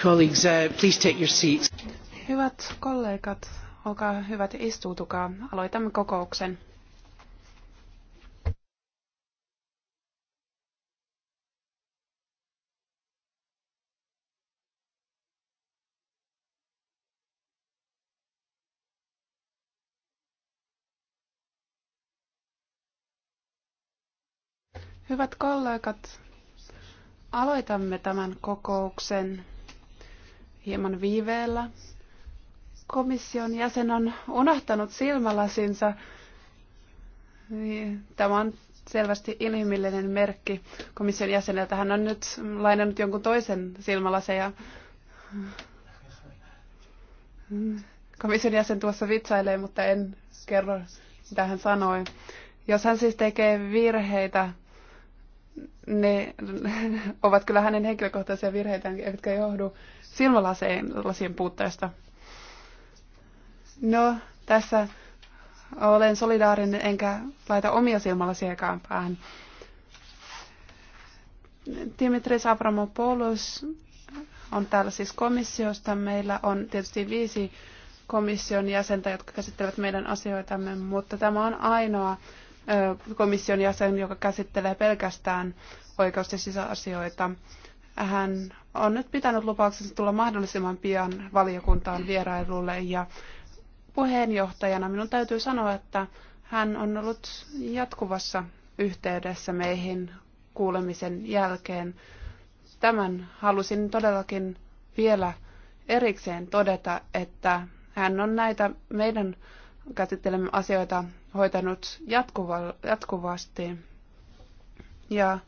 colleagues, uh, please take your seats. Hyvät kollegat, olkaa hyvät istuutukaa. Aloitamme kokouksen. Hyvät kollegat, aloitamme tämän kokouksen hieman viiveellä. Komission jäsen on unohtanut silmälasinsa. Tämä on selvästi inhimillinen merkki komission jäseneltä. Hän on nyt lainannut jonkun toisen silmälaseja. ja komission jäsen tuossa vitsailee, mutta en kerro, mitä hän sanoi. Jos hän siis tekee virheitä, ne ovat kyllä hänen henkilökohtaisia virheitään, jotka johdu lasien puutteesta. No, tässä olen solidaarinen enkä laita omia silmälasiakaan päähän. Dimitris Avramopoulos on täällä siis komissiosta. Meillä on tietysti viisi komission jäsentä, jotka käsittelevät meidän asioitamme, mutta tämä on ainoa komission jäsen, joka käsittelee pelkästään oikeus- ja sisäasioita. Hän on nyt pitänyt lupauksensa tulla mahdollisimman pian valiokuntaan vierailulle ja puheenjohtajana minun täytyy sanoa, että hän on ollut jatkuvassa yhteydessä meihin kuulemisen jälkeen. Tämän halusin todellakin vielä erikseen todeta, että hän on näitä meidän käsittelemme asioita hoitanut jatkuva, jatkuvasti. Ja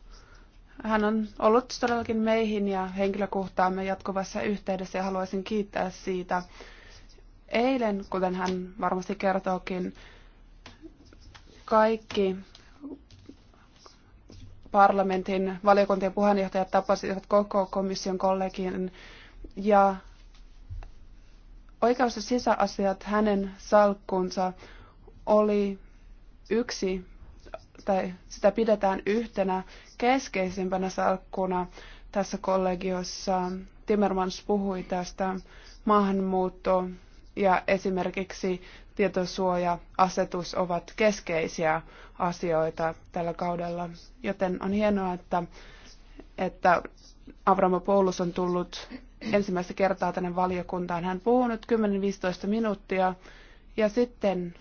hän on ollut todellakin meihin ja henkilökohtaamme jatkuvassa yhteydessä ja haluaisin kiittää siitä. Eilen, kuten hän varmasti kertookin, kaikki parlamentin valiokuntien puheenjohtajat tapasivat koko komission kollegin ja oikeus- ja sisäasiat hänen salkkunsa oli yksi tai sitä pidetään yhtenä keskeisimpänä salkkuna tässä kollegiossa. Timmermans puhui tästä maahanmuutto ja esimerkiksi tietosuoja-asetus ovat keskeisiä asioita tällä kaudella, joten on hienoa, että, että Avramopoulos on tullut ensimmäistä kertaa tänne valiokuntaan. Hän puhuu nyt 10-15 minuuttia ja sitten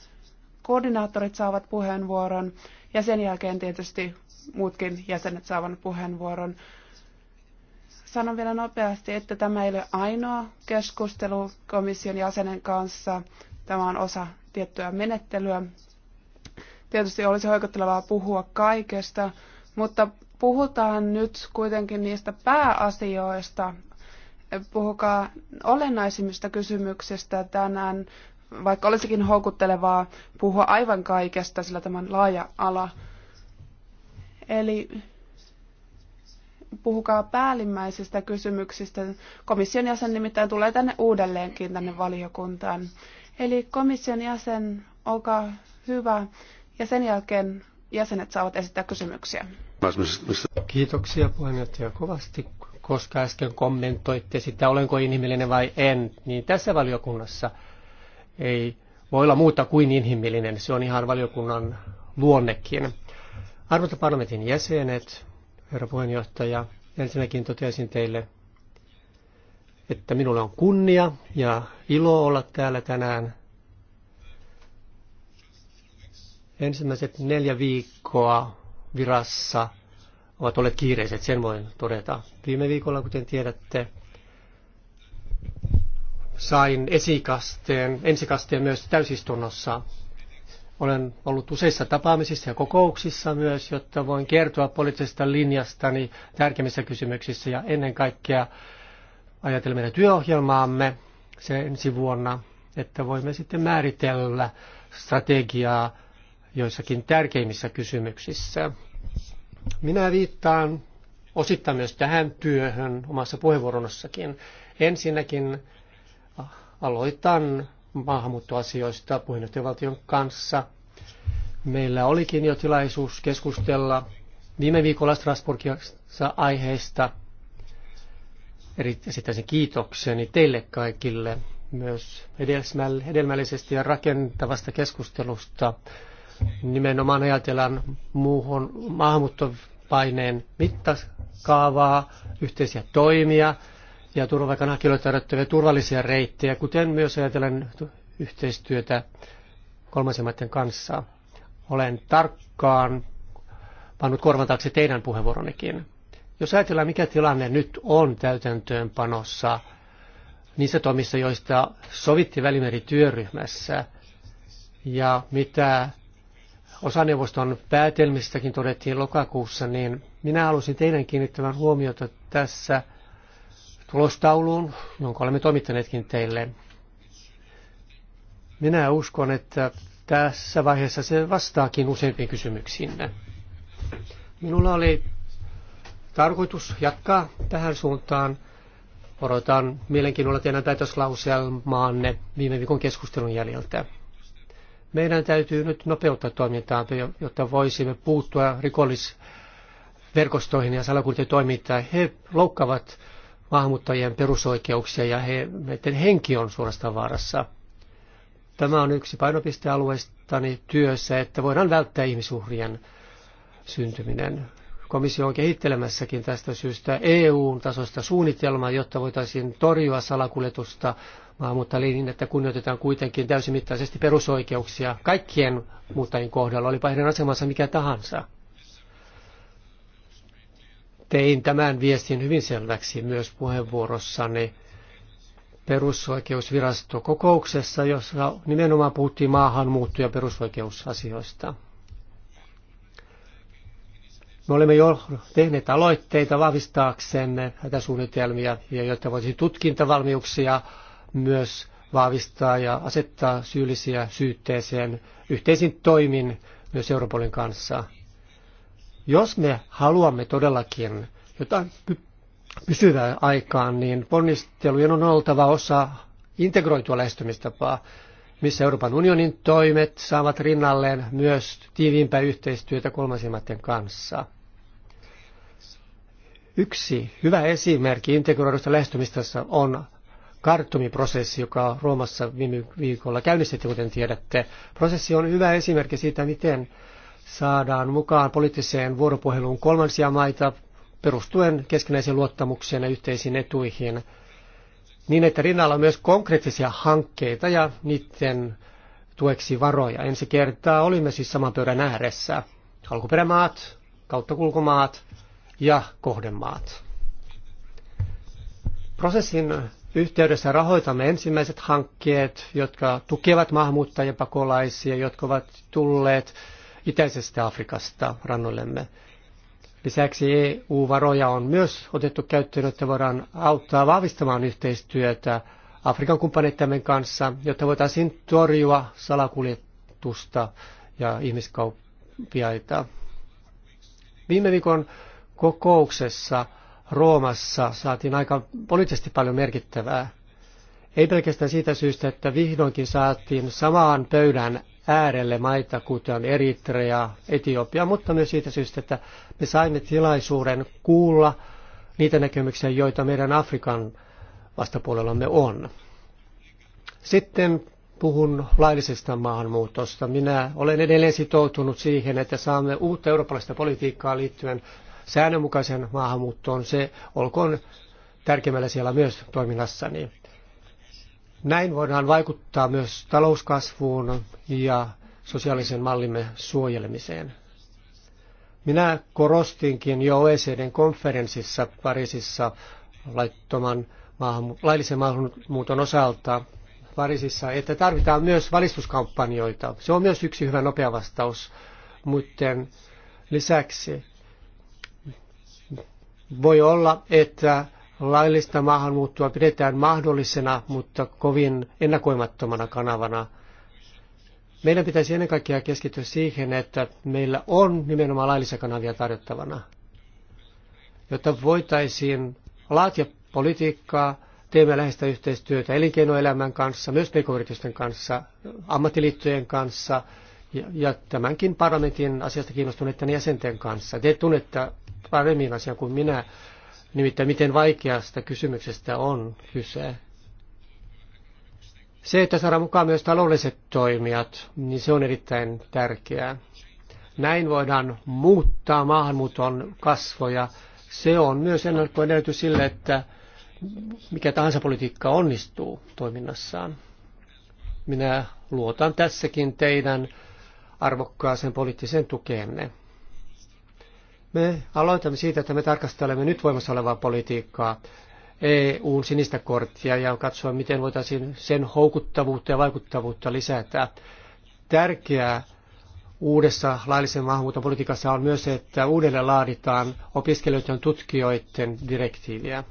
koordinaattorit saavat puheenvuoron ja sen jälkeen tietysti muutkin jäsenet saavat puheenvuoron. Sanon vielä nopeasti, että tämä ei ole ainoa keskustelu komission jäsenen kanssa. Tämä on osa tiettyä menettelyä. Tietysti olisi hoikottelevaa puhua kaikesta, mutta puhutaan nyt kuitenkin niistä pääasioista. Puhukaa olennaisimmista kysymyksistä tänään vaikka olisikin houkuttelevaa puhua aivan kaikesta, sillä tämä on laaja ala. Eli puhukaa päällimmäisistä kysymyksistä. Komission jäsen nimittäin tulee tänne uudelleenkin tänne valiokuntaan. Eli komission jäsen, olkaa hyvä. Ja sen jälkeen jäsenet saavat esittää kysymyksiä. Kiitoksia puheenjohtaja kovasti, koska äsken kommentoitte sitä, olenko inhimillinen vai en, niin tässä valiokunnassa – ei voi olla muuta kuin inhimillinen. Se on ihan valiokunnan luonnekin. Arvoisa parlamentin jäsenet, herra puheenjohtaja, ensinnäkin toteaisin teille, että minulle on kunnia ja ilo olla täällä tänään. Ensimmäiset neljä viikkoa virassa ovat olleet kiireiset, sen voin todeta. Viime viikolla, kuten tiedätte, sain esikasteen, ensikasteen myös täysistunnossa. Olen ollut useissa tapaamisissa ja kokouksissa myös, jotta voin kertoa poliittisesta linjastani tärkeimmissä kysymyksissä ja ennen kaikkea ajatella meidän työohjelmaamme se ensi vuonna, että voimme sitten määritellä strategiaa joissakin tärkeimmissä kysymyksissä. Minä viittaan osittain myös tähän työhön omassa puheenvuoronossakin. Ensinnäkin Aloitan maahanmuuttoasioista puheenjohtajavaltion kanssa. Meillä olikin jo tilaisuus keskustella viime viikolla Strasbourgissa aiheesta. Esittäisin kiitokseni teille kaikille myös hedelmällisesti ja rakentavasta keskustelusta. Nimenomaan ajatellaan muuhun maahanmuuttopaineen mittakaavaa, yhteisiä toimia, ja turvapaikanhakijoille tarjottavia turvallisia reittejä, kuten myös ajatellen yhteistyötä kolmansien kanssa. Olen tarkkaan pannut korvan taakse teidän puheenvuoronikin. Jos ajatellaan, mikä tilanne nyt on täytäntöönpanossa niissä toimissa, joista sovitti välimerityöryhmässä, ja mitä osaneuvoston päätelmistäkin todettiin lokakuussa, niin minä halusin teidän kiinnittävän huomiota tässä – tulostauluun, jonka olemme toimittaneetkin teille. Minä uskon, että tässä vaiheessa se vastaakin useimpiin kysymyksiinne. Minulla oli tarkoitus jatkaa tähän suuntaan. Odotan mielenkiinnolla teidän taitoslauselmaanne viime viikon keskustelun jäljiltä. Meidän täytyy nyt nopeuttaa toimintaa, jotta voisimme puuttua rikollisverkostoihin ja salakuntien toimintaan. He loukkaavat maahanmuuttajien perusoikeuksia ja he, meidän henki on suorastaan vaarassa. Tämä on yksi painopistealueistani työssä, että voidaan välttää ihmisuhrien syntyminen. Komissio on kehittelemässäkin tästä syystä EU-tasoista suunnitelmaa, jotta voitaisiin torjua salakuljetusta mutta niin, että kunnioitetaan kuitenkin täysimittaisesti perusoikeuksia kaikkien muuttajien kohdalla, olipa heidän asemansa mikä tahansa. Tein tämän viestin hyvin selväksi myös puheenvuorossani perusoikeusvirastokokouksessa, kokouksessa, jossa nimenomaan puhuttiin maahanmuutto- ja perusoikeusasioista. Me olemme jo tehneet aloitteita vahvistaaksemme hätäsuunnitelmia ja jotta voisi tutkintavalmiuksia myös vahvistaa ja asettaa syyllisiä syytteeseen yhteisin toimin myös Europolin kanssa. Jos me haluamme todellakin jotain pysyvää aikaan, niin ponnistelujen on oltava osa integroitua lähestymistapaa, missä Euroopan unionin toimet saavat rinnalleen myös tiiviimpää yhteistyötä kolmansimaiden kanssa. Yksi hyvä esimerkki integroidusta lähestymistassa on kartumiprosessi, joka Roomassa viime viikolla käynnistettiin, kuten tiedätte. Prosessi on hyvä esimerkki siitä, miten saadaan mukaan poliittiseen vuoropuheluun kolmansia maita perustuen keskinäiseen luottamukseen ja yhteisiin etuihin, niin että rinnalla on myös konkreettisia hankkeita ja niiden tueksi varoja. Ensi kertaa olimme siis saman pöydän ääressä. Alkuperämaat, kauttakulkumaat ja kohdemaat. Prosessin yhteydessä rahoitamme ensimmäiset hankkeet, jotka tukevat pakolaisia, jotka ovat tulleet itäisestä Afrikasta rannoillemme. Lisäksi EU-varoja on myös otettu käyttöön, jotta voidaan auttaa vahvistamaan yhteistyötä Afrikan kumppaneittemme kanssa, jotta voitaisiin torjua salakuljetusta ja ihmiskauppiaita. Viime viikon kokouksessa Roomassa saatiin aika poliittisesti paljon merkittävää. Ei pelkästään siitä syystä, että vihdoinkin saatiin samaan pöydän äärelle maita, kuten Eritrea, Etiopia, mutta myös siitä syystä, että me saimme tilaisuuden kuulla niitä näkemyksiä, joita meidän Afrikan vastapuolellamme on. Sitten puhun laillisesta maahanmuutosta. Minä olen edelleen sitoutunut siihen, että saamme uutta eurooppalaista politiikkaa liittyen säännönmukaisen maahanmuuttoon. Se olkoon tärkeimmällä siellä myös toiminnassani. Näin voidaan vaikuttaa myös talouskasvuun ja sosiaalisen mallimme suojelemiseen. Minä korostinkin jo OECDn konferenssissa Pariisissa laittoman maahan, laillisen maahanmuuton osalta Pariisissa, että tarvitaan myös valistuskampanjoita. Se on myös yksi hyvä nopea vastaus muiden lisäksi. Voi olla, että Laillista maahanmuuttoa pidetään mahdollisena, mutta kovin ennakoimattomana kanavana. Meidän pitäisi ennen kaikkea keskittyä siihen, että meillä on nimenomaan laillisia kanavia tarjottavana, jotta voitaisiin laatia politiikkaa, teemme läheistä yhteistyötä elinkeinoelämän kanssa, myös pk kanssa, ammattiliittojen kanssa ja, ja tämänkin parlamentin asiasta kiinnostuneiden jäsenten kanssa. Te tunnette paremmin asian kuin minä, nimittäin miten vaikeasta kysymyksestä on kyse. Se, että saadaan mukaan myös taloudelliset toimijat, niin se on erittäin tärkeää. Näin voidaan muuttaa maahanmuuton kasvoja. Se on myös ennakkoedellytys sille, että mikä tahansa politiikka onnistuu toiminnassaan. Minä luotan tässäkin teidän arvokkaaseen poliittiseen tukeenne. Me aloitamme siitä, että me tarkastelemme nyt voimassa olevaa politiikkaa, EUn sinistä korttia ja katsoa, miten voitaisiin sen houkuttavuutta ja vaikuttavuutta lisätä. Tärkeää uudessa laillisen maahanmuuton politiikassa on myös, että uudelleen laaditaan opiskelijoiden tutkijoiden direktiiviä.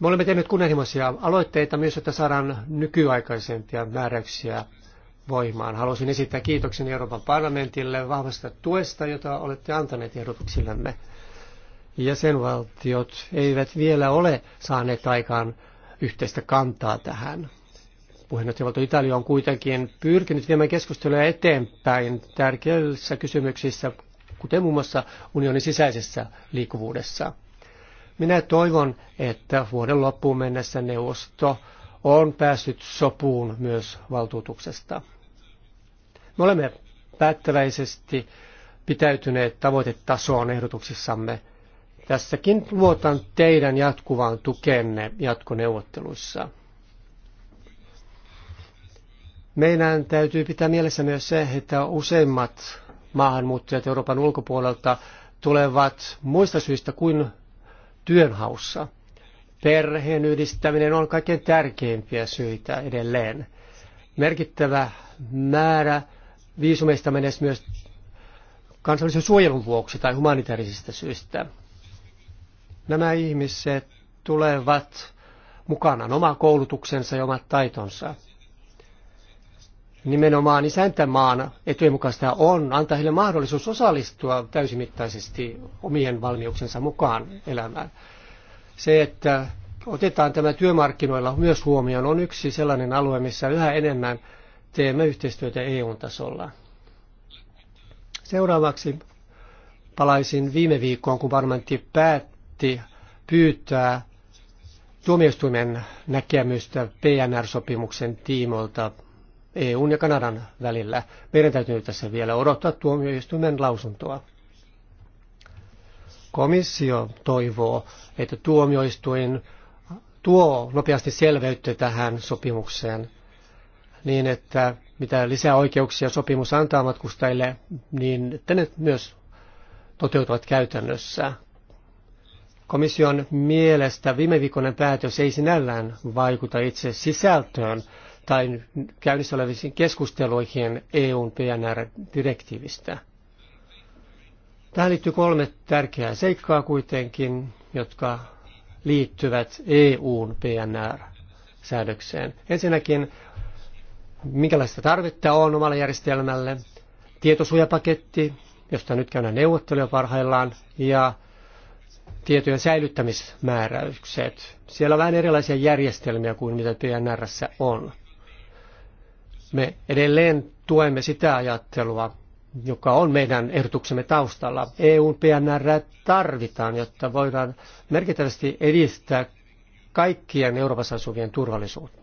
Me olemme tehneet kunnianhimoisia aloitteita myös, että saadaan nykyaikaisempia määräyksiä voimaan. Haluaisin esittää kiitoksen Euroopan parlamentille vahvasta tuesta, jota olette antaneet ehdotuksillemme. Jäsenvaltiot eivät vielä ole saaneet aikaan yhteistä kantaa tähän. Puheenjohtajavaltio Italia on kuitenkin pyrkinyt viemään keskustelua eteenpäin tärkeissä kysymyksissä, kuten muun muassa unionin sisäisessä liikkuvuudessa. Minä toivon, että vuoden loppuun mennessä neuvosto on päässyt sopuun myös valtuutuksesta. Me olemme päättäväisesti pitäytyneet tavoitetasoon ehdotuksissamme. Tässäkin luotan teidän jatkuvaan tukenne jatkoneuvotteluissa. Meidän täytyy pitää mielessä myös se, että useimmat maahanmuuttajat Euroopan ulkopuolelta tulevat muista syistä kuin työnhaussa. Perheen yhdistäminen on kaikkein tärkeimpiä syitä edelleen. Merkittävä määrä viisumeista menisi myös kansallisen suojelun vuoksi tai humanitaarisista syistä. Nämä ihmiset tulevat mukanaan oma koulutuksensa ja omat taitonsa. Nimenomaan isäntämaan etujen mukaista on antaa heille mahdollisuus osallistua täysimittaisesti omien valmiuksensa mukaan elämään. Se, että otetaan tämä työmarkkinoilla myös huomioon, on yksi sellainen alue, missä yhä enemmän – teemme yhteistyötä EU-tasolla. Seuraavaksi palaisin viime viikkoon, kun parlamentti päätti pyytää tuomioistuimen näkemystä PNR-sopimuksen tiimoilta EUn ja Kanadan välillä. Meidän täytyy tässä vielä odottaa tuomioistuimen lausuntoa. Komissio toivoo, että tuomioistuin tuo nopeasti selveyttä tähän sopimukseen niin, että mitä lisää oikeuksia sopimus antaa matkustajille, niin että ne myös toteutuvat käytännössä. Komission mielestä viime viikon päätös ei sinällään vaikuta itse sisältöön tai käynnissä oleviin keskusteluihin EUn PNR-direktiivistä. Tähän liittyy kolme tärkeää seikkaa kuitenkin, jotka liittyvät EUn PNR-säädökseen. Ensinnäkin minkälaista tarvetta on omalle järjestelmälle. Tietosuojapaketti, josta nyt käydään neuvotteluja parhaillaan, ja tietojen säilyttämismääräykset. Siellä on vähän erilaisia järjestelmiä kuin mitä PNR on. Me edelleen tuemme sitä ajattelua, joka on meidän ehdotuksemme taustalla. EUn PNR tarvitaan, jotta voidaan merkittävästi edistää kaikkien Euroopassa asuvien turvallisuutta.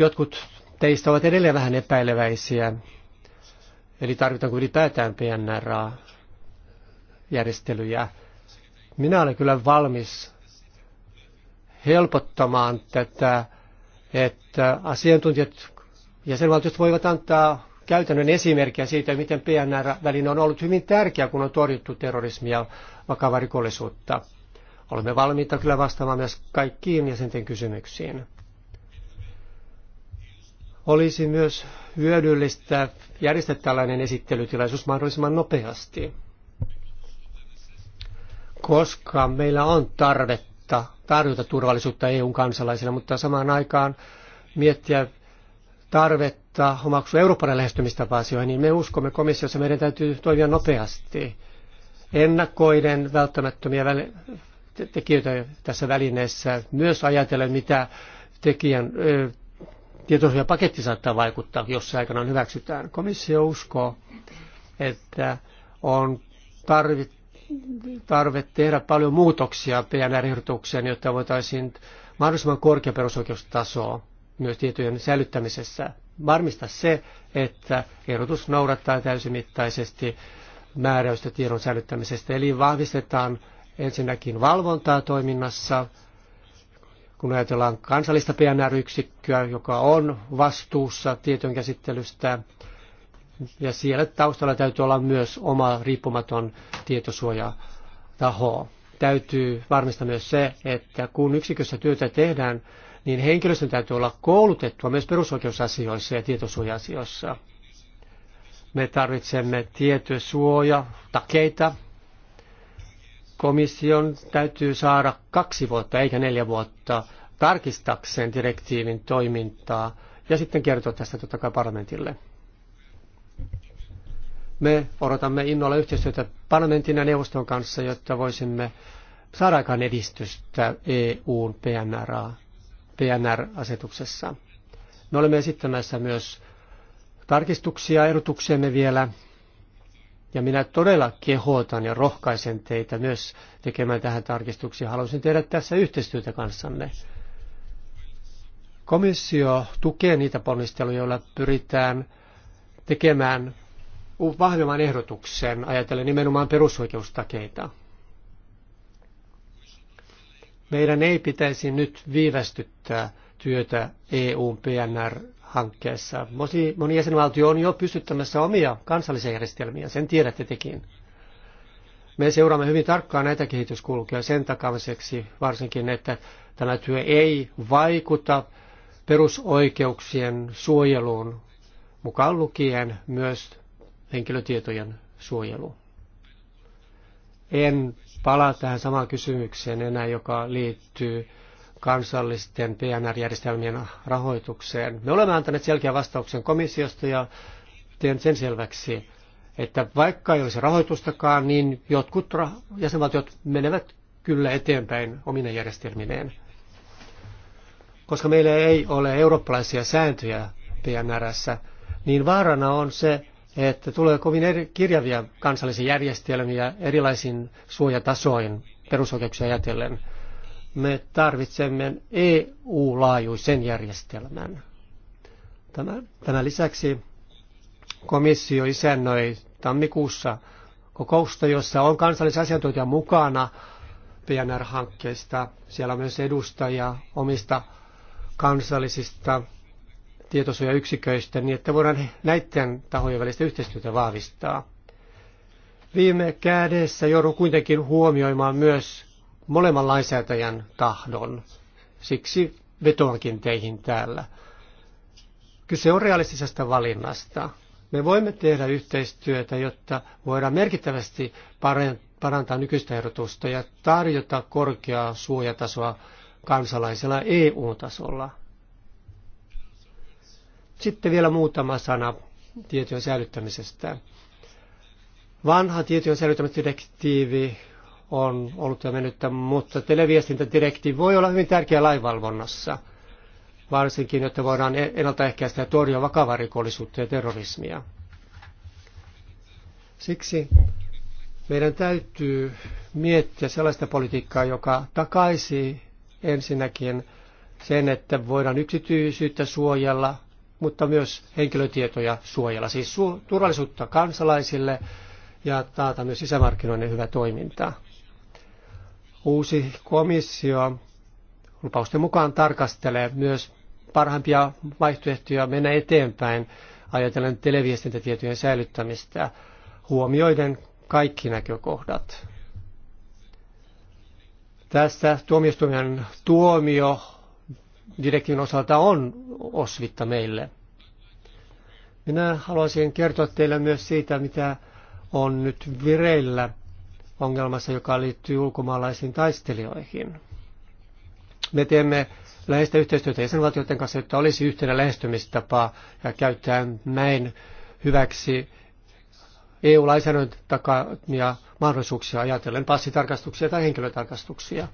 Jotkut teistä ovat edelleen vähän epäileväisiä, eli tarvitaanko ylipäätään PNR-järjestelyjä. Minä olen kyllä valmis helpottamaan tätä, että asiantuntijat jäsenvaltiot voivat antaa käytännön esimerkkiä siitä, miten PNR-väline on ollut hyvin tärkeä, kun on torjuttu terrorismia ja vakavaa rikollisuutta. Olemme valmiita kyllä vastaamaan myös kaikkiin jäsenten kysymyksiin. Olisi myös hyödyllistä järjestää tällainen esittelytilaisuus mahdollisimman nopeasti, koska meillä on tarvetta tarjota turvallisuutta EUn kansalaisille, mutta samaan aikaan miettiä tarvetta omaksua Euroopan lähestymistapa asioihin, niin me uskomme komissiossa, meidän täytyy toimia nopeasti ennakoiden välttämättömiä tekijöitä tässä välineessä, myös ajatellen, mitä tekijän, tietosuojapaketti saattaa vaikuttaa, jos se aikanaan hyväksytään. Komissio uskoo, että on tarvit, tarve tehdä paljon muutoksia PNR-ehdotukseen, jotta voitaisiin mahdollisimman korkea perusoikeustaso myös tietojen säilyttämisessä varmistaa se, että ehdotus noudattaa täysimittaisesti määräystä tiedon säilyttämisestä. Eli vahvistetaan ensinnäkin valvontaa toiminnassa, kun ajatellaan kansallista PNR-yksikköä, joka on vastuussa tietojen käsittelystä, ja siellä taustalla täytyy olla myös oma riippumaton tietosuojataho. Täytyy varmistaa myös se, että kun yksikössä työtä tehdään, niin henkilöstön täytyy olla koulutettua myös perusoikeusasioissa ja tietosuoja-asioissa. Me tarvitsemme tietosuoja, takeita komission täytyy saada kaksi vuotta eikä neljä vuotta tarkistakseen direktiivin toimintaa ja sitten kertoa tästä totta kai parlamentille. Me odotamme innolla yhteistyötä parlamentin ja neuvoston kanssa, jotta voisimme saada aikaan edistystä EUn PNR-asetuksessa. Me olemme esittämässä myös tarkistuksia ehdotuksemme vielä ja minä todella kehotan ja rohkaisen teitä myös tekemään tähän tarkistuksia. Haluaisin tehdä tässä yhteistyötä kanssanne. Komissio tukee niitä ponnisteluja, joilla pyritään tekemään vahvemman ehdotuksen, ajatellen nimenomaan perusoikeustakeita. Meidän ei pitäisi nyt viivästyttää työtä EUn PNR hankkeessa. Moni, moni jäsenvaltio on jo pystyttämässä omia kansallisia järjestelmiä, sen tiedätte tekin. Me seuraamme hyvin tarkkaan näitä kehityskulkuja sen takamiseksi varsinkin, että tämä työ ei vaikuta perusoikeuksien suojeluun, mukaan lukien myös henkilötietojen suojelu. En palaa tähän samaan kysymykseen enää, joka liittyy kansallisten PNR-järjestelmien rahoitukseen. Me olemme antaneet selkeän vastauksen komissiosta ja teen sen selväksi, että vaikka ei olisi rahoitustakaan, niin jotkut jäsenvaltiot menevät kyllä eteenpäin omine järjestelmineen. Koska meillä ei ole eurooppalaisia sääntöjä ssä, niin vaarana on se, että tulee kovin eri, kirjavia kansallisia järjestelmiä erilaisin suojatasoin perusoikeuksia ajatellen – me tarvitsemme EU-laajuisen järjestelmän. Tämän, tämän lisäksi komissio isännöi tammikuussa kokousta, jossa on kansallisia asiantuntija mukana PNR-hankkeista. Siellä on myös edustajia omista kansallisista tietosuojayksiköistä, niin että voidaan näiden tahojen välistä yhteistyötä vahvistaa. Viime kädessä joudun kuitenkin huomioimaan myös molemman lainsäätäjän tahdon. Siksi vetoankin teihin täällä. Kyse on realistisesta valinnasta. Me voimme tehdä yhteistyötä, jotta voidaan merkittävästi parantaa nykyistä ehdotusta ja tarjota korkeaa suojatasoa kansalaisella EU-tasolla. Sitten vielä muutama sana tietojen säilyttämisestä. Vanha tietojen säilyttämisdirektiivi on ollut jo mennyttä, mutta televiestintädirektiivi voi olla hyvin tärkeä lainvalvonnassa, varsinkin, jotta voidaan e- ennaltaehkäistä ja torjua vakavaa rikollisuutta ja terrorismia. Siksi meidän täytyy miettiä sellaista politiikkaa, joka takaisi ensinnäkin sen, että voidaan yksityisyyttä suojella, mutta myös henkilötietoja suojella, siis turvallisuutta kansalaisille ja taata myös sisämarkkinoiden hyvä toiminta. Uusi komissio lupausten mukaan tarkastelee myös parhaimpia vaihtoehtoja mennä eteenpäin ajatellen televiestintätietojen säilyttämistä huomioiden kaikki näkökohdat. Tässä tuomioistuimen tuomio direktiivin osalta on osvitta meille. Minä haluaisin kertoa teille myös siitä, mitä on nyt vireillä ongelmassa, joka liittyy ulkomaalaisiin taistelijoihin. Me teemme läheistä yhteistyötä jäsenvaltioiden kanssa, jotta olisi yhtenä lähestymistapa ja käyttää näin hyväksi EU-lainsäädännön takamia mahdollisuuksia ajatellen passitarkastuksia tai henkilötarkastuksia.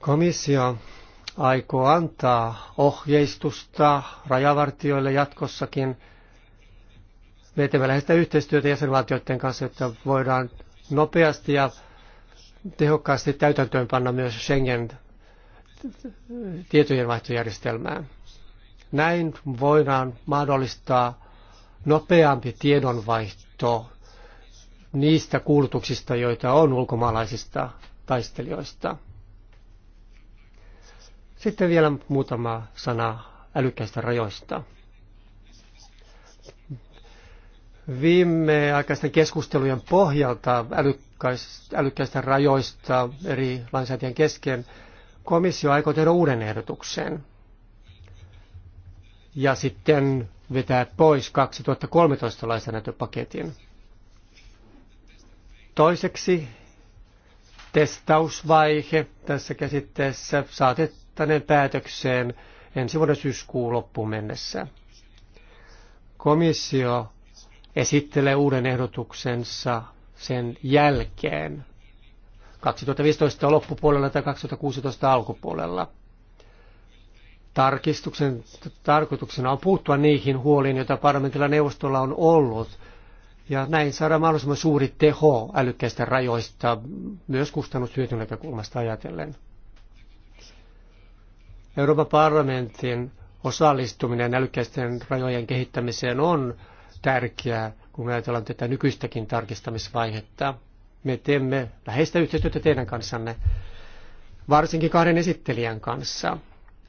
Komissio aikoo antaa ohjeistusta rajavartioille jatkossakin – me teemme läheistä yhteistyötä jäsenvaltioiden kanssa, että voidaan nopeasti ja tehokkaasti täytäntöön panna myös Schengen tietojenvaihtojärjestelmää. Näin voidaan mahdollistaa nopeampi tiedonvaihto niistä kuulutuksista, joita on ulkomaalaisista taistelijoista. Sitten vielä muutama sana älykkäistä rajoista viimeaikaisten keskustelujen pohjalta älykkäistä rajoista eri lainsäätien kesken komissio aikoo tehdä uuden ehdotuksen ja sitten vetää pois 2013 lainsäädäntöpaketin. Toiseksi testausvaihe tässä käsitteessä saatettaneen päätökseen ensi vuoden syyskuun loppuun mennessä. Komissio esittelee uuden ehdotuksensa sen jälkeen 2015 loppupuolella tai 2016 alkupuolella. Tarkistuksen tarkoituksena on puuttua niihin huoliin, joita parlamentilla neuvostolla on ollut, ja näin saadaan mahdollisimman suuri teho älykkäistä rajoista, myös kustannushyötyn näkökulmasta ajatellen. Euroopan parlamentin osallistuminen älykkäisten rajojen kehittämiseen on tärkeää, kun me ajatellaan tätä nykyistäkin tarkistamisvaihetta. Me teemme läheistä yhteistyötä teidän kanssanne, varsinkin kahden esittelijän kanssa,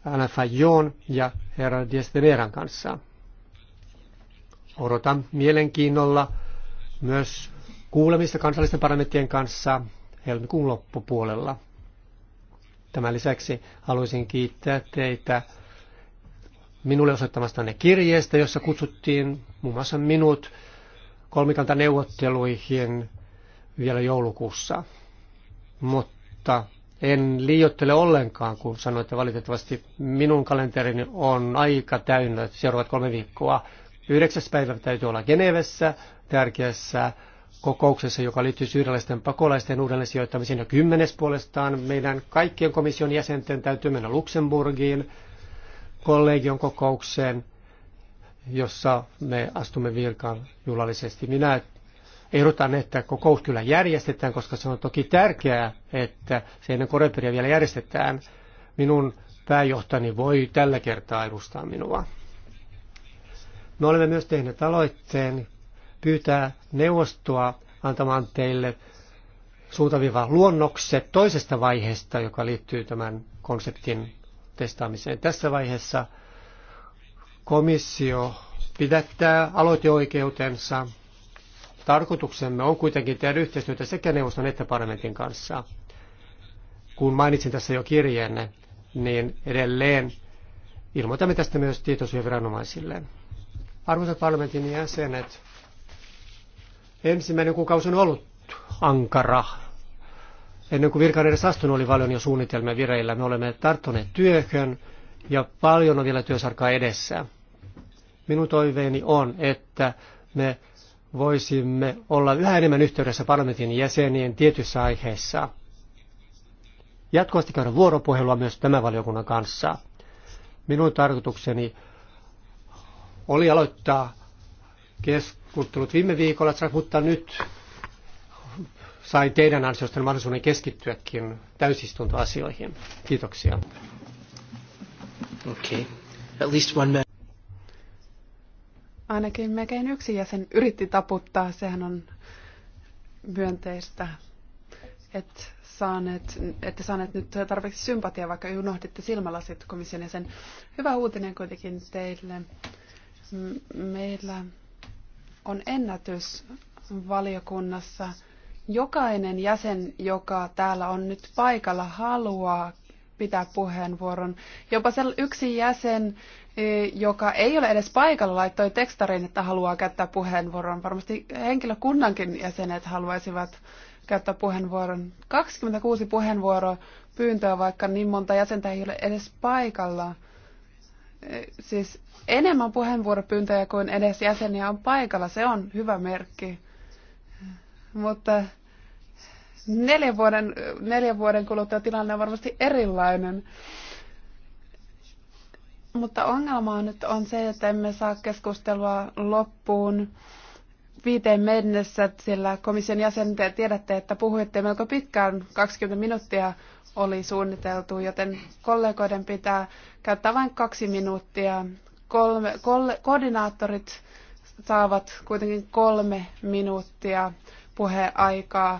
Alain Fajon ja herra Diesteveran kanssa. Odotan mielenkiinnolla myös kuulemista kansallisten parlamenttien kanssa helmikuun loppupuolella. Tämän lisäksi haluaisin kiittää teitä minulle osoittamastanne kirjeestä, jossa kutsuttiin muun muassa minut kolmikantaneuvotteluihin vielä joulukuussa. Mutta en liiottele ollenkaan, kun sanoin, että valitettavasti minun kalenterini on aika täynnä seuraavat kolme viikkoa. Yhdeksäs päivä täytyy olla Genevessä tärkeässä kokouksessa, joka liittyy syyrialaisten pakolaisten uudelleen sijoittamiseen. Ja kymmenes puolestaan meidän kaikkien komission jäsenten täytyy mennä Luxemburgiin kollegion kokoukseen, jossa me astumme virkaan julallisesti. Minä ehdotan, että kokous kyllä järjestetään, koska se on toki tärkeää, että se ennen koreperia vielä järjestetään. Minun pääjohtani voi tällä kertaa edustaa minua. Me olemme myös tehneet aloitteen pyytää neuvostoa antamaan teille suuntaviva luonnokset toisesta vaiheesta, joka liittyy tämän konseptin testaamiseen. Tässä vaiheessa komissio pidättää aloiteoikeutensa. Tarkoituksemme on kuitenkin tehdä yhteistyötä sekä neuvoston että parlamentin kanssa. Kun mainitsin tässä jo kirjeenne, niin edelleen ilmoitamme tästä myös tietosuojaviranomaisille. Arvoisat parlamentin jäsenet, ensimmäinen kuukausi on ollut ankara Ennen kuin virkaan edes astunut, oli paljon jo suunnitelmia vireillä. Me olemme tarttuneet työhön ja paljon on vielä työsarkaa edessä. Minun toiveeni on, että me voisimme olla yhä enemmän yhteydessä parlamentin jäsenien tietyissä aiheissa. Jatkuvasti käydä vuoropuhelua myös tämän valiokunnan kanssa. Minun tarkoitukseni oli aloittaa keskustelut viime viikolla, mutta nyt sain teidän ansiostanne mahdollisuuden keskittyäkin täysistuntoasioihin. Kiitoksia. Okay. At least one man. Ainakin melkein yksi jäsen yritti taputtaa, sehän on myönteistä, että saaneet, että saaneet nyt tarpeeksi sympatiaa, vaikka unohditte silmälasit komission jäsen. Hyvä uutinen kuitenkin teille. Meillä on ennätys valiokunnassa Jokainen jäsen, joka täällä on nyt paikalla, haluaa pitää puheenvuoron. Jopa se yksi jäsen, e, joka ei ole edes paikalla, laittoi tekstarin, että haluaa käyttää puheenvuoron. Varmasti henkilökunnankin jäsenet haluaisivat käyttää puheenvuoron. 26 puheenvuoroa pyyntöä, vaikka niin monta jäsentä ei ole edes paikalla. E, siis enemmän puheenvuoropyyntöjä kuin edes jäseniä on paikalla, se on hyvä merkki mutta neljän vuoden, neljän vuoden kuluttua tilanne on varmasti erilainen. Mutta ongelma on nyt on se, että emme saa keskustelua loppuun viiteen mennessä, sillä komission jäsen tiedätte, että puhuitte melko pitkään, 20 minuuttia oli suunniteltu, joten kollegoiden pitää käyttää vain kaksi minuuttia. Kolme, kolle, koordinaattorit saavat kuitenkin kolme minuuttia puheaikaa,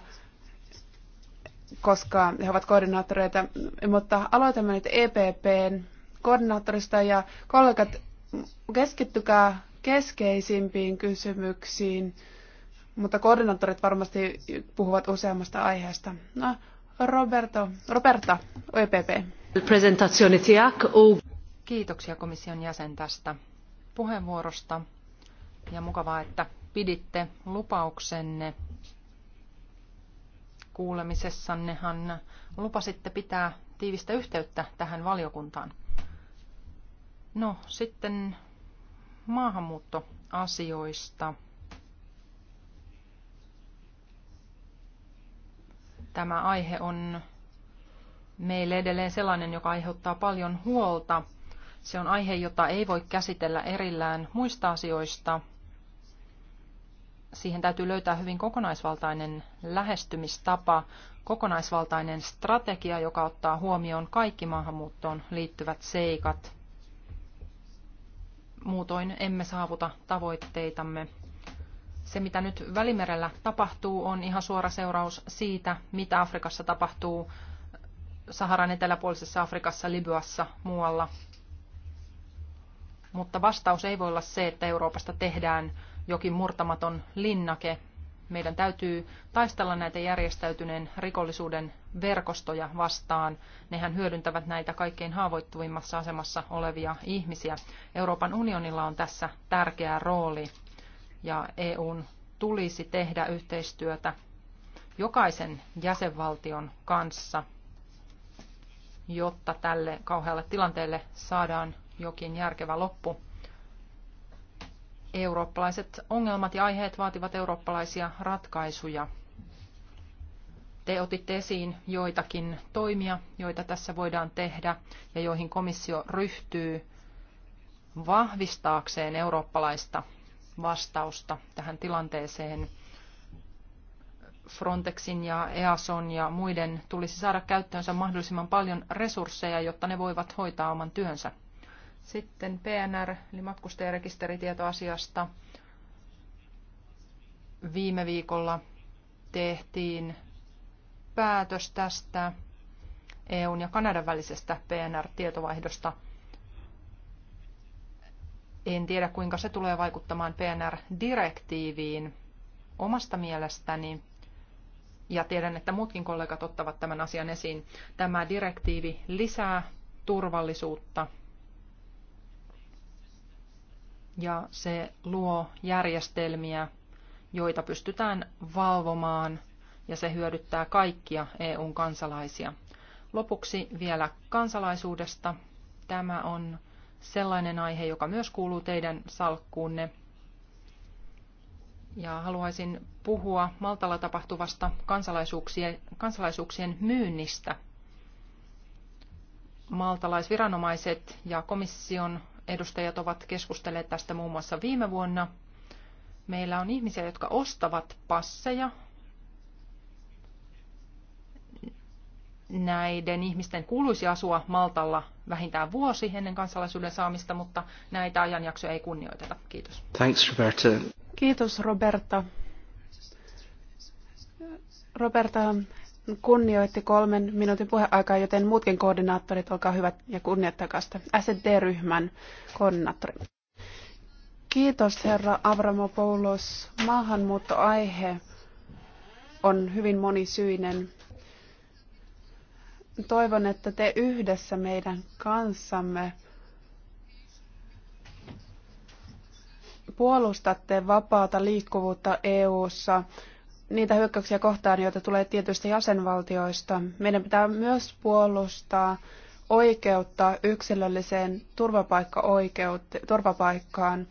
koska he ovat koordinaattoreita. Mutta aloitamme nyt EPPn koordinaattorista ja kollegat, keskittykää keskeisimpiin kysymyksiin, mutta koordinaattorit varmasti puhuvat useammasta aiheesta. No, Roberto, Roberta, EPP. Kiitoksia komission jäsen tästä puheenvuorosta ja mukavaa, että piditte lupauksenne kuulemisessannehan lupasitte pitää tiivistä yhteyttä tähän valiokuntaan. No sitten maahanmuuttoasioista. Tämä aihe on meille edelleen sellainen, joka aiheuttaa paljon huolta. Se on aihe, jota ei voi käsitellä erillään muista asioista, siihen täytyy löytää hyvin kokonaisvaltainen lähestymistapa, kokonaisvaltainen strategia, joka ottaa huomioon kaikki maahanmuuttoon liittyvät seikat. Muutoin emme saavuta tavoitteitamme. Se, mitä nyt Välimerellä tapahtuu, on ihan suora seuraus siitä, mitä Afrikassa tapahtuu Saharan eteläpuolisessa Afrikassa, Libyassa, muualla. Mutta vastaus ei voi olla se, että Euroopasta tehdään jokin murtamaton linnake. Meidän täytyy taistella näitä järjestäytyneen rikollisuuden verkostoja vastaan. Nehän hyödyntävät näitä kaikkein haavoittuvimmassa asemassa olevia ihmisiä. Euroopan unionilla on tässä tärkeä rooli ja EUn tulisi tehdä yhteistyötä jokaisen jäsenvaltion kanssa, jotta tälle kauhealle tilanteelle saadaan jokin järkevä loppu. Eurooppalaiset ongelmat ja aiheet vaativat eurooppalaisia ratkaisuja. Te otitte esiin joitakin toimia, joita tässä voidaan tehdä ja joihin komissio ryhtyy vahvistaakseen eurooppalaista vastausta tähän tilanteeseen. Frontexin ja EASON ja muiden tulisi saada käyttöönsä mahdollisimman paljon resursseja, jotta ne voivat hoitaa oman työnsä. Sitten PNR, eli matkustajarekisteritietoasiasta. Viime viikolla tehtiin päätös tästä EUn ja Kanadan välisestä PNR-tietovaihdosta. En tiedä, kuinka se tulee vaikuttamaan PNR-direktiiviin omasta mielestäni. Ja tiedän, että muutkin kollegat ottavat tämän asian esiin. Tämä direktiivi lisää turvallisuutta ja se luo järjestelmiä, joita pystytään valvomaan ja se hyödyttää kaikkia EUn kansalaisia. Lopuksi vielä kansalaisuudesta. Tämä on sellainen aihe, joka myös kuuluu teidän salkkuunne. Ja haluaisin puhua Maltalla tapahtuvasta kansalaisuuksien, kansalaisuuksien myynnistä. Maltalaisviranomaiset ja komission edustajat ovat keskustelleet tästä muun muassa viime vuonna. Meillä on ihmisiä, jotka ostavat passeja näiden ihmisten kuuluisi asua Maltalla vähintään vuosi ennen kansalaisuuden saamista, mutta näitä ajanjaksoja ei kunnioiteta. Kiitos. Thanks, Roberta. Kiitos, Roberta. Roberta kunnioitti kolmen minuutin puheaikaa, joten muutkin koordinaattorit, olkaa hyvät ja kunnioittakaa sitä. SD-ryhmän koordinaattori. Kiitos herra Avramopoulos. Maahanmuuttoaihe on hyvin monisyinen. Toivon, että te yhdessä meidän kanssamme puolustatte vapaata liikkuvuutta EU:ssa. ssa niitä hyökkäyksiä kohtaan, joita tulee tietyistä jäsenvaltioista. Meidän pitää myös puolustaa oikeutta yksilölliseen turvapaikkaan.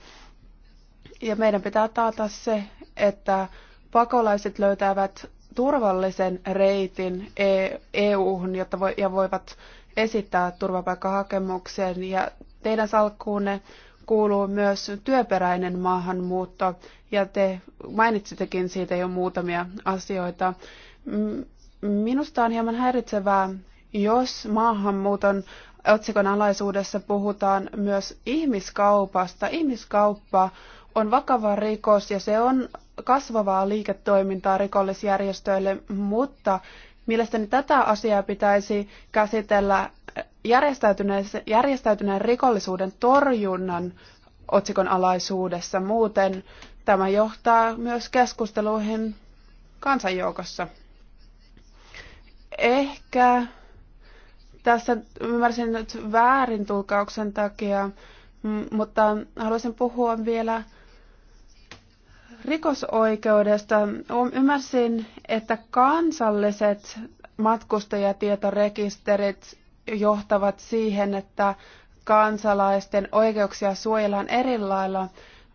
Ja meidän pitää taata se, että pakolaiset löytävät turvallisen reitin e- EU-hun, jotta voi, ja voivat esittää turvapaikkahakemuksen. Ja teidän salkkuunne kuuluu myös työperäinen maahanmuutto, ja te mainitsittekin siitä jo muutamia asioita. Minusta on hieman häiritsevää, jos maahanmuuton otsikon alaisuudessa puhutaan myös ihmiskaupasta. Ihmiskauppa on vakava rikos ja se on kasvavaa liiketoimintaa rikollisjärjestöille, mutta mielestäni tätä asiaa pitäisi käsitellä järjestäytyneen, rikollisuuden torjunnan otsikon alaisuudessa. Muuten tämä johtaa myös keskusteluihin kansanjoukossa. Ehkä tässä ymmärsin nyt väärin tulkauksen takia, mutta haluaisin puhua vielä rikosoikeudesta. Ymmärsin, että kansalliset matkustajatietorekisterit johtavat siihen, että kansalaisten oikeuksia suojellaan eri lailla.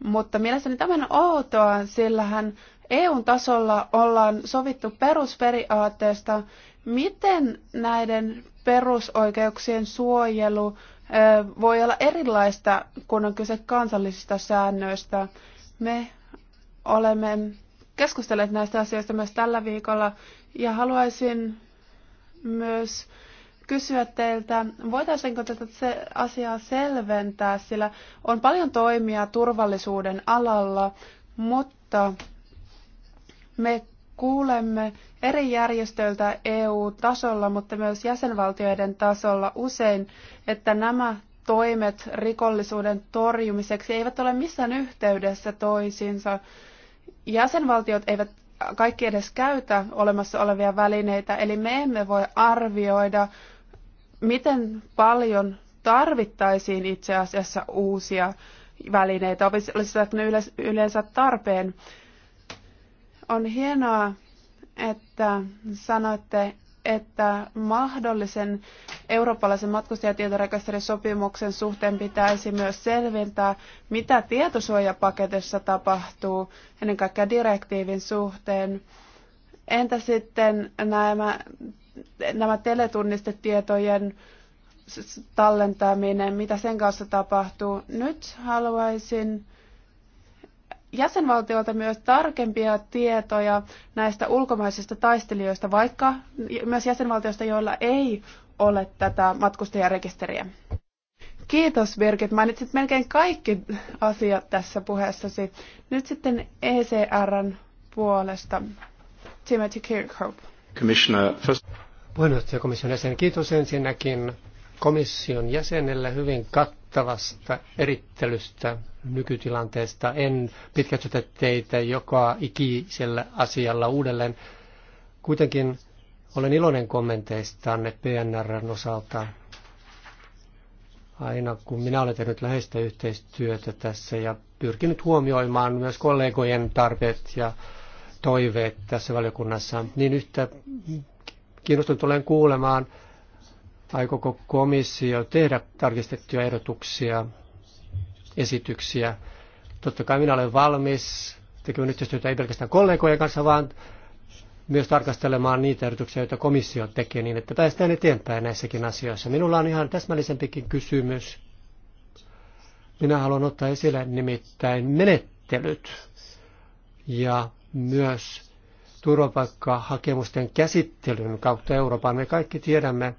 Mutta mielestäni tämä on outoa, sillä hän EUn tasolla ollaan sovittu perusperiaatteesta, miten näiden perusoikeuksien suojelu voi olla erilaista, kun on kyse kansallisista säännöistä. Me olemme keskustelleet näistä asioista myös tällä viikolla ja haluaisin myös kysyä teiltä, voitaisiinko tätä asiaa selventää, sillä on paljon toimia turvallisuuden alalla, mutta me kuulemme eri järjestöiltä EU-tasolla, mutta myös jäsenvaltioiden tasolla usein, että nämä toimet rikollisuuden torjumiseksi eivät ole missään yhteydessä toisiinsa. Jäsenvaltiot eivät kaikki edes käytä olemassa olevia välineitä, eli me emme voi arvioida, miten paljon tarvittaisiin itse asiassa uusia välineitä, olisivatko ne yleensä tarpeen. On hienoa, että sanoitte, että mahdollisen eurooppalaisen matkustajatietorekisterisopimuksen suhteen pitäisi myös selventää, mitä tietosuojapaketissa tapahtuu, ennen kaikkea direktiivin suhteen. Entä sitten nämä nämä teletunnistetietojen tallentaminen, mitä sen kanssa tapahtuu. Nyt haluaisin jäsenvaltiolta myös tarkempia tietoja näistä ulkomaisista taistelijoista, vaikka myös jäsenvaltioista, joilla ei ole tätä matkustajarekisteriä. Kiitos Birgit, mainitsit melkein kaikki asiat tässä puheessasi. Nyt sitten ECRn puolesta Timothy Kirkhope. Commissioner, first komission jäsen, kiitos ensinnäkin komission jäsenelle hyvin kattavasta erittelystä nykytilanteesta. En pitkästytä teitä joka ikisellä asialla uudelleen. Kuitenkin olen iloinen kommenteistanne PNRn osalta. Aina kun minä olen tehnyt läheistä yhteistyötä tässä ja pyrkinyt huomioimaan myös kollegojen tarpeet ja toiveet tässä valiokunnassa, niin yhtä kiinnostunut olen kuulemaan, aikoko komissio tehdä tarkistettuja ehdotuksia, esityksiä. Totta kai minä olen valmis tekemään yhteistyötä ei pelkästään kollegojen kanssa, vaan myös tarkastelemaan niitä ehdotuksia, joita komissio tekee, niin että päästään eteenpäin näissäkin asioissa. Minulla on ihan täsmällisempikin kysymys. Minä haluan ottaa esille nimittäin menettelyt ja myös turvapaikkahakemusten käsittelyn kautta Euroopan. Me kaikki tiedämme,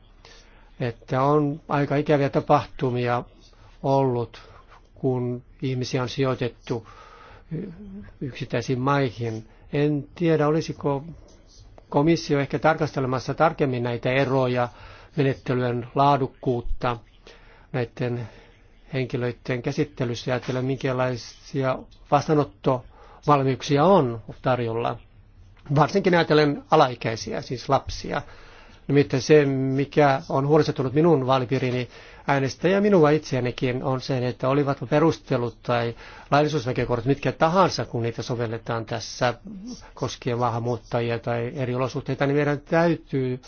että on aika ikäviä tapahtumia ollut, kun ihmisiä on sijoitettu yksittäisiin maihin. En tiedä, olisiko komissio ehkä tarkastelemassa tarkemmin näitä eroja, menettelyjen laadukkuutta näiden henkilöiden käsittelyssä ja minkälaisia vastaanottovalmiuksia on tarjolla varsinkin ajatellen alaikäisiä, siis lapsia. Nimittäin se, mikä on huolestuttanut minun vaalipiirini äänestäjä minua itseänikin on se, että olivat perustelut tai laillisuusväkekortit mitkä tahansa, kun niitä sovelletaan tässä koskien maahanmuuttajia tai eri olosuhteita, niin meidän täytyy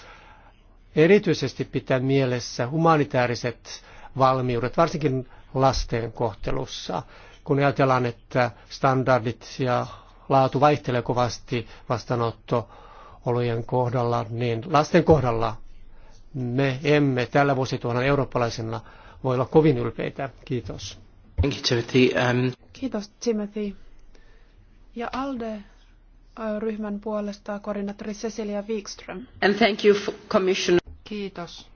erityisesti pitää mielessä humanitaariset valmiudet, varsinkin lasten kohtelussa. Kun ajatellaan, että standardit ja laatu vaihtelee kovasti vastaanottoolojen kohdalla, niin lasten kohdalla me emme tällä vuosituhannan eurooppalaisena voi olla kovin ylpeitä. Kiitos. Thank you, Timothy. Um... Kiitos, Timothy. Ja Alde ryhmän puolesta koordinaattori Cecilia Wikström. And thank you, Commissioner. Kiitos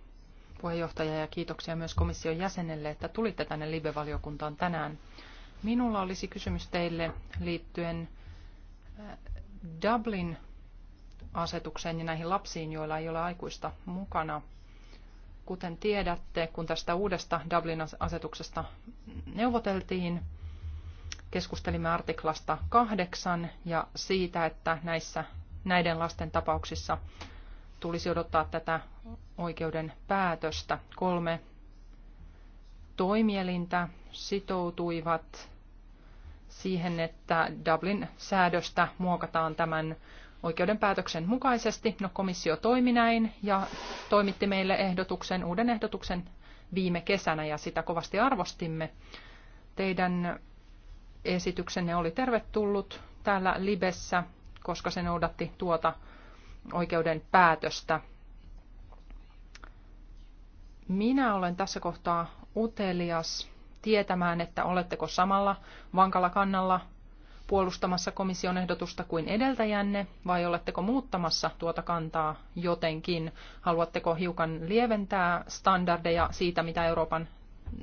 puheenjohtaja ja kiitoksia myös komission jäsenelle, että tulitte tänne live-valiokuntaan tänään. Minulla olisi kysymys teille liittyen Dublin asetukseen ja näihin lapsiin, joilla ei ole aikuista mukana. Kuten tiedätte, kun tästä uudesta Dublin-asetuksesta neuvoteltiin, keskustelimme artiklasta kahdeksan ja siitä, että näissä, näiden lasten tapauksissa tulisi odottaa tätä oikeuden päätöstä. Kolme toimielintä sitoutuivat siihen, että Dublin-säädöstä muokataan tämän oikeuden päätöksen mukaisesti. No komissio toimi näin ja toimitti meille ehdotuksen, uuden ehdotuksen viime kesänä ja sitä kovasti arvostimme. Teidän esityksenne oli tervetullut täällä Libessä, koska se noudatti tuota oikeuden päätöstä. Minä olen tässä kohtaa utelias tietämään, että oletteko samalla vankalla kannalla puolustamassa komission ehdotusta kuin edeltäjänne, vai oletteko muuttamassa tuota kantaa jotenkin? Haluatteko hiukan lieventää standardeja siitä, mitä Euroopan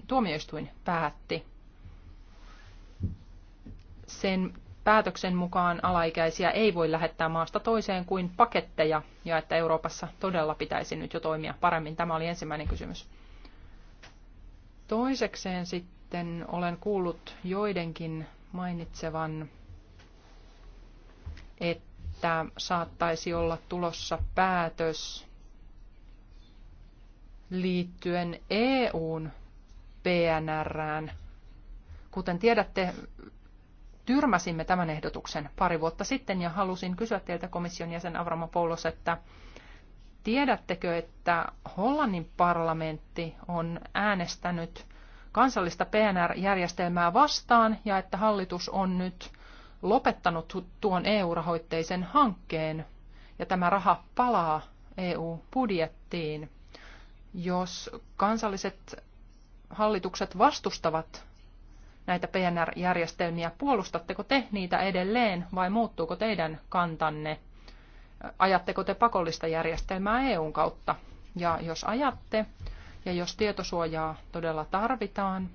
tuomioistuin päätti? Sen päätöksen mukaan alaikäisiä ei voi lähettää maasta toiseen kuin paketteja, ja että Euroopassa todella pitäisi nyt jo toimia paremmin. Tämä oli ensimmäinen kysymys. Toisekseen sitten olen kuullut joidenkin mainitsevan, että saattaisi olla tulossa päätös liittyen EUn PNRään. Kuten tiedätte, tyrmäsimme tämän ehdotuksen pari vuotta sitten ja halusin kysyä teiltä komission jäsen Avramopoulos, että Tiedättekö, että Hollannin parlamentti on äänestänyt kansallista PNR-järjestelmää vastaan ja että hallitus on nyt lopettanut tuon EU-rahoitteisen hankkeen ja tämä raha palaa EU-budjettiin. Jos kansalliset hallitukset vastustavat näitä PNR-järjestelmiä, puolustatteko te niitä edelleen vai muuttuuko teidän kantanne? ajatteko te pakollista järjestelmää EUn kautta? Ja jos ajatte, ja jos tietosuojaa todella tarvitaan,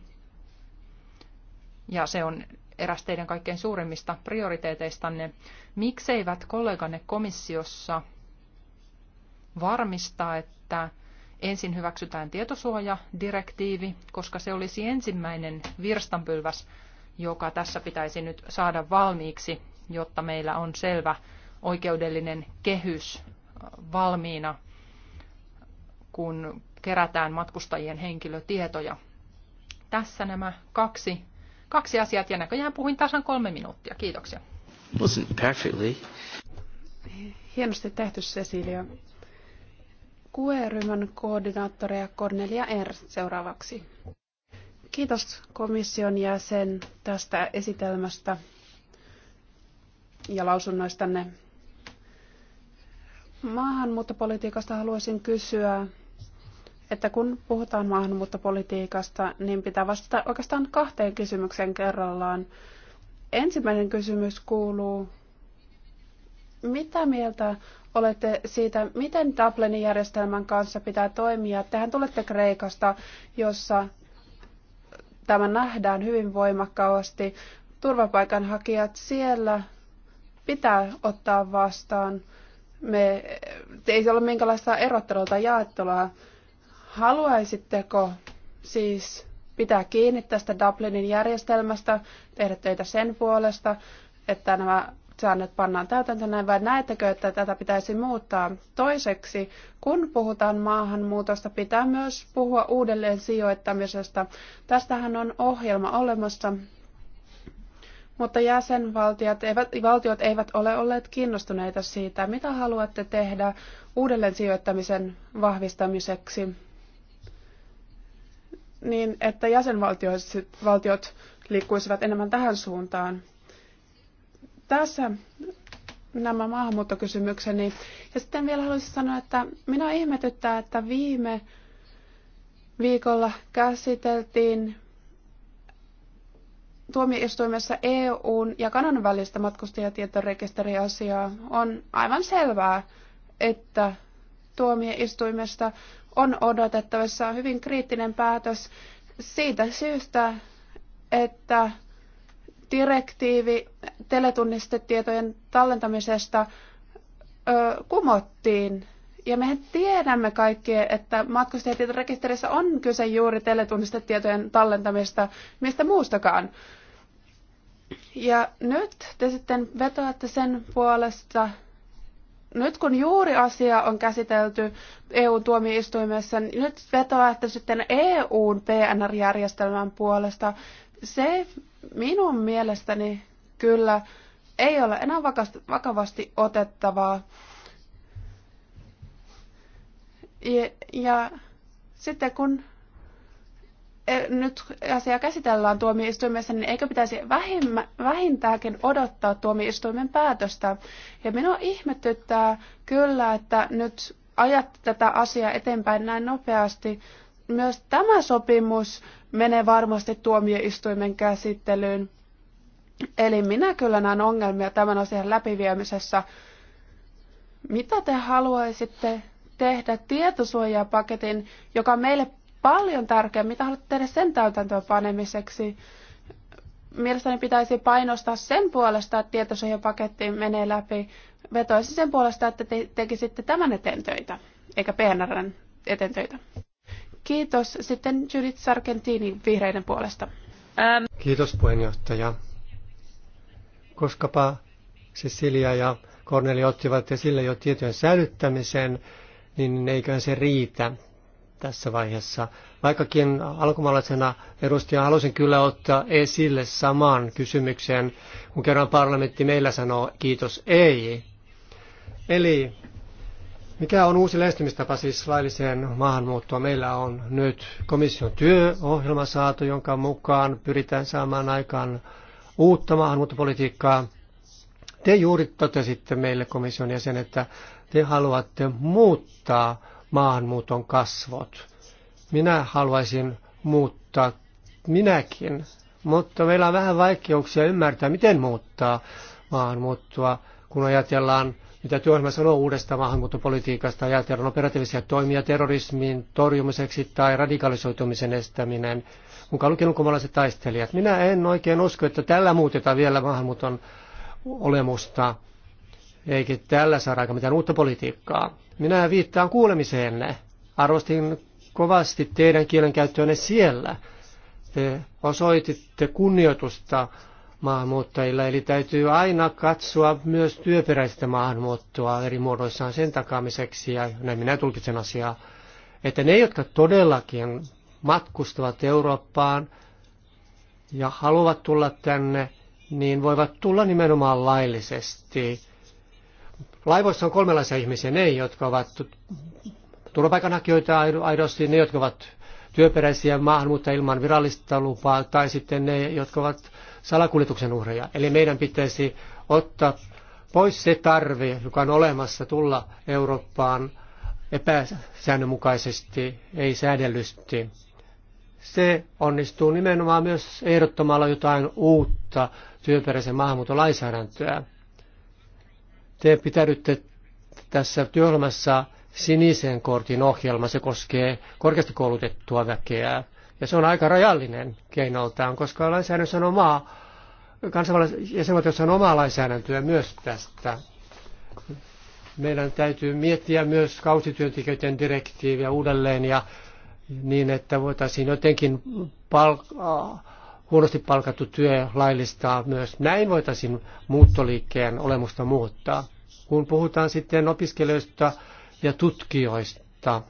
ja se on eräs teidän kaikkein suurimmista prioriteeteistanne, mikseivät kolleganne komissiossa varmista, että ensin hyväksytään tietosuojadirektiivi, koska se olisi ensimmäinen virstanpylväs, joka tässä pitäisi nyt saada valmiiksi, jotta meillä on selvä oikeudellinen kehys valmiina, kun kerätään matkustajien henkilötietoja. Tässä nämä kaksi, kaksi asiat ja näköjään puhuin tasan kolme minuuttia. Kiitoksia. Hienosti tehty Cecilia. QE-ryhmän koordinaattoreja Cornelia Ernst seuraavaksi. Kiitos komission jäsen tästä esitelmästä ja lausunnoistanne. Maahanmuuttopolitiikasta haluaisin kysyä, että kun puhutaan maahanmuuttopolitiikasta, niin pitää vastata oikeastaan kahteen kysymykseen kerrallaan. Ensimmäinen kysymys kuuluu, mitä mieltä olette siitä, miten Dublinin järjestelmän kanssa pitää toimia? Tehän tulette Kreikasta, jossa tämä nähdään hyvin voimakkaasti. Turvapaikanhakijat siellä pitää ottaa vastaan. Me, ei se ole minkälaista erottelua tai jaettelua. Haluaisitteko siis pitää kiinni tästä Dublinin järjestelmästä, tehdä töitä sen puolesta, että nämä säännöt pannaan täytäntöön näin, vai näettekö, että tätä pitäisi muuttaa? Toiseksi, kun puhutaan maahanmuutosta, pitää myös puhua uudelleen sijoittamisesta. Tästähän on ohjelma olemassa, mutta jäsenvaltiot eivät, valtiot eivät ole olleet kiinnostuneita siitä, mitä haluatte tehdä uudelleen sijoittamisen vahvistamiseksi, niin että jäsenvaltiot liikkuisivat enemmän tähän suuntaan. Tässä nämä maahanmuuttokysymykseni. Ja sitten vielä haluaisin sanoa, että minä ihmetyttää, että viime viikolla käsiteltiin tuomioistuimessa EUn ja Kanadan välistä matkustajatietorekisteriasiaa on aivan selvää, että tuomioistuimesta on odotettavissa hyvin kriittinen päätös siitä syystä, että direktiivi teletunnistetietojen tallentamisesta kumottiin ja mehän tiedämme kaikki, että matkustajatietorekisterissä on kyse juuri teletunnistetietojen tallentamista mistä muustakaan. Ja nyt te sitten vetoatte sen puolesta, nyt kun juuri asia on käsitelty EU-tuomioistuimessa, niin nyt vetoatte sitten EUn PNR-järjestelmän puolesta. Se minun mielestäni kyllä ei ole enää vakavasti otettavaa. Ja, ja sitten kun e, nyt asia käsitellään tuomioistuimessa, niin eikö pitäisi vähintäänkin odottaa tuomioistuimen päätöstä? Ja minua ihmetyttää kyllä, että nyt ajat tätä asiaa eteenpäin näin nopeasti. Myös tämä sopimus menee varmasti tuomioistuimen käsittelyyn. Eli minä kyllä näen ongelmia tämän asian läpiviemisessä. Mitä te haluaisitte tehdä tietosuojapaketin, joka on meille paljon tärkeä. Mitä haluatte tehdä sen täytäntöön panemiseksi? Mielestäni pitäisi painostaa sen puolesta, että tietosuojapaketti menee läpi. Vetoisin sen puolesta, että te tekisitte tämän eteen töitä, eikä PNRn eteen töitä. Kiitos. Sitten Judith Sargentini vihreiden puolesta. Ähm. Kiitos puheenjohtaja. Koskapa Cecilia ja Korneli ottivat esille jo tietojen säilyttämisen, niin eiköhän se riitä tässä vaiheessa. Vaikkakin alkumalaisena edustajan halusin kyllä ottaa esille saman kysymyksen, kun kerran parlamentti meillä sanoo kiitos ei. Eli mikä on uusi lähestymistapa siis lailliseen maahanmuuttoon? Meillä on nyt komission työohjelma saatu, jonka mukaan pyritään saamaan aikaan uutta maahanmuuttopolitiikkaa. Te juuri totesitte meille komission jäsen, että te haluatte muuttaa maahanmuuton kasvot. Minä haluaisin muuttaa minäkin, mutta meillä on vähän vaikeuksia ymmärtää, miten muuttaa maahanmuuttoa, kun ajatellaan, mitä työohjelma sanoo uudesta maahanmuuttopolitiikasta, ajatellaan operatiivisia toimia terrorismin torjumiseksi tai radikalisoitumisen estäminen, mukaan lukien ulkomaalaiset taistelijat. Minä en oikein usko, että tällä muutetaan vielä maahanmuuton olemusta eikä tällä saada aika mitään uutta politiikkaa. Minä viittaan kuulemiseenne. Arvostin kovasti teidän kielenkäyttöönne siellä. Te osoititte kunnioitusta maahanmuuttajilla, eli täytyy aina katsoa myös työperäistä maahanmuuttoa eri muodoissaan sen takaamiseksi, ja näin minä tulkitsen asiaa, että ne, jotka todellakin matkustavat Eurooppaan ja haluavat tulla tänne, niin voivat tulla nimenomaan laillisesti Laivoissa on kolmenlaisia ihmisiä, ne jotka ovat turvapaikanhakijoita aidosti, ne jotka ovat työperäisiä maahanmuuttajia ilman virallista lupaa tai sitten ne, jotka ovat salakuljetuksen uhreja. Eli meidän pitäisi ottaa pois se tarve, joka on olemassa tulla Eurooppaan epäsäännönmukaisesti, ei säädellysti. Se onnistuu nimenomaan myös ehdottamalla jotain uutta työperäisen maahanmuuton lainsäädäntöä. Te pitäydytte tässä työelämässä sinisen kortin ohjelma. Se koskee korkeasti koulutettua väkeä. Ja se on aika rajallinen keinoltaan, koska lainsäädännössä on omaa, kansainvälisessä on omaa lainsäädäntöä myös tästä. Meidän täytyy miettiä myös kausityöntekijöiden direktiiviä uudelleen ja niin, että voitaisiin jotenkin palk- huonosti palkattu työ laillistaa myös. Näin voitaisiin muuttoliikkeen olemusta muuttaa kun puhutaan sitten opiskelijoista ja tutkijoista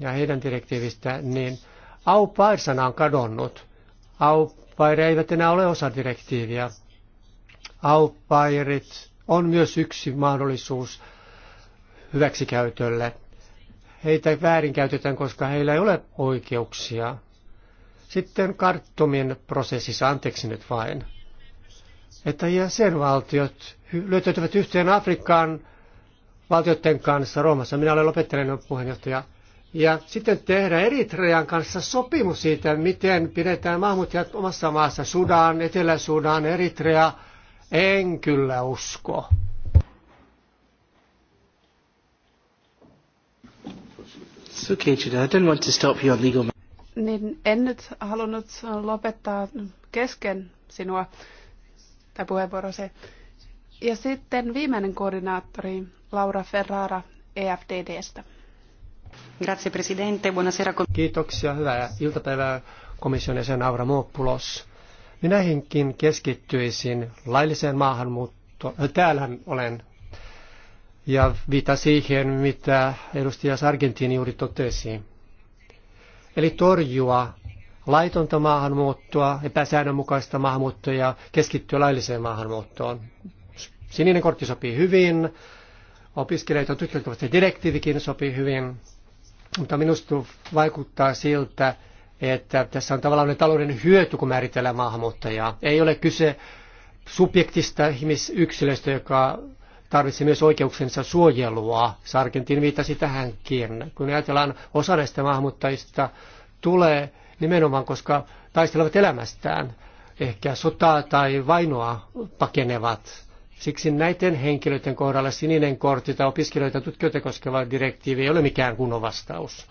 ja heidän direktiivistä, niin au pair-sana on kadonnut. Au pair eivät enää ole osa direktiiviä. Au pairit on myös yksi mahdollisuus hyväksikäytölle. Heitä väärinkäytetään, koska heillä ei ole oikeuksia. Sitten karttumin prosessissa, anteeksi nyt vain, että jäsenvaltiot löytäytyvät yhteen Afrikkaan valtioiden kanssa Roomassa. Minä olen lopettelen puheenjohtaja. Ja sitten tehdä Eritrean kanssa sopimus siitä, miten pidetään maahanmuuttajat omassa maassa. Sudan, Etelä-Sudan, Eritrea. En kyllä usko. Niin en nyt halunnut lopettaa kesken sinua tämä puheenvuoro se. Ja sitten viimeinen koordinaattori, Laura Ferrara EFDDstä. Grazie Presidente, buonasera. Kiitoksia, hyvää iltapäivää komission jäsen Aura Mopulos. Minäkin keskittyisin lailliseen maahanmuuttoon. Äh, Täällä olen ja viita siihen, mitä edustaja Sargentin juuri totesi. Eli torjua laitonta maahanmuuttoa, epäsäännönmukaista maahanmuuttoa ja keskittyä lailliseen maahanmuuttoon. Sininen kortti sopii hyvin, opiskelijoita tutkittavasti direktiivikin sopii hyvin, mutta minusta vaikuttaa siltä, että tässä on tavallaan talouden hyöty, kun määritellään maahanmuuttajaa. Ei ole kyse subjektista ihmisyksilöstä, joka tarvitsee myös oikeuksensa suojelua. Sarkentin viittasi tähänkin. Kun ajatellaan osa näistä maahanmuuttajista tulee nimenomaan koska taistelevat elämästään, ehkä sotaa tai vainoa pakenevat. Siksi näiden henkilöiden kohdalla sininen kortti tai opiskelijoita tutkijoita koskeva direktiivi ei ole mikään kunnon vastaus.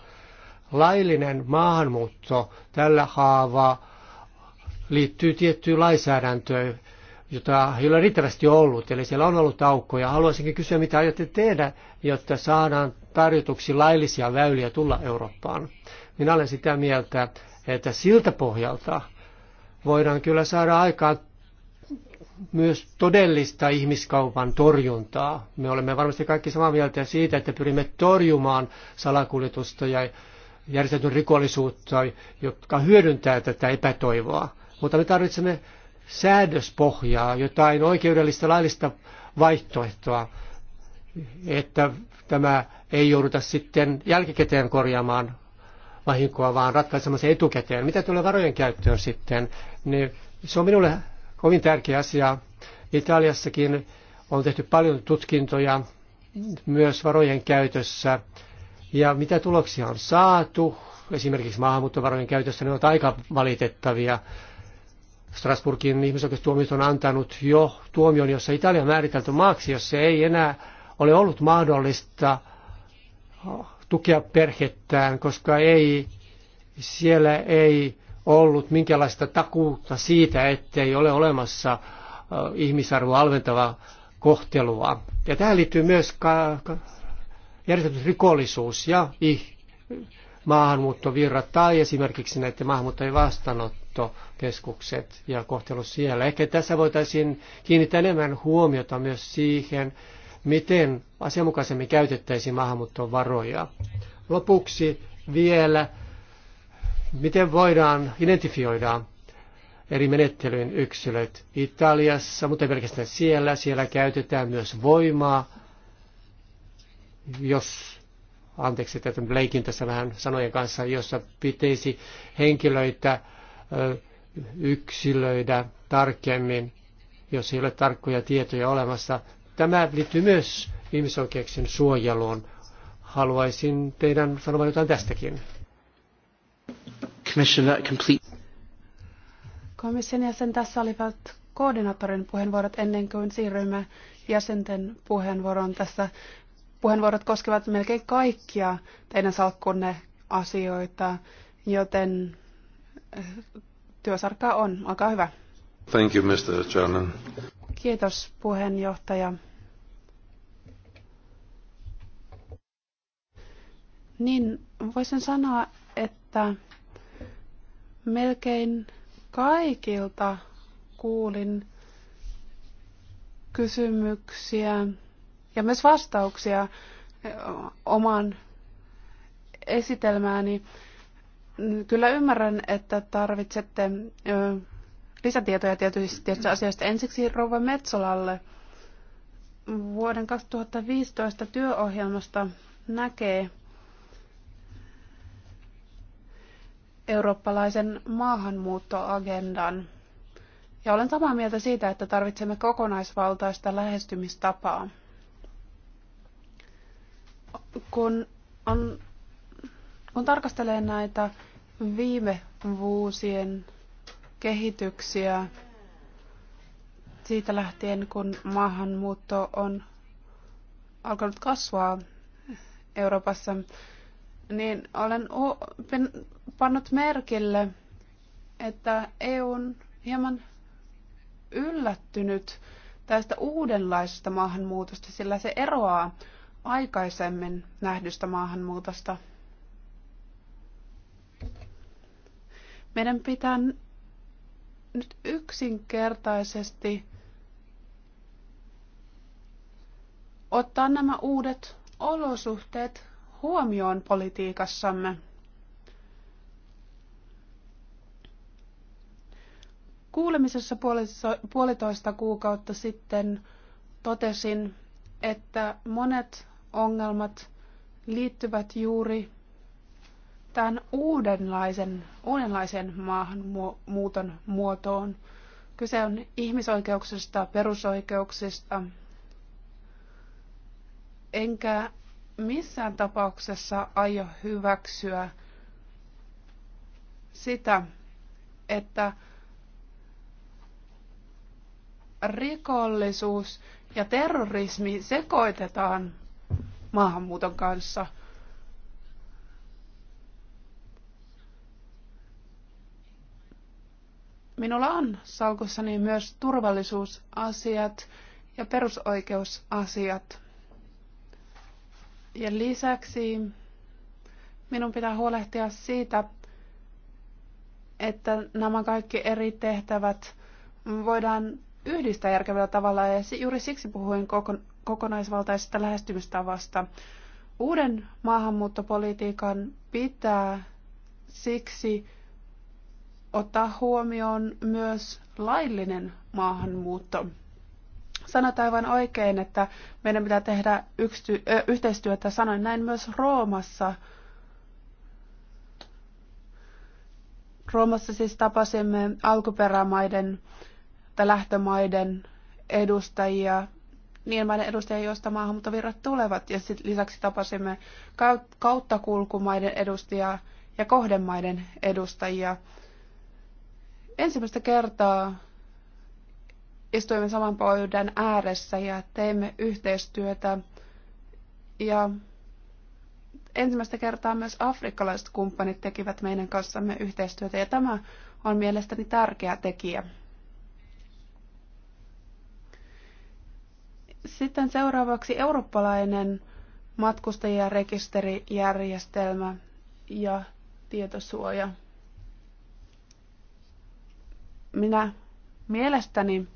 Laillinen maahanmuutto tällä haavaa liittyy tiettyyn lainsäädäntöön, jota ei ole riittävästi ollut, eli siellä on ollut aukkoja. Haluaisinkin kysyä, mitä aiotte tehdä, jotta saadaan tarjotuksi laillisia väyliä tulla Eurooppaan. Minä olen sitä mieltä, että siltä pohjalta voidaan kyllä saada aikaan myös todellista ihmiskaupan torjuntaa. Me olemme varmasti kaikki samaa mieltä siitä, että pyrimme torjumaan salakuljetusta ja järjestetyn rikollisuutta, jotka hyödyntää tätä epätoivoa. Mutta me tarvitsemme säädöspohjaa, jotain oikeudellista laillista vaihtoehtoa, että tämä ei jouduta sitten jälkikäteen korjaamaan vahinkoa, vaan ratkaisemassa etukäteen. Mitä tulee varojen käyttöön sitten, niin se on minulle kovin tärkeä asia. Italiassakin on tehty paljon tutkintoja myös varojen käytössä. Ja mitä tuloksia on saatu, esimerkiksi maahanmuuttovarojen käytössä, ne ovat aika valitettavia. Strasburgin ihmisoikeustuomioit on antanut jo tuomion, jossa Italia on määritelty maaksi, jossa ei enää ole ollut mahdollista tukea perhettään, koska ei, siellä ei ollut minkälaista takuutta siitä, ettei ole olemassa äh, ihmisarvoa alventavaa kohtelua. Ja tähän liittyy myös ka- ka- rikollisuus ja ih- maahanmuuttovirrat tai esimerkiksi näiden maahanmuuttajien vastaanottokeskukset ja kohtelu siellä. Ehkä tässä voitaisiin kiinnittää enemmän huomiota myös siihen, miten asianmukaisemmin käytettäisiin maahanmuuttoon varoja. Lopuksi vielä, miten voidaan identifioida eri menettelyyn yksilöt Italiassa, mutta ei pelkästään siellä. Siellä käytetään myös voimaa, jos, anteeksi, että leikin tässä vähän sanojen kanssa, jossa pitäisi henkilöitä yksilöidä tarkemmin, jos ei ole tarkkoja tietoja olemassa. Tämä liittyy myös ihmisoikeuksien suojeluun. Haluaisin teidän sanovan jotain tästäkin. Komission jäsen, tässä olivat koordinaattorin puheenvuorot ennen kuin siirrymme jäsenten puheenvuoroon. Tässä puheenvuorot koskevat melkein kaikkia teidän salkkunne asioita, joten eh, työsarkaa on. Olkaa hyvä. Thank you, Mr. Chairman. Kiitos puheenjohtaja. niin voisin sanoa, että melkein kaikilta kuulin kysymyksiä ja myös vastauksia eh, oman esitelmääni. Kyllä ymmärrän, että tarvitsette lisätietoja tietysti, asioista asiasta ensiksi Rouva Metsolalle. Vuoden 2015 työohjelmasta näkee, eurooppalaisen maahanmuuttoagendan. Ja olen samaa mieltä siitä, että tarvitsemme kokonaisvaltaista lähestymistapaa. Kun, on, kun tarkastelee näitä viime vuosien kehityksiä siitä lähtien, kun maahanmuutto on alkanut kasvaa Euroopassa, niin olen pannut merkille, että EU on hieman yllättynyt tästä uudenlaisesta maahanmuutosta, sillä se eroaa aikaisemmin nähdystä maahanmuutosta. Meidän pitää nyt yksinkertaisesti ottaa nämä uudet olosuhteet huomioon politiikassamme. Kuulemisessa puolitoista kuukautta sitten totesin, että monet ongelmat liittyvät juuri tämän uudenlaisen, uudenlaisen maahanmuuton muotoon. Kyse on ihmisoikeuksista, perusoikeuksista, enkä missään tapauksessa aio hyväksyä sitä, että rikollisuus ja terrorismi sekoitetaan maahanmuuton kanssa. Minulla on salkussani myös turvallisuusasiat ja perusoikeusasiat. Ja lisäksi minun pitää huolehtia siitä, että nämä kaikki eri tehtävät voidaan yhdistää järkevällä tavalla ja juuri siksi puhuin kokonaisvaltaisesta lähestymistavasta. Uuden maahanmuuttopolitiikan pitää siksi ottaa huomioon myös laillinen maahanmuutto. Sanot aivan oikein, että meidän pitää tehdä yksity- ö, yhteistyötä. Sanoin näin myös Roomassa. Roomassa siis tapasimme alkuperämaiden tai lähtömaiden edustajia, niin maiden edustajia, joista maahanmuuttovirrat tulevat. Ja sit lisäksi tapasimme kauttakulkumaiden edustajia ja kohdemaiden edustajia. Ensimmäistä kertaa istuimme saman pöydän ääressä ja teimme yhteistyötä. Ja ensimmäistä kertaa myös afrikkalaiset kumppanit tekivät meidän kanssamme yhteistyötä ja tämä on mielestäni tärkeä tekijä. Sitten seuraavaksi eurooppalainen matkustajarekisterijärjestelmä ja tietosuoja. Minä mielestäni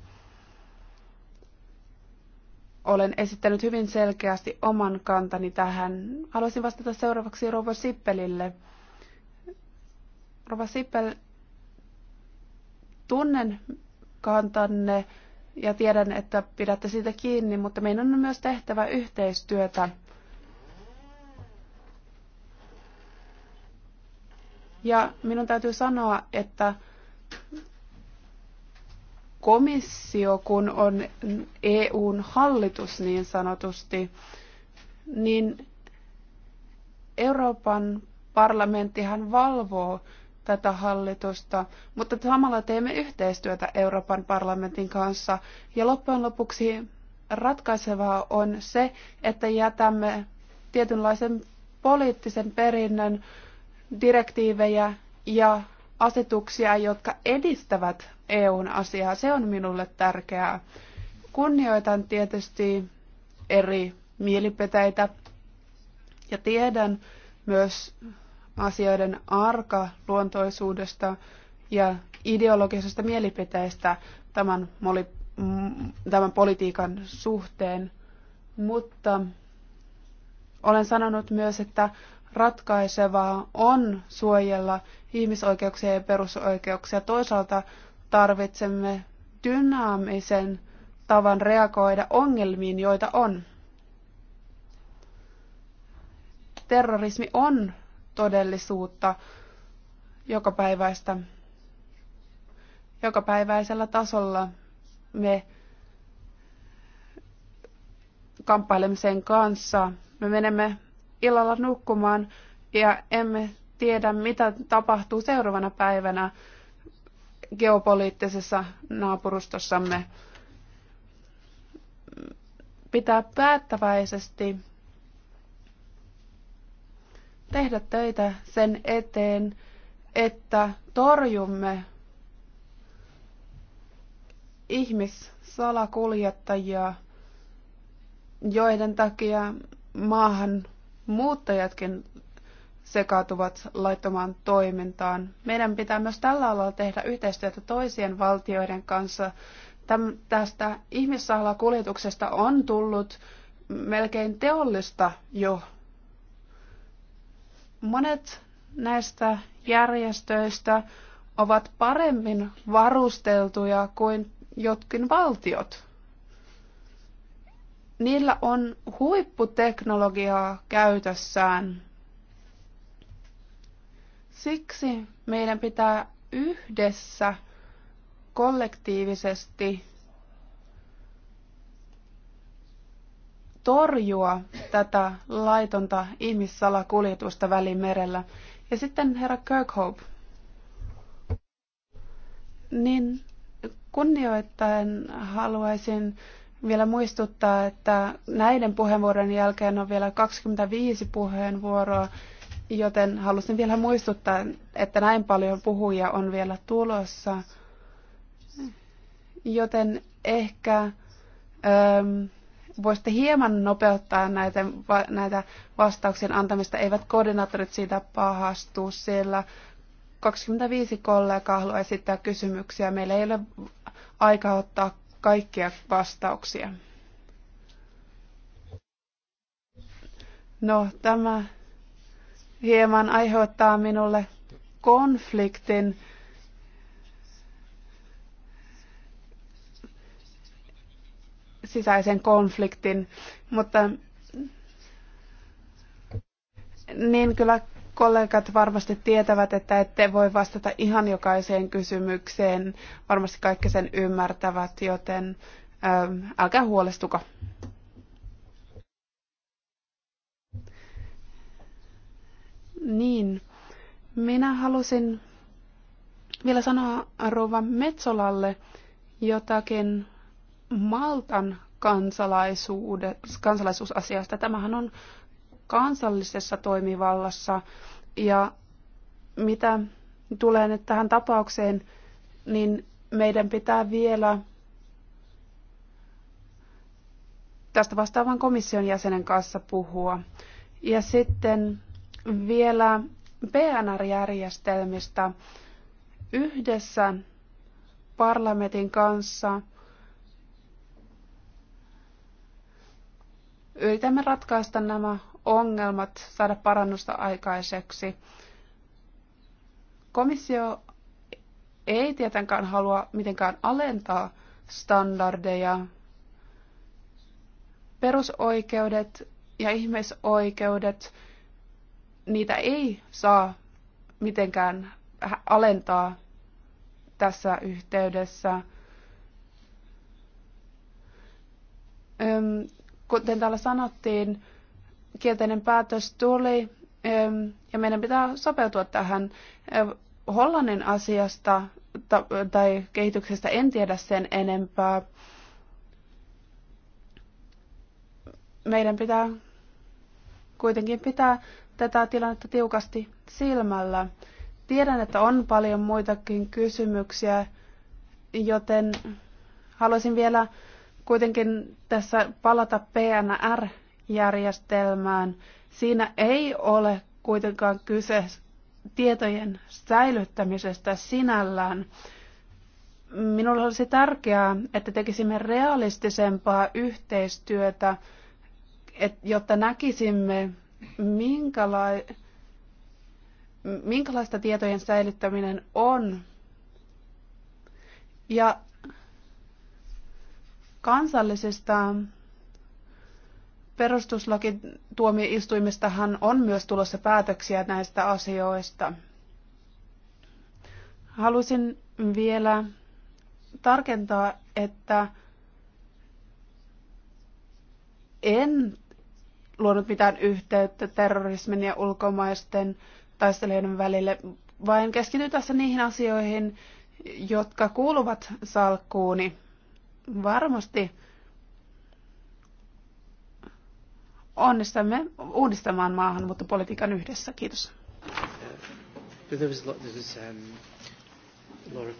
olen esittänyt hyvin selkeästi oman kantani tähän. Haluaisin vastata seuraavaksi Rouva Sippelille. Rouva Sippel, tunnen kantanne ja tiedän, että pidätte siitä kiinni, mutta meidän on myös tehtävä yhteistyötä. Ja minun täytyy sanoa, että komissio, kun on EUn hallitus niin sanotusti, niin Euroopan parlamenttihan valvoo tätä hallitusta, mutta samalla teemme yhteistyötä Euroopan parlamentin kanssa. Ja loppujen lopuksi ratkaisevaa on se, että jätämme tietynlaisen poliittisen perinnön direktiivejä ja asetuksia, jotka edistävät EUn asiaa. Se on minulle tärkeää. Kunnioitan tietysti eri mielipiteitä ja tiedän myös asioiden arka luontoisuudesta ja ideologisesta mielipiteistä tämän, moli, mm, tämän politiikan suhteen, mutta olen sanonut myös, että ratkaisevaa on suojella ihmisoikeuksia ja perusoikeuksia. Toisaalta tarvitsemme dynaamisen tavan reagoida ongelmiin, joita on. Terrorismi on todellisuutta jokapäiväistä. Jokapäiväisellä tasolla me kamppailemme sen kanssa. Me menemme illalla nukkumaan ja emme tiedä, mitä tapahtuu seuraavana päivänä geopoliittisessa naapurustossamme. Pitää päättäväisesti tehdä töitä sen eteen, että torjumme ihmissalakuljettajia, joiden takia maahan muuttajatkin sekaantuvat laittomaan toimintaan. Meidän pitää myös tällä alalla tehdä yhteistyötä toisien valtioiden kanssa. Täm, tästä ihmissahlakuljetuksesta on tullut melkein teollista jo. Monet näistä järjestöistä ovat paremmin varusteltuja kuin jotkin valtiot. Niillä on huipputeknologiaa käytössään. Siksi meidän pitää yhdessä kollektiivisesti torjua tätä laitonta ihmissalakuljetusta välimerellä. Ja sitten herra Kirkhope, niin kunnioittain haluaisin vielä muistuttaa, että näiden puheenvuorojen jälkeen on vielä 25 puheenvuoroa, joten halusin vielä muistuttaa, että näin paljon puhujia on vielä tulossa. Joten ehkä ähm, voisitte hieman nopeuttaa näitä, va, näitä vastauksien antamista. Eivät koordinaattorit siitä pahastu, sillä 25 kollegaa haluaa esittää kysymyksiä. Meillä ei ole aika ottaa kaikkia vastauksia. No, tämä hieman aiheuttaa minulle konfliktin. sisäisen konfliktin, mutta niin kyllä kollegat varmasti tietävät, että ette voi vastata ihan jokaiseen kysymykseen. Varmasti kaikki sen ymmärtävät, joten ähm, älkää huolestuko. Niin, minä halusin vielä sanoa Rova Metsolalle jotakin Maltan kansalaisuusasiasta. Tämähän on kansallisessa toimivallassa. Ja mitä tulee nyt tähän tapaukseen, niin meidän pitää vielä tästä vastaavan komission jäsenen kanssa puhua. Ja sitten vielä PNR-järjestelmistä yhdessä parlamentin kanssa – Yritämme ratkaista nämä ongelmat, saada parannusta aikaiseksi. Komissio ei tietenkään halua mitenkään alentaa standardeja. Perusoikeudet ja ihmisoikeudet, niitä ei saa mitenkään alentaa tässä yhteydessä kuten täällä sanottiin, kielteinen päätös tuli ja meidän pitää sopeutua tähän. Hollannin asiasta tai kehityksestä en tiedä sen enempää. Meidän pitää kuitenkin pitää tätä tilannetta tiukasti silmällä. Tiedän, että on paljon muitakin kysymyksiä, joten haluaisin vielä kuitenkin tässä palata PNR-järjestelmään. Siinä ei ole kuitenkaan kyse tietojen säilyttämisestä sinällään. Minulle olisi tärkeää, että tekisimme realistisempaa yhteistyötä, et, jotta näkisimme, minkäla- minkälaista tietojen säilyttäminen on. Ja kansallisista perustuslakituomioistuimistahan on myös tulossa päätöksiä näistä asioista. Halusin vielä tarkentaa, että en luonut mitään yhteyttä terrorismin ja ulkomaisten taistelijoiden välille, vaan keskityn tässä niihin asioihin, jotka kuuluvat salkkuuni varmasti onnistamme uudistamaan politiikan yhdessä. Kiitos. Um, Laura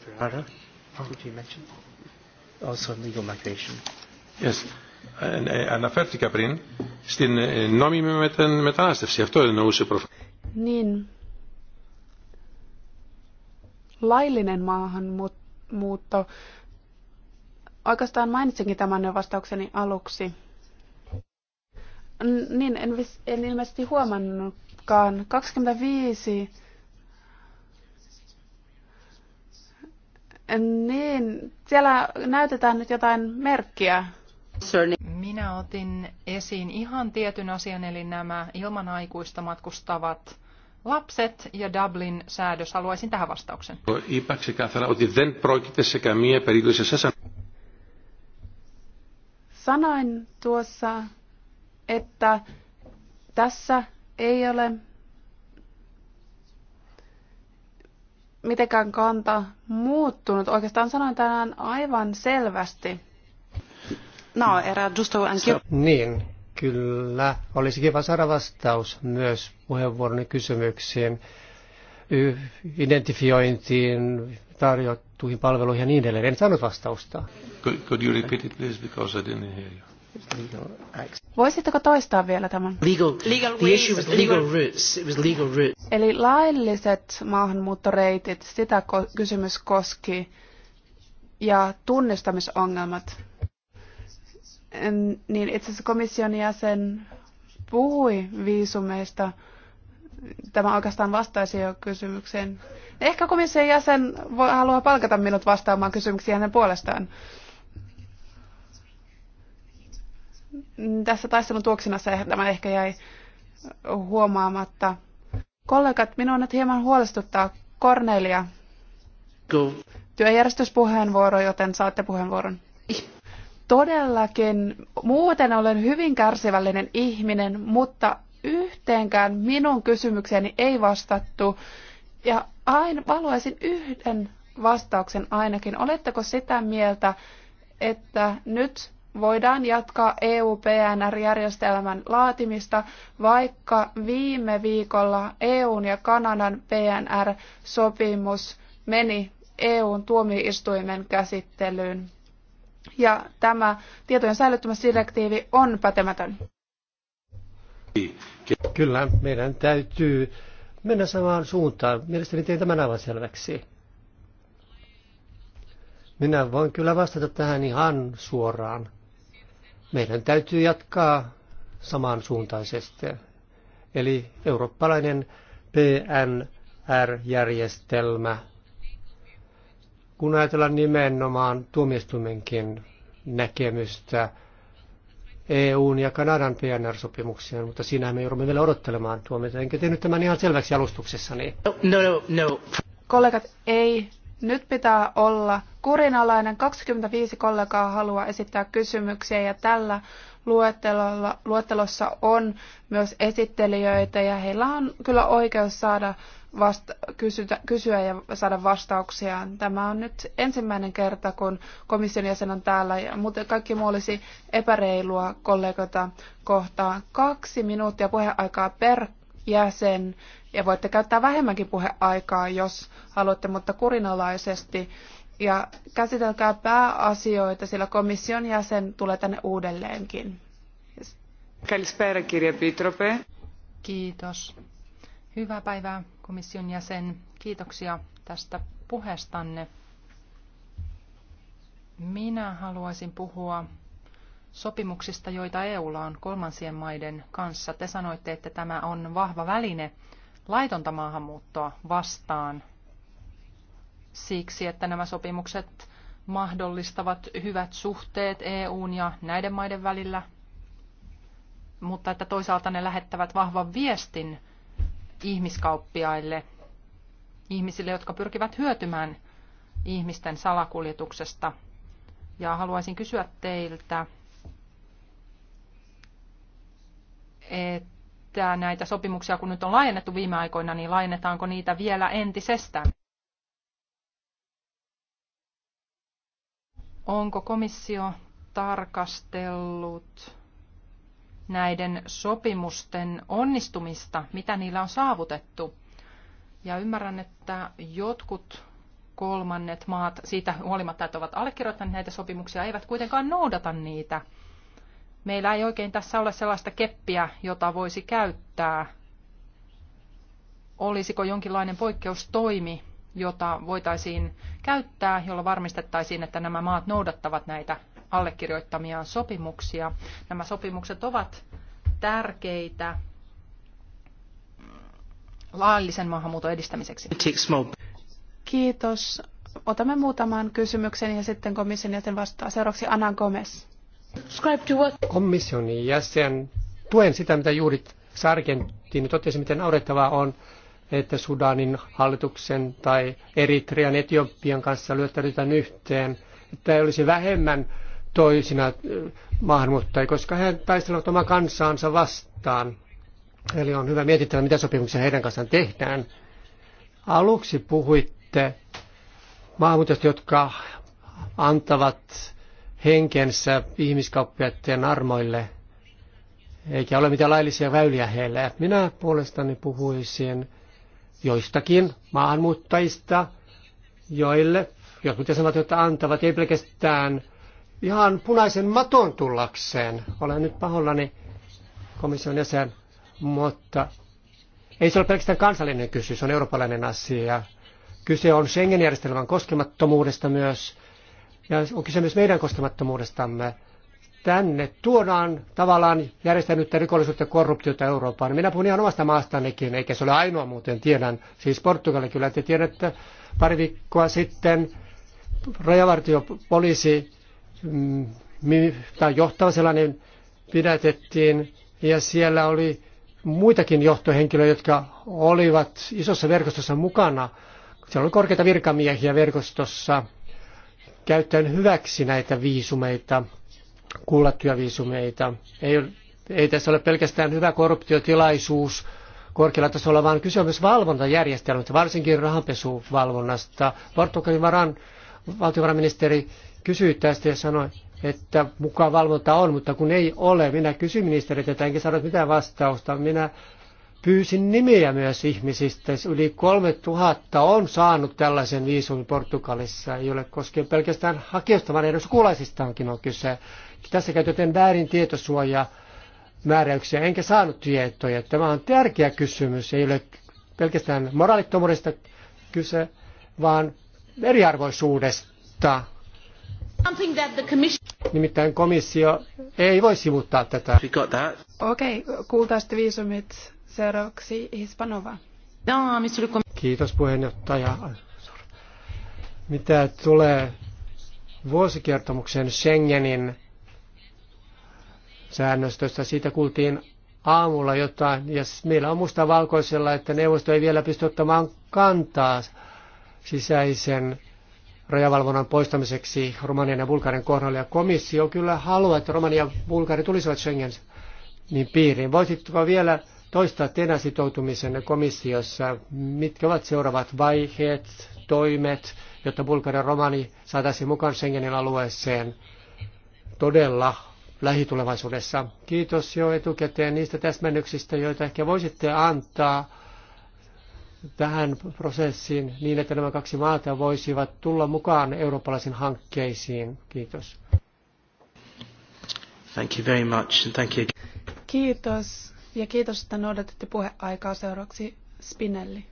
you mention? Also migration. Yes. Αναφέρθηκα πριν στην νόμιμη μετανάστευση. Αυτό εννοούσε προφανώς. Niin. Laillinen maahanmuutto Oikeastaan mainitsinkin tämän jo vastaukseni aluksi. Niin, en, en ilmeisesti huomannutkaan. 25. Niin, siellä näytetään nyt jotain merkkiä. Minä otin esiin ihan tietyn asian, eli nämä ilman aikuista matkustavat lapset ja Dublin säädös. Haluaisin tähän vastauksen. Υπάρξει κάθαρα ότι δεν πρόκειται σε Sanoin tuossa, että tässä ei ole mitenkään kanta muuttunut. Oikeastaan sanoin tänään aivan selvästi. No, era giusto anche... Niin, kyllä. Olisi kiva saada vastaus myös puheenvuoroni kysymyksiin, identifiointiin, tarjot, tuettuihin palveluihin ja niin edelleen. En saanut vastausta. Could, could you repeat it please, because I didn't hear you. Voisitteko toistaa vielä tämän? Legal, legal the issue was legal routes. It was legal routes. Eli lailliset maahanmuuttoreitit, sitä ko- kysymys koski, ja tunnistamisongelmat. En, niin itse asiassa komission jäsen puhui viisumeista, tämä oikeastaan vastaisi jo kysymykseen. Ehkä komission jäsen voi, haluaa palkata minut vastaamaan kysymyksiä hänen puolestaan. Tässä taistelun tuoksinassa tämä ehkä jäi huomaamatta. Kollegat, minua nyt hieman huolestuttaa Cornelia. Go. Työjärjestyspuheenvuoro, joten saatte puheenvuoron. Todellakin. Muuten olen hyvin kärsivällinen ihminen, mutta yhteenkään minun kysymykseeni ei vastattu. Ja aina haluaisin yhden vastauksen ainakin. Oletteko sitä mieltä, että nyt voidaan jatkaa EU-PNR-järjestelmän laatimista, vaikka viime viikolla EUn ja Kanadan PNR-sopimus meni EUn tuomioistuimen käsittelyyn. Ja tämä tietojen säilyttämisdirektiivi on pätemätön. Kyllä, meidän täytyy mennä samaan suuntaan. Mielestäni tein tämän aivan selväksi. Minä voin kyllä vastata tähän ihan suoraan. Meidän täytyy jatkaa samansuuntaisesti. Eli eurooppalainen PNR-järjestelmä, kun ajatellaan nimenomaan tuomioistuimenkin näkemystä EUn ja Kanadan PNR-sopimuksia, mutta siinä me joudumme vielä odottelemaan tuomiota. Enkä tehnyt tämän ihan selväksi alustuksessani. No, no, no, no. Kollegat, ei. Nyt pitää olla kurinalainen. 25 kollegaa haluaa esittää kysymyksiä ja tällä luettelossa on myös esittelijöitä ja heillä on kyllä oikeus saada vasta- kysytä, kysyä ja saada vastauksia. Tämä on nyt ensimmäinen kerta, kun komission jäsen on täällä, ja, mutta kaikki muu olisi epäreilua kollegoita kohtaan. Kaksi minuuttia puheaikaa per jäsen, ja voitte käyttää vähemmänkin puheaikaa, jos haluatte, mutta kurinalaisesti. Ja käsitelkää pääasioita, sillä komission jäsen tulee tänne uudelleenkin. Kalispera, kirja Pitrope. Kiitos Hyvää päivää komission jäsen. Kiitoksia tästä puheestanne. Minä haluaisin puhua sopimuksista, joita EUlla on kolmansien maiden kanssa. Te sanoitte, että tämä on vahva väline laitonta maahanmuuttoa vastaan siksi, että nämä sopimukset mahdollistavat hyvät suhteet EUn ja näiden maiden välillä, mutta että toisaalta ne lähettävät vahvan viestin ihmiskauppiaille, ihmisille, jotka pyrkivät hyötymään ihmisten salakuljetuksesta. Ja haluaisin kysyä teiltä, että näitä sopimuksia, kun nyt on laajennettu viime aikoina, niin laajennetaanko niitä vielä entisestään? Onko komissio tarkastellut näiden sopimusten onnistumista, mitä niillä on saavutettu. Ja ymmärrän, että jotkut kolmannet maat, siitä huolimatta, että ovat allekirjoittaneet näitä sopimuksia, eivät kuitenkaan noudata niitä. Meillä ei oikein tässä ole sellaista keppiä, jota voisi käyttää. Olisiko jonkinlainen poikkeustoimi, jota voitaisiin käyttää, jolla varmistettaisiin, että nämä maat noudattavat näitä allekirjoittamiaan sopimuksia. Nämä sopimukset ovat tärkeitä laillisen maahanmuuton edistämiseksi. Kiitos. Otamme muutaman kysymyksen ja sitten komission jäsen vastaa. Seuraavaksi Anna Gomez. Komission jäsen, tuen sitä, mitä juuri Sargentin totesi, miten naurettavaa on, että Sudanin hallituksen tai Eritrean Etiopian kanssa lyöttäydytään yhteen, että ei olisi vähemmän toisina äh, maahanmuuttajia, koska he taistelevat oma kansaansa vastaan. Eli on hyvä mietittävä, mitä sopimuksia heidän kanssaan tehdään. Aluksi puhuitte maahanmuuttajista, jotka antavat henkensä ihmiskauppiaiden armoille, eikä ole mitään laillisia väyliä heille. Minä puolestani puhuisin joistakin maahanmuuttajista, joille jotkut että antavat ei pelkästään ihan punaisen maton tullakseen. Olen nyt pahollani komission jäsen, mutta ei se ole pelkästään kansallinen kysymys, se on eurooppalainen asia. Kyse on Schengen-järjestelmän koskemattomuudesta myös, ja on kyse myös meidän koskemattomuudestamme. Tänne tuodaan tavallaan järjestänyttä rikollisuutta ja korruptiota Eurooppaan. Minä puhun ihan omasta maastanikin, eikä se ole ainoa muuten, tiedän. Siis Portugali kyllä, te tiedätte, pari viikkoa sitten rajavartiopoliisi Mm, tai johtava sellainen pidätettiin ja siellä oli muitakin johtohenkilöitä, jotka olivat isossa verkostossa mukana. Siellä oli korkeita virkamiehiä verkostossa käyttäen hyväksi näitä viisumeita, kullattuja viisumeita. Ei, ei tässä ole pelkästään hyvä korruptiotilaisuus korkealla tasolla, vaan kyse on myös valvontajärjestelmästä, varsinkin rahanpesuvalvonnasta. Portugalin varan valtiovarainministeri kysyi tästä ja sanoi, että mukaan valvonta on, mutta kun ei ole, minä kysyin ministeriltä, enkä saanut mitään vastausta. Minä pyysin nimiä myös ihmisistä. Yli 3000 on saanut tällaisen viisumin Portugalissa, ei ole koskien pelkästään hakeusta, vaan edes kuulaisistaankin on kyse. Tässä käytetään väärin tietosuoja määräyksiä, enkä saanut tietoja. Tämä on tärkeä kysymys, ei ole pelkästään moraalittomuudesta kyse, vaan eriarvoisuudesta Nimittäin komissio ei voi sivuttaa tätä. Okei, okay, kuultaisitte viisumit. Seuraavaksi Hispanova. Kiitos puheenjohtaja. Mitä tulee vuosikertomuksen Schengenin säännöstöstä, siitä kuultiin aamulla jotain, ja meillä on musta valkoisella, että neuvosto ei vielä pysty ottamaan kantaa sisäisen rajavalvonnan poistamiseksi Romanian ja Bulgarian kohdalla. Ja komissio kyllä haluaa, että Romania ja Bulgari tulisivat Schengen niin piiriin. Voisitko vielä toistaa teidän sitoutumisenne komissiossa? Mitkä ovat seuraavat vaiheet, toimet, jotta Bulgaria ja Romani saataisiin mukaan Schengenin alueeseen todella lähitulevaisuudessa? Kiitos jo etukäteen niistä täsmennyksistä, joita ehkä voisitte antaa tähän prosessiin niin, että nämä kaksi maata voisivat tulla mukaan eurooppalaisiin hankkeisiin. Kiitos. Thank you very much and thank you. Kiitos ja kiitos, että noudatitte puheaikaa seuraavaksi Spinelli.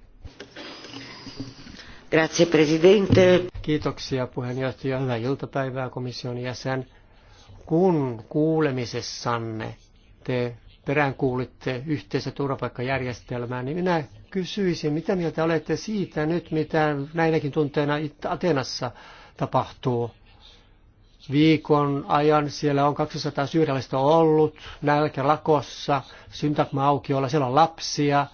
Grazie Presidente. Kiitoksia puheenjohtaja. Hyvää iltapäivää komission jäsen. Kun kuulemisessanne te peräänkuulitte yhteistä turvapaikkajärjestelmää, niin minä kysyisin, mitä mieltä olette siitä nyt, mitä näinäkin tunteina Atenassa tapahtuu? Viikon ajan siellä on 200 syyrialaista ollut lakossa, syntagma-aukiolla, siellä on lapsia,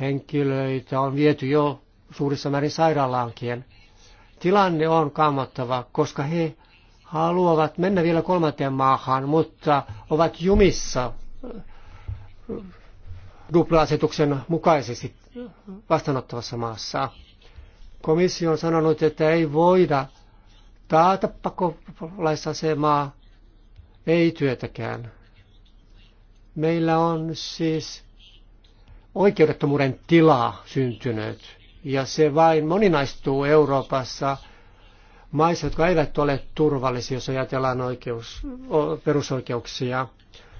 henkilöitä on viety jo suurissa määrin sairaalaankin. Tilanne on kammottava, koska he haluavat mennä vielä kolmanteen maahan, mutta ovat jumissa dupla-asetuksen mukaisesti vastaanottavassa maassa. Komissio on sanonut, että ei voida taata pakolaisasemaa, ei työtäkään. Meillä on siis oikeudettomuuden tila syntynyt, ja se vain moninaistuu Euroopassa maissa, jotka eivät ole turvallisia, jos ajatellaan oikeus, perusoikeuksia.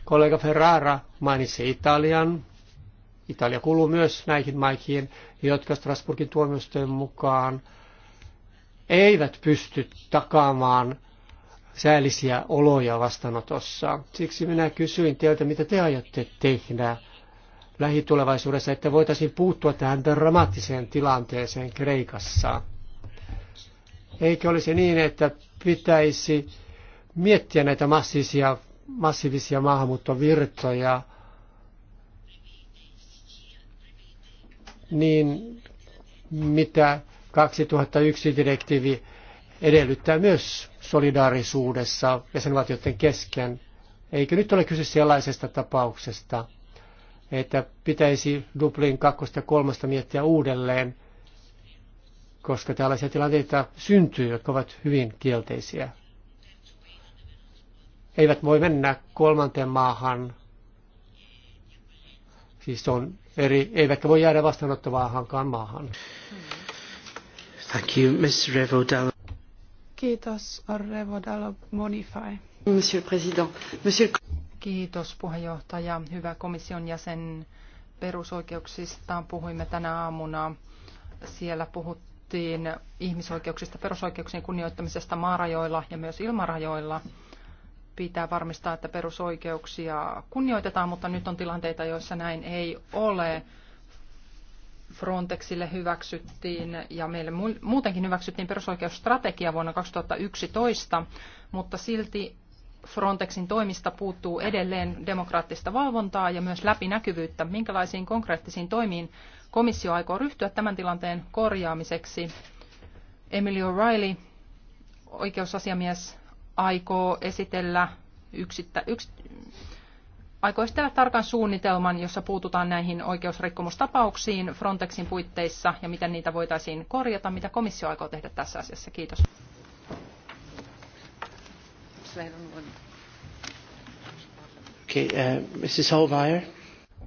Kollega Ferrara mainitsi Italian. Italia kuuluu myös näihin maihin, jotka Strasburgin tuomioistuimen mukaan eivät pysty takaamaan säällisiä oloja vastaanotossa. Siksi minä kysyin teiltä, mitä te aiotte tehdä lähitulevaisuudessa, että voitaisiin puuttua tähän dramaattiseen tilanteeseen Kreikassa. Eikö olisi niin, että pitäisi miettiä näitä massiisia massiivisia maahanmuuttovirtoja, niin mitä 2001 direktiivi edellyttää myös solidaarisuudessa jäsenvaltioiden kesken. Eikö nyt ole kyse sellaisesta tapauksesta, että pitäisi Dublin 2 ja 3 miettiä uudelleen, koska tällaisia tilanteita syntyy, jotka ovat hyvin kielteisiä eivät voi mennä kolmanteen maahan, siis on eri, eivätkä voi jäädä vastaanottavaahankaan maahan. Thank you, Ms. Revo Kiitos, Revo Dallo Bonifay. Monsieur le Président. Monsieur... Kiitos puheenjohtaja, hyvä komission jäsen perusoikeuksista. Puhuimme tänä aamuna. Siellä puhuttiin ihmisoikeuksista, perusoikeuksien kunnioittamisesta maarajoilla ja myös ilmarajoilla – pitää varmistaa, että perusoikeuksia kunnioitetaan, mutta nyt on tilanteita, joissa näin ei ole. Frontexille hyväksyttiin ja meille muutenkin hyväksyttiin perusoikeusstrategia vuonna 2011, mutta silti Frontexin toimista puuttuu edelleen demokraattista valvontaa ja myös läpinäkyvyyttä. Minkälaisiin konkreettisiin toimiin komissio aikoo ryhtyä tämän tilanteen korjaamiseksi? Emily O'Reilly, oikeusasiamies, aikoo esitellä, yksittä, yks, aikoo esitellä tarkan suunnitelman, jossa puututaan näihin oikeusrikkomustapauksiin Frontexin puitteissa ja miten niitä voitaisiin korjata, mitä komissio aikoo tehdä tässä asiassa. Kiitos. Okay, uh, Mrs. Holmeyer.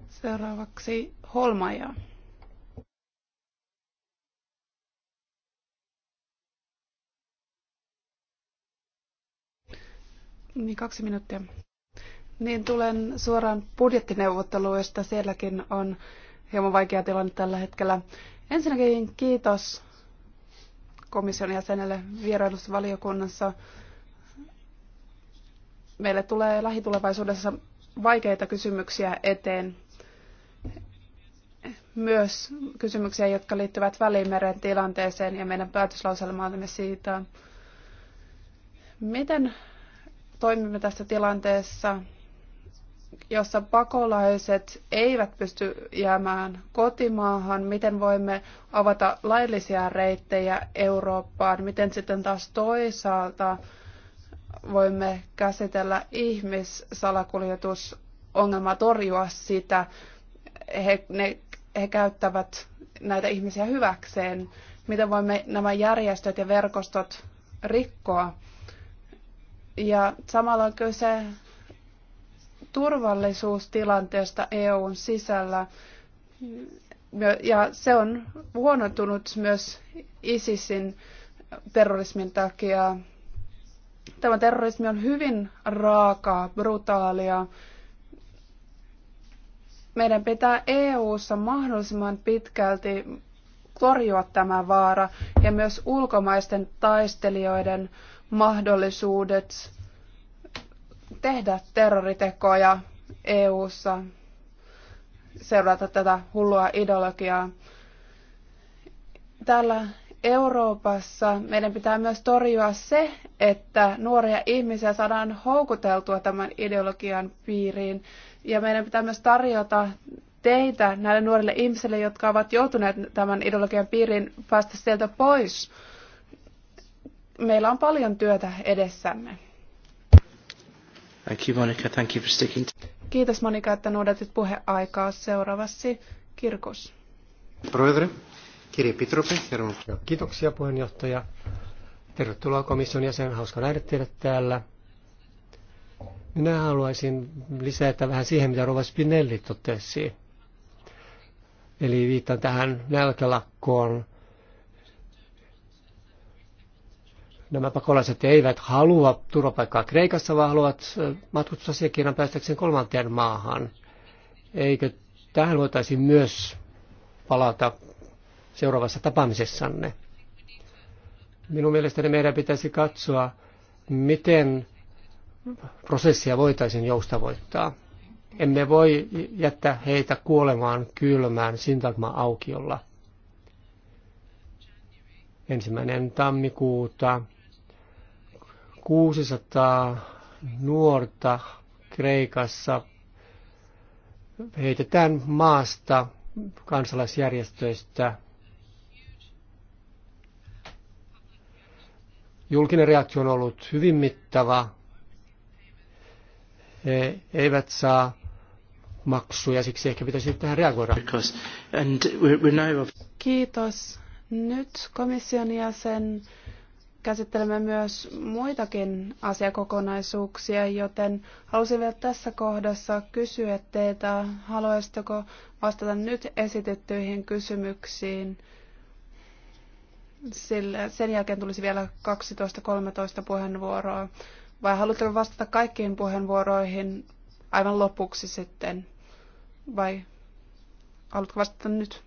Seuraavaksi Holmaja. Niin kaksi minuuttia. Niin tulen suoraan budjettineuvotteluista. Sielläkin on hieman vaikea tilanne tällä hetkellä. Ensinnäkin kiitos komission jäsenelle vierailussa valiokunnassa. Meille tulee lähitulevaisuudessa vaikeita kysymyksiä eteen. Myös kysymyksiä, jotka liittyvät Välimeren tilanteeseen ja meidän päätöslauselmaamme siitä. Miten toimimme tässä tilanteessa, jossa pakolaiset eivät pysty jäämään kotimaahan, miten voimme avata laillisia reittejä Eurooppaan, miten sitten taas toisaalta voimme käsitellä ihmissalakuljetusongelmaa, torjua sitä. He, ne, he käyttävät näitä ihmisiä hyväkseen. Miten voimme nämä järjestöt ja verkostot rikkoa? Ja samalla on kyse turvallisuustilanteesta EUn sisällä. Ja se on huonontunut myös ISISin terrorismin takia. Tämä terrorismi on hyvin raakaa, brutaalia. Meidän pitää EU:ssa mahdollisimman pitkälti torjua tämä vaara ja myös ulkomaisten taistelijoiden mahdollisuudet tehdä terroritekoja EU:ssa seurata tätä hullua ideologiaa. Täällä Euroopassa meidän pitää myös torjua se, että nuoria ihmisiä saadaan houkuteltua tämän ideologian piiriin. Ja meidän pitää myös tarjota teitä näille nuorille ihmisille, jotka ovat joutuneet tämän ideologian piiriin, päästä sieltä pois meillä on paljon työtä edessämme. Thank you, Monica. Thank you for sticking to... Kiitos Monika, että noudatit puheaikaa. seuraavassa Kirkus. Proedre, kirje Pitrope, Kiitoksia puheenjohtaja. Tervetuloa komission jäsen, hauska nähdä teidät täällä. Minä haluaisin lisätä vähän siihen, mitä Rova Spinelli totesi. Eli viittaan tähän nälkälakkoon nämä pakolaiset eivät halua turvapaikkaa Kreikassa, vaan haluavat matkustusasiakirjan päästäkseen kolmanteen maahan. Eikö tähän voitaisiin myös palata seuraavassa tapaamisessanne? Minun mielestäni meidän pitäisi katsoa, miten prosessia voitaisiin joustavoittaa. Emme voi jättää heitä kuolemaan kylmään sintagma-aukiolla. Ensimmäinen tammikuuta 600 nuorta Kreikassa heitetään maasta kansalaisjärjestöistä. Julkinen reaktio on ollut hyvin mittava. He eivät saa maksuja, siksi ehkä pitäisi tähän reagoida. Kiitos. Nyt komission jäsen käsittelemme myös muitakin asiakokonaisuuksia, joten halusin vielä tässä kohdassa kysyä teitä, haluaisitteko vastata nyt esitettyihin kysymyksiin, sillä sen jälkeen tulisi vielä 12-13 puheenvuoroa, vai haluatteko vastata kaikkiin puheenvuoroihin aivan lopuksi sitten, vai Haluatko vastata nyt?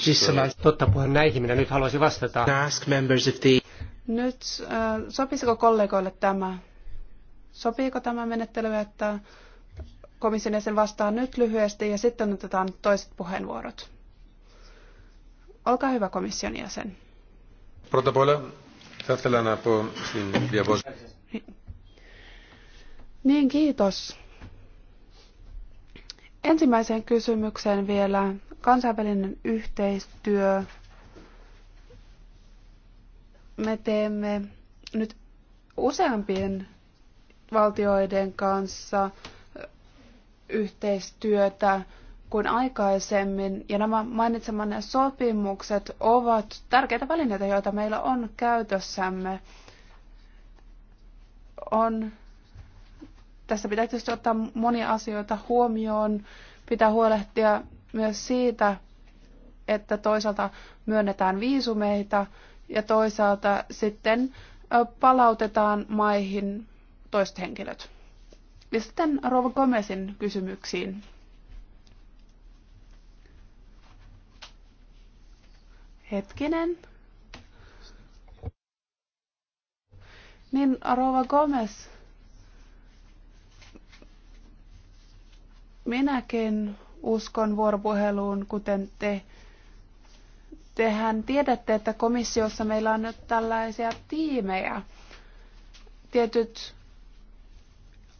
Siis uh, totta puhun näihin minä nyt haluaisin vastata. Nyt äh, sopisiko kollegoille tämä? Sopiiko tämä menettely, että komission jäsen vastaa nyt lyhyesti ja sitten otetaan toiset puheenvuorot? Olkaa hyvä komission jäsen. Πρώτα Niin, kiitos. Ensimmäiseen kysymykseen vielä kansainvälinen yhteistyö. Me teemme nyt useampien valtioiden kanssa yhteistyötä kuin aikaisemmin. Ja nämä mainitsemanne sopimukset ovat tärkeitä välineitä, joita meillä on käytössämme. On tässä pitää tietysti ottaa monia asioita huomioon. Pitää huolehtia myös siitä, että toisaalta myönnetään viisumeita ja toisaalta sitten palautetaan maihin toiset henkilöt. Ja sitten Rova Gomezin kysymyksiin. Hetkinen. Niin, Rova Gomez Minäkin uskon vuoropuheluun, kuten te. Tehän tiedätte, että komissiossa meillä on nyt tällaisia tiimejä. Tietyt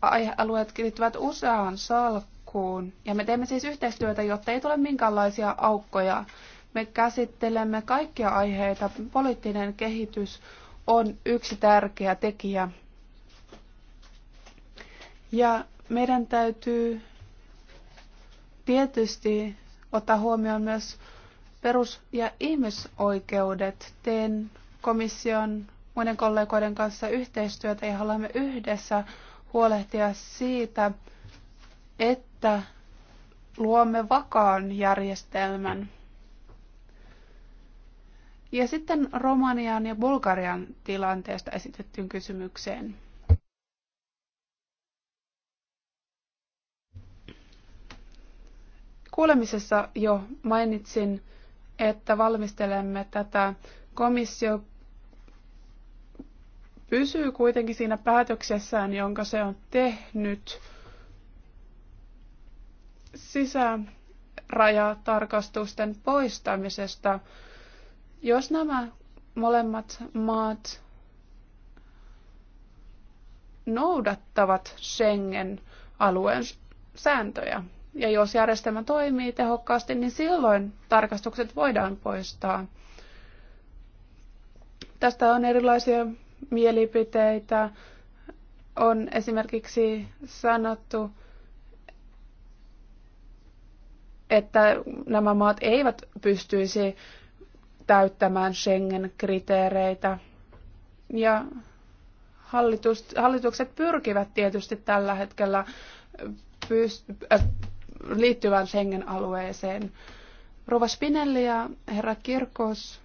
aihealueet liittyvät useaan salkkuun. Ja me teemme siis yhteistyötä, jotta ei tule minkäänlaisia aukkoja. Me käsittelemme kaikkia aiheita. Poliittinen kehitys on yksi tärkeä tekijä. Ja meidän täytyy tietysti ottaa huomioon myös perus- ja ihmisoikeudet. Teen komission muiden kollegoiden kanssa yhteistyötä ja haluamme yhdessä huolehtia siitä, että luomme vakaan järjestelmän. Ja sitten Romanian ja Bulgarian tilanteesta esitettyyn kysymykseen. Kuulemisessa jo mainitsin, että valmistelemme tätä. Komissio pysyy kuitenkin siinä päätöksessään, jonka se on tehnyt. Sisärajatarkastusten poistamisesta. Jos nämä molemmat maat noudattavat Schengen-alueen sääntöjä, ja jos järjestelmä toimii tehokkaasti, niin silloin tarkastukset voidaan poistaa. Tästä on erilaisia mielipiteitä. On esimerkiksi sanottu, että nämä maat eivät pystyisi täyttämään Schengen-kriteereitä. Ja hallitus, hallitukset pyrkivät tietysti tällä hetkellä äh, liittyvään Schengen-alueeseen. Rova Spinelli ja herra Kirkos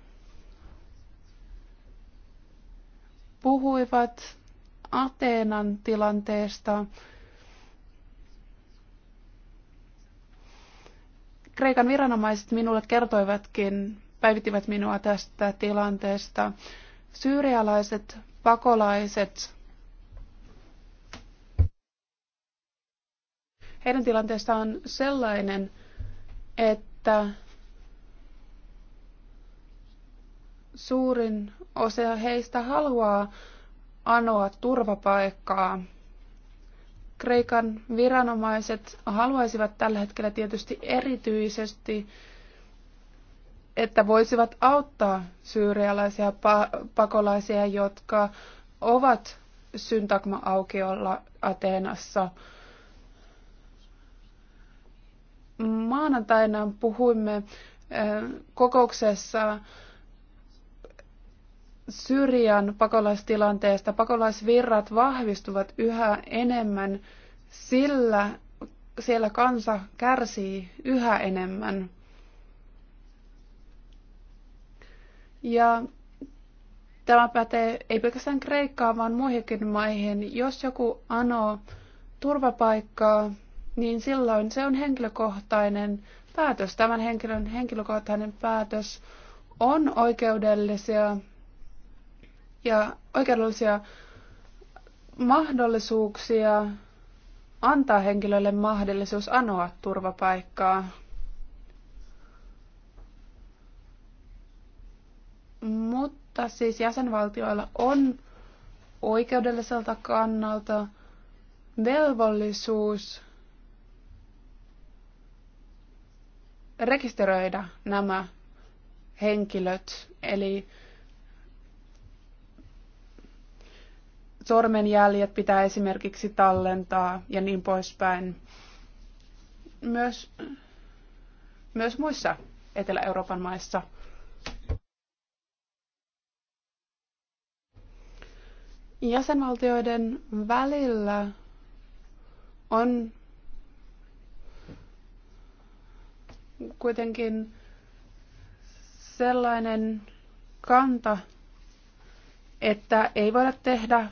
puhuivat Ateenan tilanteesta. Kreikan viranomaiset minulle kertoivatkin, päivittivät minua tästä tilanteesta. Syyrialaiset pakolaiset Heidän tilanteesta on sellainen, että suurin osa heistä haluaa anoa turvapaikkaa. Kreikan viranomaiset haluaisivat tällä hetkellä tietysti erityisesti, että voisivat auttaa syyrialaisia pakolaisia, jotka ovat syntagma-aukiolla Ateenassa – maanantaina puhuimme kokouksessa Syyrian pakolaistilanteesta. Pakolaisvirrat vahvistuvat yhä enemmän, sillä siellä kansa kärsii yhä enemmän. Ja tämä pätee ei pelkästään Kreikkaan, vaan muihinkin maihin. Jos joku anoo turvapaikkaa niin silloin se on henkilökohtainen päätös. Tämän henkilön henkilökohtainen päätös on oikeudellisia ja oikeudellisia mahdollisuuksia antaa henkilölle mahdollisuus anoa turvapaikkaa. Mutta siis jäsenvaltioilla on oikeudelliselta kannalta velvollisuus rekisteröidä nämä henkilöt, eli sormenjäljet pitää esimerkiksi tallentaa ja niin poispäin. Myös, myös muissa Etelä-Euroopan maissa. Jäsenvaltioiden välillä on kuitenkin sellainen kanta, että ei voida tehdä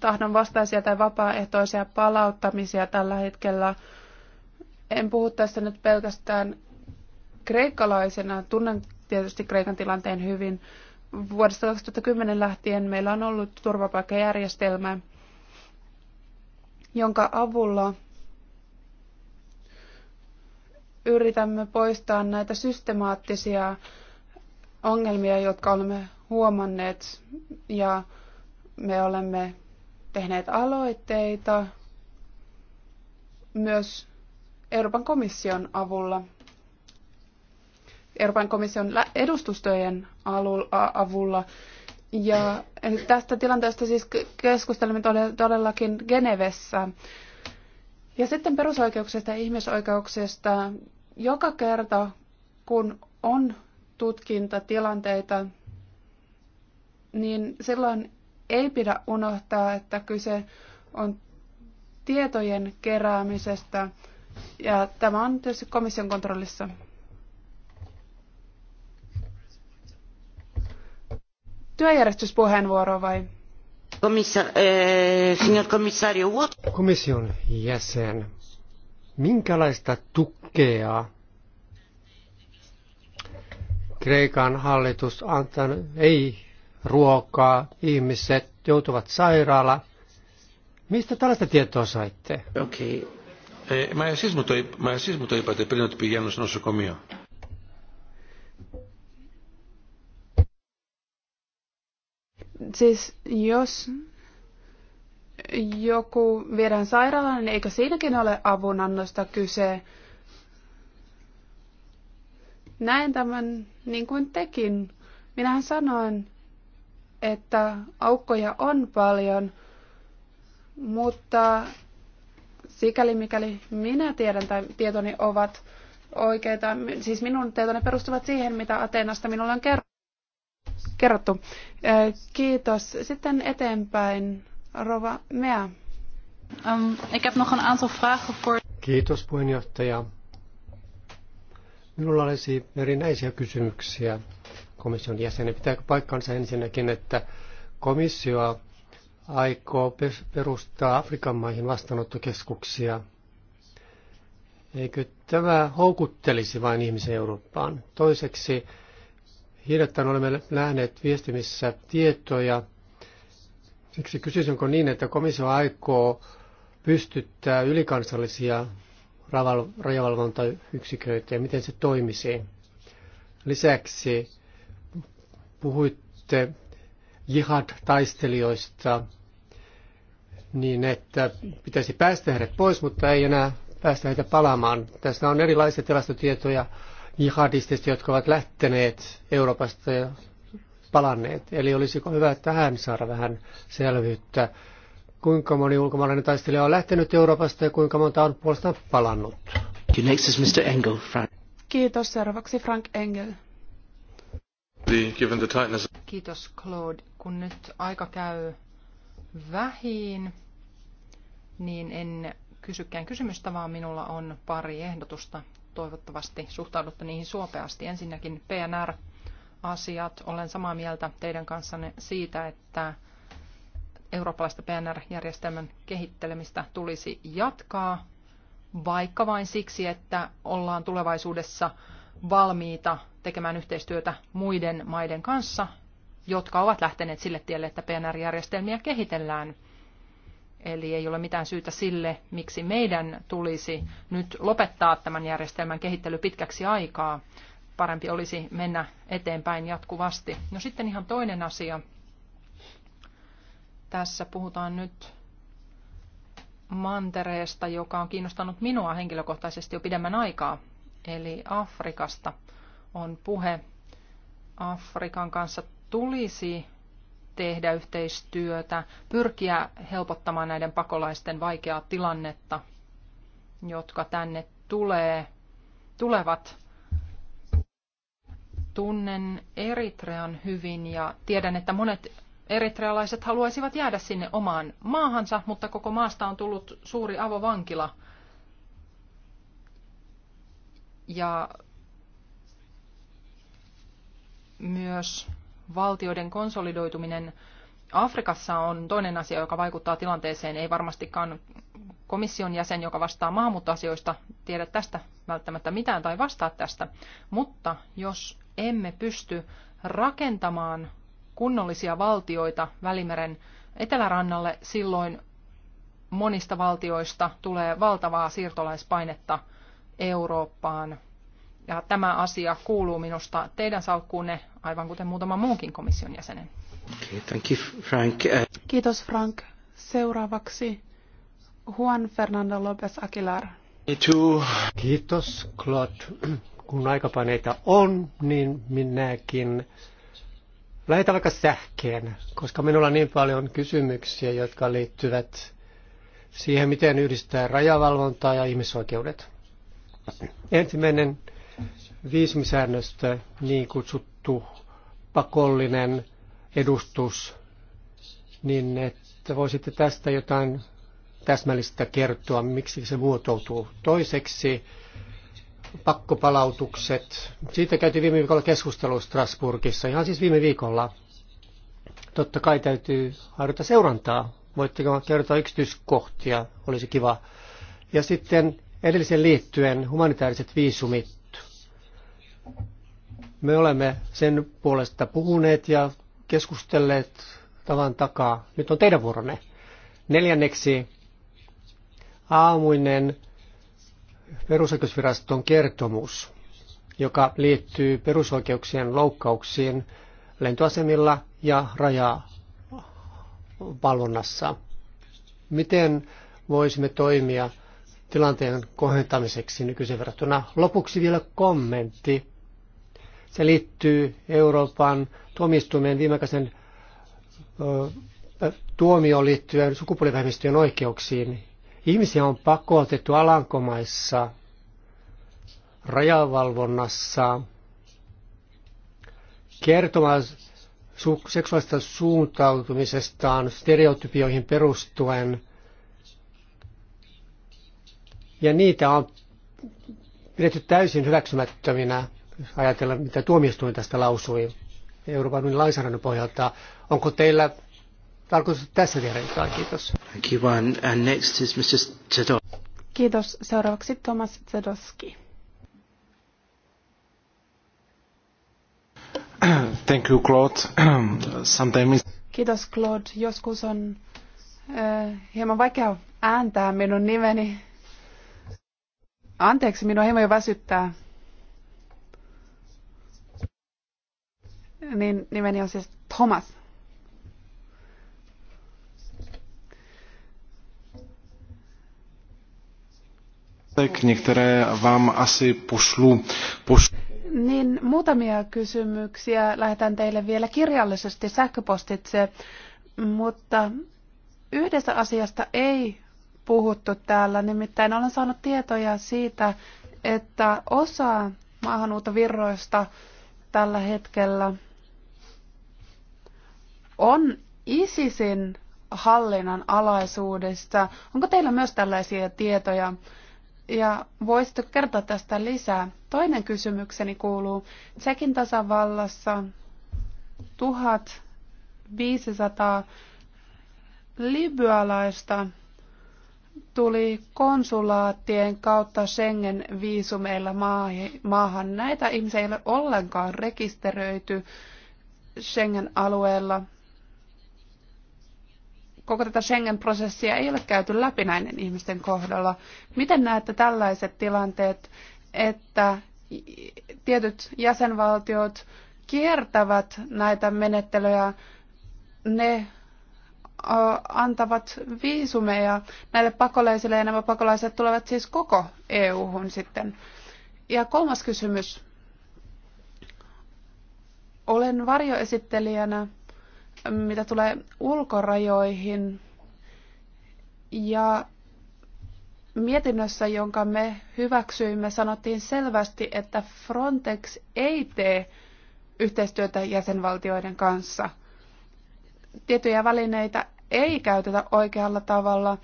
tahdon vastaisia tai vapaaehtoisia palauttamisia tällä hetkellä. En puhu tässä nyt pelkästään kreikkalaisena. Tunnen tietysti Kreikan tilanteen hyvin. Vuodesta 2010 lähtien meillä on ollut turvapaikkajärjestelmä, jonka avulla yritämme poistaa näitä systemaattisia ongelmia, jotka olemme huomanneet ja me olemme tehneet aloitteita myös Euroopan komission avulla, Euroopan komission edustustojen avulla. Ja tästä tilanteesta siis keskustelemme todellakin Genevessä. Ja sitten perusoikeuksista ja ihmisoikeuksista joka kerta, kun on tutkintatilanteita, niin silloin ei pidä unohtaa, että kyse on tietojen keräämisestä ja tämä on tietysti komission kontrollissa. Työjärjestyspuheenvuoro vai? Eh, Komissar, äh, Komission jäsen, minkälaista tukea Kreikan hallitus antanut, ei ruokaa, ihmiset joutuvat sairaala. Mistä tällaista tietoa saitte? Okei. Okay. Ε, μα, εσείς μου, το, μα εσείς μου το Siis jos joku viedään sairaalaan, niin eikö siinäkin ole avunannosta kyse? Näen tämän niin kuin tekin. Minähän sanoin, että aukkoja on paljon, mutta sikäli mikäli minä tiedän tai tietoni ovat oikeita, siis minun tietoni perustuvat siihen, mitä Ateenasta minulle on kerrottu. Kiitos. Sitten eteenpäin. Rova Mea. Um, ik heb nog een aantal vragen voor... Kiitos puheenjohtaja. Minulla olisi erinäisiä kysymyksiä komission jäsenen. Pitääkö paikkansa ensinnäkin, että komissio aikoo perustaa Afrikan maihin vastaanottokeskuksia? Eikö tämä houkuttelisi vain ihmisiä Eurooppaan? Toiseksi, hiljattain olemme nähneet viestimissä tietoja Siksi kysyisin, onko niin, että komissio aikoo pystyttää ylikansallisia rajavalvontayksiköitä ja miten se toimisi. Lisäksi puhuitte jihad-taistelijoista niin, että pitäisi päästä heidät pois, mutta ei enää päästä heitä palaamaan. Tässä on erilaisia tilastotietoja jihadisteista, jotka ovat lähteneet Euroopasta ja palanneet. Eli olisiko hyvä tähän saada vähän selvyyttä, kuinka moni ulkomaalainen taistelija on lähtenyt Euroopasta ja kuinka monta on puolestaan palannut. Kiitos. Seuraavaksi Frank Engel. Kiitos Claude. Kun nyt aika käy vähin, niin en kysykään kysymystä, vaan minulla on pari ehdotusta. Toivottavasti suhtaudutte niihin suopeasti. Ensinnäkin PNR asiat. Olen samaa mieltä teidän kanssanne siitä, että eurooppalaista PNR-järjestelmän kehittelemistä tulisi jatkaa, vaikka vain siksi, että ollaan tulevaisuudessa valmiita tekemään yhteistyötä muiden maiden kanssa, jotka ovat lähteneet sille tielle, että PNR-järjestelmiä kehitellään. Eli ei ole mitään syytä sille, miksi meidän tulisi nyt lopettaa tämän järjestelmän kehittely pitkäksi aikaa parempi olisi mennä eteenpäin jatkuvasti. No sitten ihan toinen asia. Tässä puhutaan nyt mantereesta, joka on kiinnostanut minua henkilökohtaisesti jo pidemmän aikaa, eli Afrikasta on puhe. Afrikan kanssa tulisi tehdä yhteistyötä, pyrkiä helpottamaan näiden pakolaisten vaikeaa tilannetta, jotka tänne tulee, tulevat Tunnen Eritrean hyvin ja tiedän, että monet eritrealaiset haluaisivat jäädä sinne omaan maahansa, mutta koko maasta on tullut suuri avovankila. Ja myös valtioiden konsolidoituminen Afrikassa on toinen asia, joka vaikuttaa tilanteeseen. Ei varmastikaan komission jäsen, joka vastaa maahanmuuttoasioista, tiedä tästä välttämättä mitään tai vastaa tästä. Mutta jos emme pysty rakentamaan kunnollisia valtioita Välimeren etelärannalle, silloin monista valtioista tulee valtavaa siirtolaispainetta Eurooppaan. Ja tämä asia kuuluu minusta teidän salkkuunne, aivan kuten muutama muunkin komission jäsenen. Okay, thank you, Frank. Uh, Kiitos Frank. Seuraavaksi Juan Fernando López Aguilar. Kiitos Claude kun aikapaneita on, niin minäkin lähetän vaikka sähkeen, koska minulla on niin paljon kysymyksiä, jotka liittyvät siihen, miten yhdistää rajavalvontaa ja ihmisoikeudet. Ensimmäinen viisumisäännöstö, niin kutsuttu pakollinen edustus, niin että voisitte tästä jotain täsmällistä kertoa, miksi se muotoutuu. Toiseksi pakkopalautukset. Siitä käytiin viime viikolla keskustelua Strasburgissa, ihan siis viime viikolla. Totta kai täytyy harjoita seurantaa. Voitteko kertoa yksityiskohtia, olisi kiva. Ja sitten edellisen liittyen humanitaariset viisumit. Me olemme sen puolesta puhuneet ja keskustelleet tavan takaa. Nyt on teidän vuoronne. Neljänneksi aamuinen perusoikeusviraston kertomus, joka liittyy perusoikeuksien loukkauksiin lentoasemilla ja rajavalvonnassa. Miten voisimme toimia tilanteen kohentamiseksi nykyisen verrattuna? Lopuksi vielä kommentti. Se liittyy Euroopan tuomistumien viimeaikaisen tuomioon liittyen sukupuolivähemmistöjen oikeuksiin Ihmisiä on pakotettu Alankomaissa, rajavalvonnassa, kertomaan su- seksuaalista suuntautumisestaan stereotypioihin perustuen. Ja niitä on pidetty täysin hyväksymättöminä, ajatella mitä tuomioistuin tästä lausui Euroopan unionin lainsäädännön pohjalta. Onko teillä tarkoitus tässä tehdä jotain? Kiitos. Thank you, Juan. And next is Mr. Tadot. Kiitos. Seuraavaksi Thomas Zadoski. Thank you, Claude. Sometimes... Kiitos, Claude. Joskus on äh, hieman vaikea ääntää minun nimeni. Anteeksi, minua hieman jo väsyttää. Niin nimeni on siis Thomas. Některé vám asi pošlu. pošlu. Niin, muutamia kysymyksiä lähetän teille vielä kirjallisesti sähköpostitse, mutta yhdestä asiasta ei puhuttu täällä. Nimittäin olen saanut tietoja siitä, että osa maahanmuuttovirroista tällä hetkellä on ISISin hallinnan alaisuudessa. Onko teillä myös tällaisia tietoja? Ja voisitko kertoa tästä lisää? Toinen kysymykseni kuuluu, Tsekin tasavallassa 1500 libyalaista tuli konsulaattien kautta Schengen-viisumeilla maahan. Näitä ihmisiä ei ole ollenkaan rekisteröity Schengen-alueella koko tätä Schengen-prosessia ei ole käyty läpi näiden ihmisten kohdalla. Miten näette tällaiset tilanteet, että tietyt jäsenvaltiot kiertävät näitä menettelyjä, ne antavat viisumeja näille pakolaisille ja nämä pakolaiset tulevat siis koko EU-hun sitten. Ja kolmas kysymys. Olen varjoesittelijänä mitä tulee ulkorajoihin. Ja mietinnössä, jonka me hyväksyimme, sanottiin selvästi, että Frontex ei tee yhteistyötä jäsenvaltioiden kanssa. Tiettyjä välineitä ei käytetä oikealla tavalla,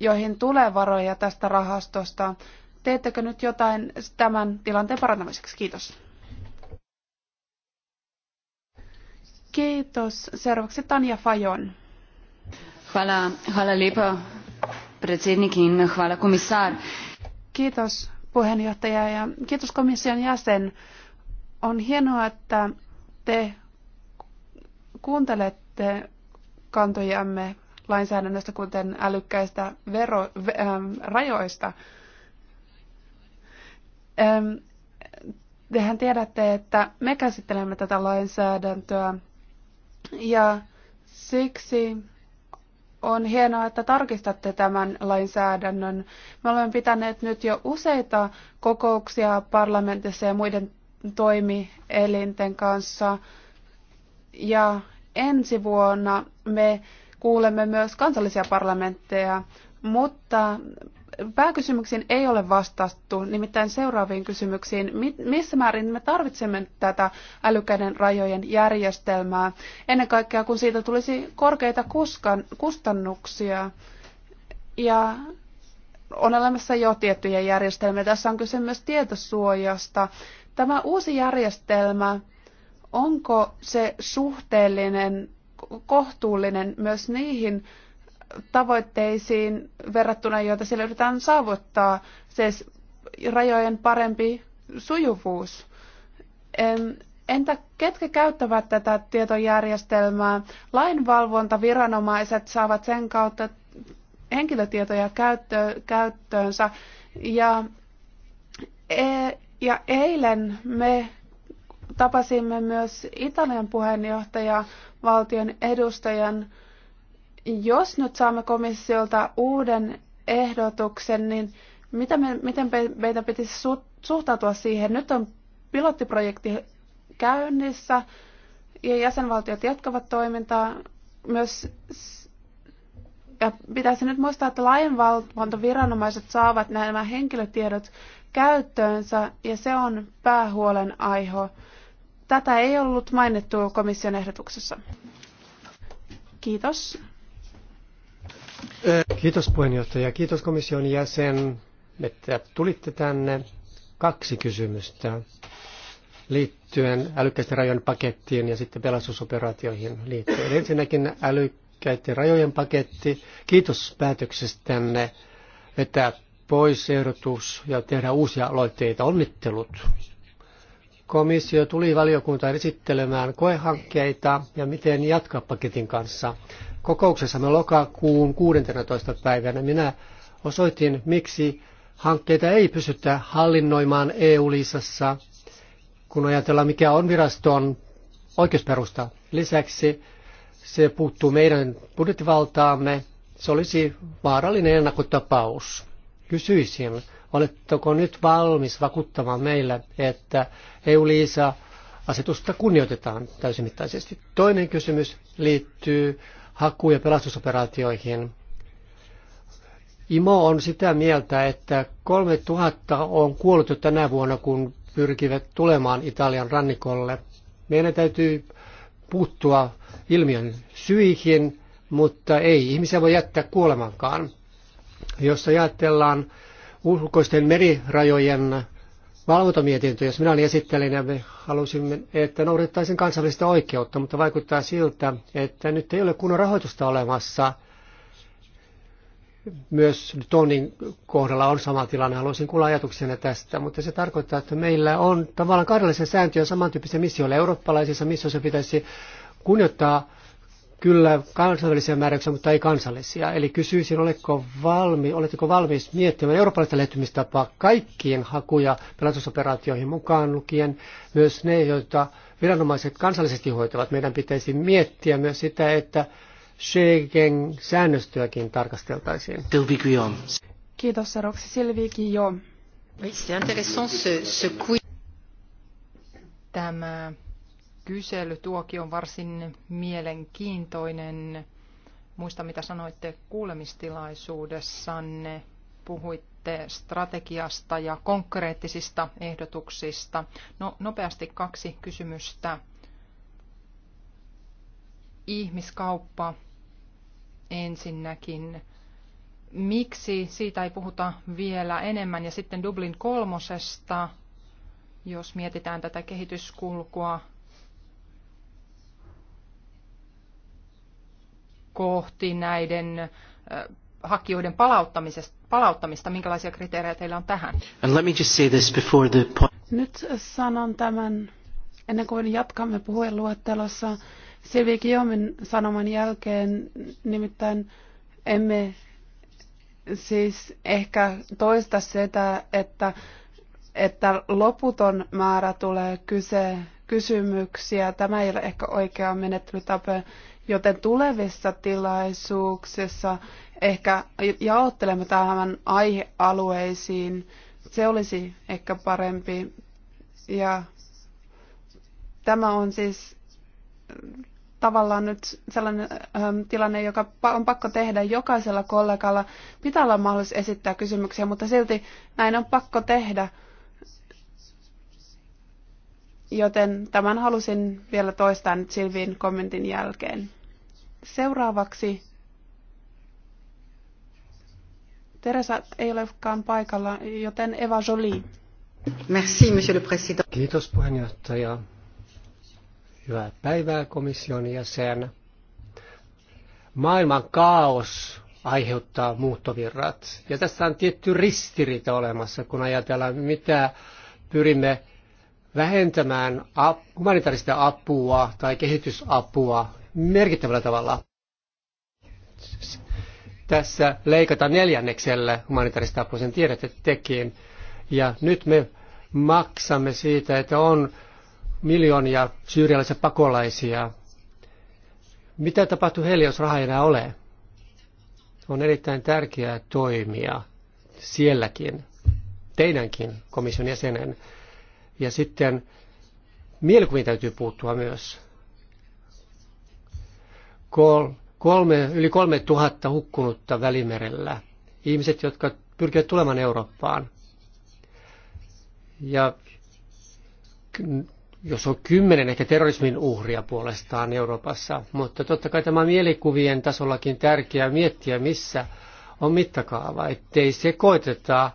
joihin tulee varoja tästä rahastosta. Teettekö nyt jotain tämän tilanteen parantamiseksi? Kiitos. Kiitos. Seuraavaksi Tanja Fajon. Hvala, hvala lepa, predsednik hvala komissar. Kiitos puheenjohtaja ja kiitos komission jäsen. On hienoa, että te kuuntelette kantojamme lainsäädännöstä, kuten älykkäistä vero, ähm, rajoista. Ähm, tehän tiedätte, että me käsittelemme tätä lainsäädäntöä ja siksi on hienoa, että tarkistatte tämän lainsäädännön. Me olemme pitäneet nyt jo useita kokouksia parlamentissa ja muiden toimielinten kanssa. Ja ensi vuonna me kuulemme myös kansallisia parlamentteja, mutta pääkysymyksiin ei ole vastattu, nimittäin seuraaviin kysymyksiin. Missä määrin me tarvitsemme tätä älykäden rajojen järjestelmää, ennen kaikkea kun siitä tulisi korkeita kustannuksia? Ja on olemassa jo tiettyjä järjestelmiä. Tässä on kyse myös tietosuojasta. Tämä uusi järjestelmä, onko se suhteellinen, kohtuullinen myös niihin tavoitteisiin verrattuna, joita siellä yritetään saavuttaa, siis rajojen parempi sujuvuus. Entä ketkä käyttävät tätä tietojärjestelmää? Lainvalvontaviranomaiset saavat sen kautta henkilötietoja käyttö, käyttöönsä. Ja, e, ja eilen me tapasimme myös Italian puheenjohtaja valtion edustajan jos nyt saamme komissiolta uuden ehdotuksen, niin mitä me, miten meitä pitäisi suhtautua siihen? Nyt on pilottiprojekti käynnissä ja jäsenvaltiot jatkavat toimintaa. Myös ja pitäisi nyt muistaa, että lainvalvontaviranomaiset saavat nämä henkilötiedot käyttöönsä ja se on päähuolen aiho. Tätä ei ollut mainittu komission ehdotuksessa. Kiitos. Kiitos puheenjohtaja. Kiitos komission jäsen, että tulitte tänne. Kaksi kysymystä liittyen älykkäisten rajojen pakettiin ja sitten pelastusoperaatioihin liittyen. Ensinnäkin älykkäiden rajojen paketti. Kiitos päätöksestänne vetää pois ehdotus ja tehdä uusia aloitteita. Onnittelut komissio tuli valiokuntaan esittelemään koehankkeita ja miten jatkaa paketin kanssa. Kokouksessamme lokakuun 16. päivänä minä osoitin, miksi hankkeita ei pystytä hallinnoimaan EU-liisassa, kun ajatellaan mikä on viraston oikeusperusta. Lisäksi se puuttuu meidän budjettivaltaamme. Se olisi vaarallinen ennakkotapaus. Kysyisin, Oletteko nyt valmis vakuuttamaan meillä, että EU-liisa asetusta kunnioitetaan täysimittaisesti? Toinen kysymys liittyy haku- ja pelastusoperaatioihin. IMO on sitä mieltä, että 3000 on kuollut jo tänä vuonna, kun pyrkivät tulemaan Italian rannikolle. Meidän täytyy puuttua ilmiön syihin, mutta ei ihmisiä voi jättää kuolemankaan. Jos ajatellaan ulkoisten merirajojen valvontamietintö, jos minä olin esittelijänä, me halusimme, että noudattaisiin kansainvälistä oikeutta, mutta vaikuttaa siltä, että nyt ei ole kunnon rahoitusta olemassa. Myös tonnin kohdalla on sama tilanne, haluaisin kuulla ajatuksena tästä, mutta se tarkoittaa, että meillä on tavallaan kahdellisia sääntöjä samantyyppisiä missioilla. Eurooppalaisissa missioissa pitäisi kunnioittaa kyllä kansainvälisiä määräyksiä, mutta ei kansallisia. Eli kysyisin, oletko valmi, oletteko valmis miettimään eurooppalaista lähtymistapaa kaikkien hakuja pelastusoperaatioihin mukaan lukien, myös ne, joita viranomaiset kansallisesti hoitavat. Meidän pitäisi miettiä myös sitä, että Schengen-säännöstöäkin tarkasteltaisiin. Kiitos, Roksi. Silvi Guillaume. Tämä kysely. Tuokin on varsin mielenkiintoinen. Muista, mitä sanoitte kuulemistilaisuudessanne. Puhuitte strategiasta ja konkreettisista ehdotuksista. No, nopeasti kaksi kysymystä. Ihmiskauppa ensinnäkin. Miksi siitä ei puhuta vielä enemmän? Ja sitten Dublin kolmosesta, jos mietitään tätä kehityskulkua, kohti näiden hakijoiden palauttamisesta, palauttamista. Minkälaisia kriteerejä teillä on tähän? And let me just say this before the Nyt sanon tämän ennen kuin jatkamme puheen luettelossa. Silvi Kiomin sanoman jälkeen nimittäin emme siis ehkä toista sitä, että, että loputon määrä tulee kyse, kysymyksiä. Tämä ei ole ehkä oikea menettelytapa. Joten tulevissa tilaisuuksissa ehkä jaottelemme tähän aihealueisiin. Se olisi ehkä parempi. Ja tämä on siis äh, tavallaan nyt sellainen ähm, tilanne, joka on pakko tehdä jokaisella kollegalla. Pitää olla mahdollisuus esittää kysymyksiä, mutta silti näin on pakko tehdä. Joten tämän halusin vielä toistaa nyt Silviin kommentin jälkeen. Seuraavaksi Teresa ei olekaan paikalla, joten Eva Jolie. Merci, monsieur le président. Kiitos puheenjohtaja. Hyvää päivää komission jäsen. Maailman kaos aiheuttaa muuttovirrat. Ja tässä on tietty ristiriita olemassa, kun ajatellaan, mitä pyrimme vähentämään humanitaarista apua tai kehitysapua merkittävällä tavalla. Tässä leikataan neljänneksellä humanitaarista apua, sen tiedätte tekin. Ja nyt me maksamme siitä, että on miljoonia syyrialaisia pakolaisia. Mitä tapahtuu heille, jos raha ei enää ole? On erittäin tärkeää toimia sielläkin, teidänkin komission jäsenen ja sitten mielikuviin täytyy puuttua myös. Kolme, yli kolme tuhatta hukkunutta välimerellä. Ihmiset, jotka pyrkivät tulemaan Eurooppaan. Ja jos on kymmenen ehkä terrorismin uhria puolestaan Euroopassa, mutta totta kai tämä mielikuvien tasollakin tärkeää miettiä, missä on mittakaava, ettei sekoiteta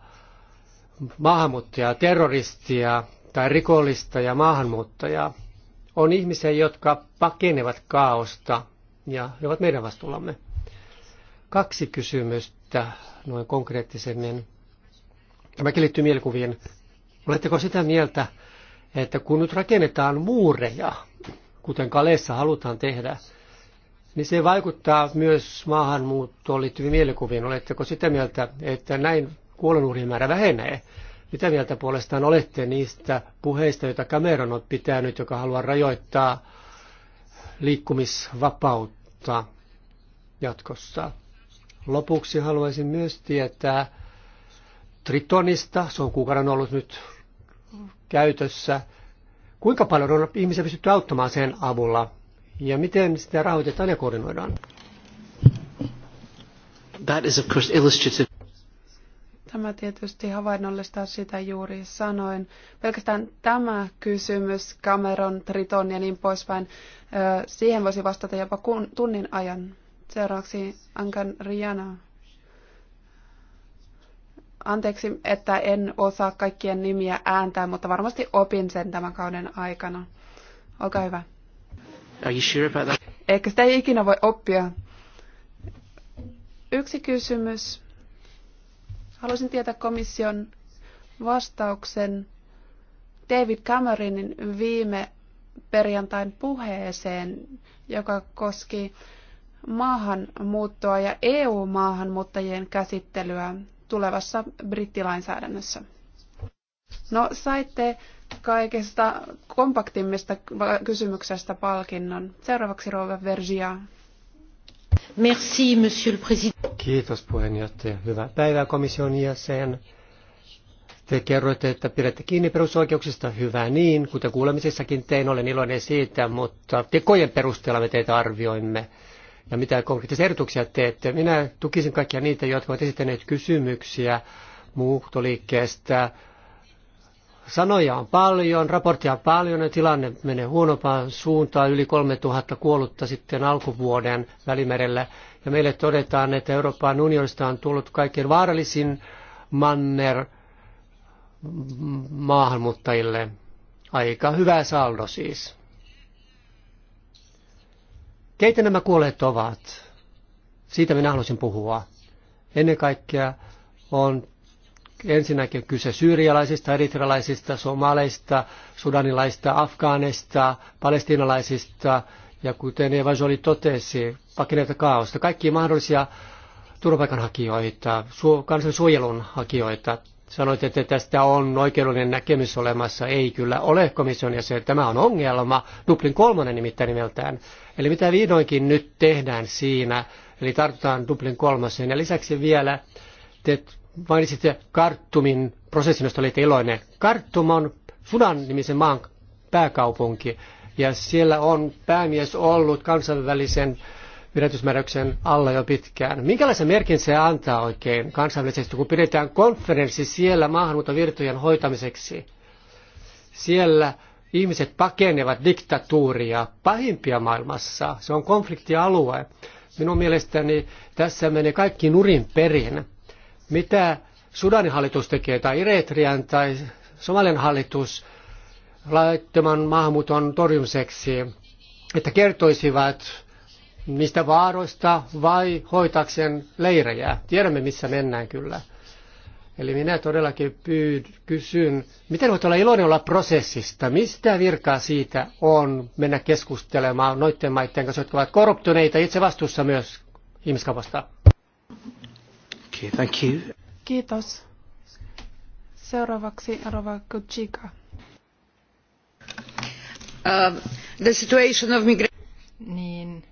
maahanmuuttajaa, terroristia tai rikollista ja maahanmuuttajaa. On ihmisiä, jotka pakenevat kaaosta ja he ovat meidän vastuullamme. Kaksi kysymystä noin konkreettisemmin. Tämä liittyy mielikuviin. Oletteko sitä mieltä, että kun nyt rakennetaan muureja, kuten Kaleessa halutaan tehdä, niin se vaikuttaa myös maahanmuuttoon liittyviin mielikuviin. Oletteko sitä mieltä, että näin kuolonuhrien määrä vähenee? Mitä mieltä puolestaan olette niistä puheista, joita Cameron on pitänyt, joka haluaa rajoittaa liikkumisvapautta jatkossa? Lopuksi haluaisin myös tietää Tritonista, se on kuukauden ollut nyt käytössä. Kuinka paljon on ihmisiä pystytty auttamaan sen avulla ja miten sitä rahoitetaan ja koordinoidaan? That is of course illustrative. Tämä tietysti havainnollistaa sitä juuri sanoin. Pelkästään tämä kysymys, Cameron, Triton ja niin poispäin, siihen voisi vastata jopa kun, tunnin ajan. Seuraavaksi Ankan Riana. Anteeksi, että en osaa kaikkien nimiä ääntää, mutta varmasti opin sen tämän kauden aikana. Olkaa hyvä. Are you sure about that? Ehkä sitä ei ikinä voi oppia. Yksi kysymys Haluaisin tietää komission vastauksen David Cameronin viime perjantain puheeseen, joka koski maahanmuuttoa ja EU-maahanmuuttajien käsittelyä tulevassa brittilainsäädännössä. No, saitte kaikesta kompaktimmista kysymyksestä palkinnon. Seuraavaksi Rova Vergia monsieur le président. Kiitos puheenjohtaja. Hyvää päivää komission jäsen. Te kerroitte, että pidätte kiinni perusoikeuksista. Hyvä niin, kuten kuulemisissakin tein, olen iloinen siitä, mutta tekojen perusteella me teitä arvioimme. Ja mitä konkreettisia ehdotuksia teette? Minä tukisin kaikkia niitä, jotka ovat esittäneet kysymyksiä muuttoliikkeestä, Sanoja on paljon, raportteja on paljon ja tilanne menee huonompaan suuntaan. Yli 3000 kuollutta sitten alkuvuoden välimerellä. Ja meille todetaan, että Euroopan unionista on tullut kaikkein vaarallisin manner maahanmuuttajille. Aika hyvä saldo siis. Keitä nämä kuolleet ovat? Siitä minä haluaisin puhua. Ennen kaikkea on ensinnäkin kyse syyrialaisista, eritrealaisista, somaleista, sudanilaista, afgaaneista, palestinalaisista ja kuten Eva Joli totesi, pakeneita kaaosta, kaikki mahdollisia turvapaikanhakijoita, kansallisen suojelun hakijoita. Sanoit, että tästä on oikeudellinen näkemys olemassa. Ei kyllä ole komission ja että Tämä on ongelma. Dublin kolmonen nimittäin nimeltään. Eli mitä vihdoinkin nyt tehdään siinä, eli tartutaan Dublin kolmoseen. Ja lisäksi vielä te mainitsitte Karttumin prosessin, josta olitte iloinen. Karttum on Sudan nimisen maan pääkaupunki ja siellä on päämies ollut kansainvälisen pidätysmääräyksen alla jo pitkään. Minkälaisen merkin se antaa oikein kansainvälisesti, kun pidetään konferenssi siellä maahanmuuttovirtojen hoitamiseksi? Siellä ihmiset pakenevat diktatuuria, pahimpia maailmassa. Se on konfliktialue. Minun mielestäni tässä menee kaikki nurin perin. Mitä Sudanin hallitus tekee, tai Eritrean tai Somalian hallitus laittoman maahanmuuton torjumiseksi, että kertoisivat niistä vaaroista vai hoitakseen leirejä. Tiedämme, missä mennään kyllä. Eli minä todellakin pyyd, kysyn, miten voit olla iloinen olla prosessista? Mistä virkaa siitä on mennä keskustelemaan noiden maiden kanssa, jotka ovat korruptuneita itse vastuussa myös ihmiskaupasta? Okay, thank you. Kiitos. Seuraavaksi Rova Kuchika. Um, the situation of niin,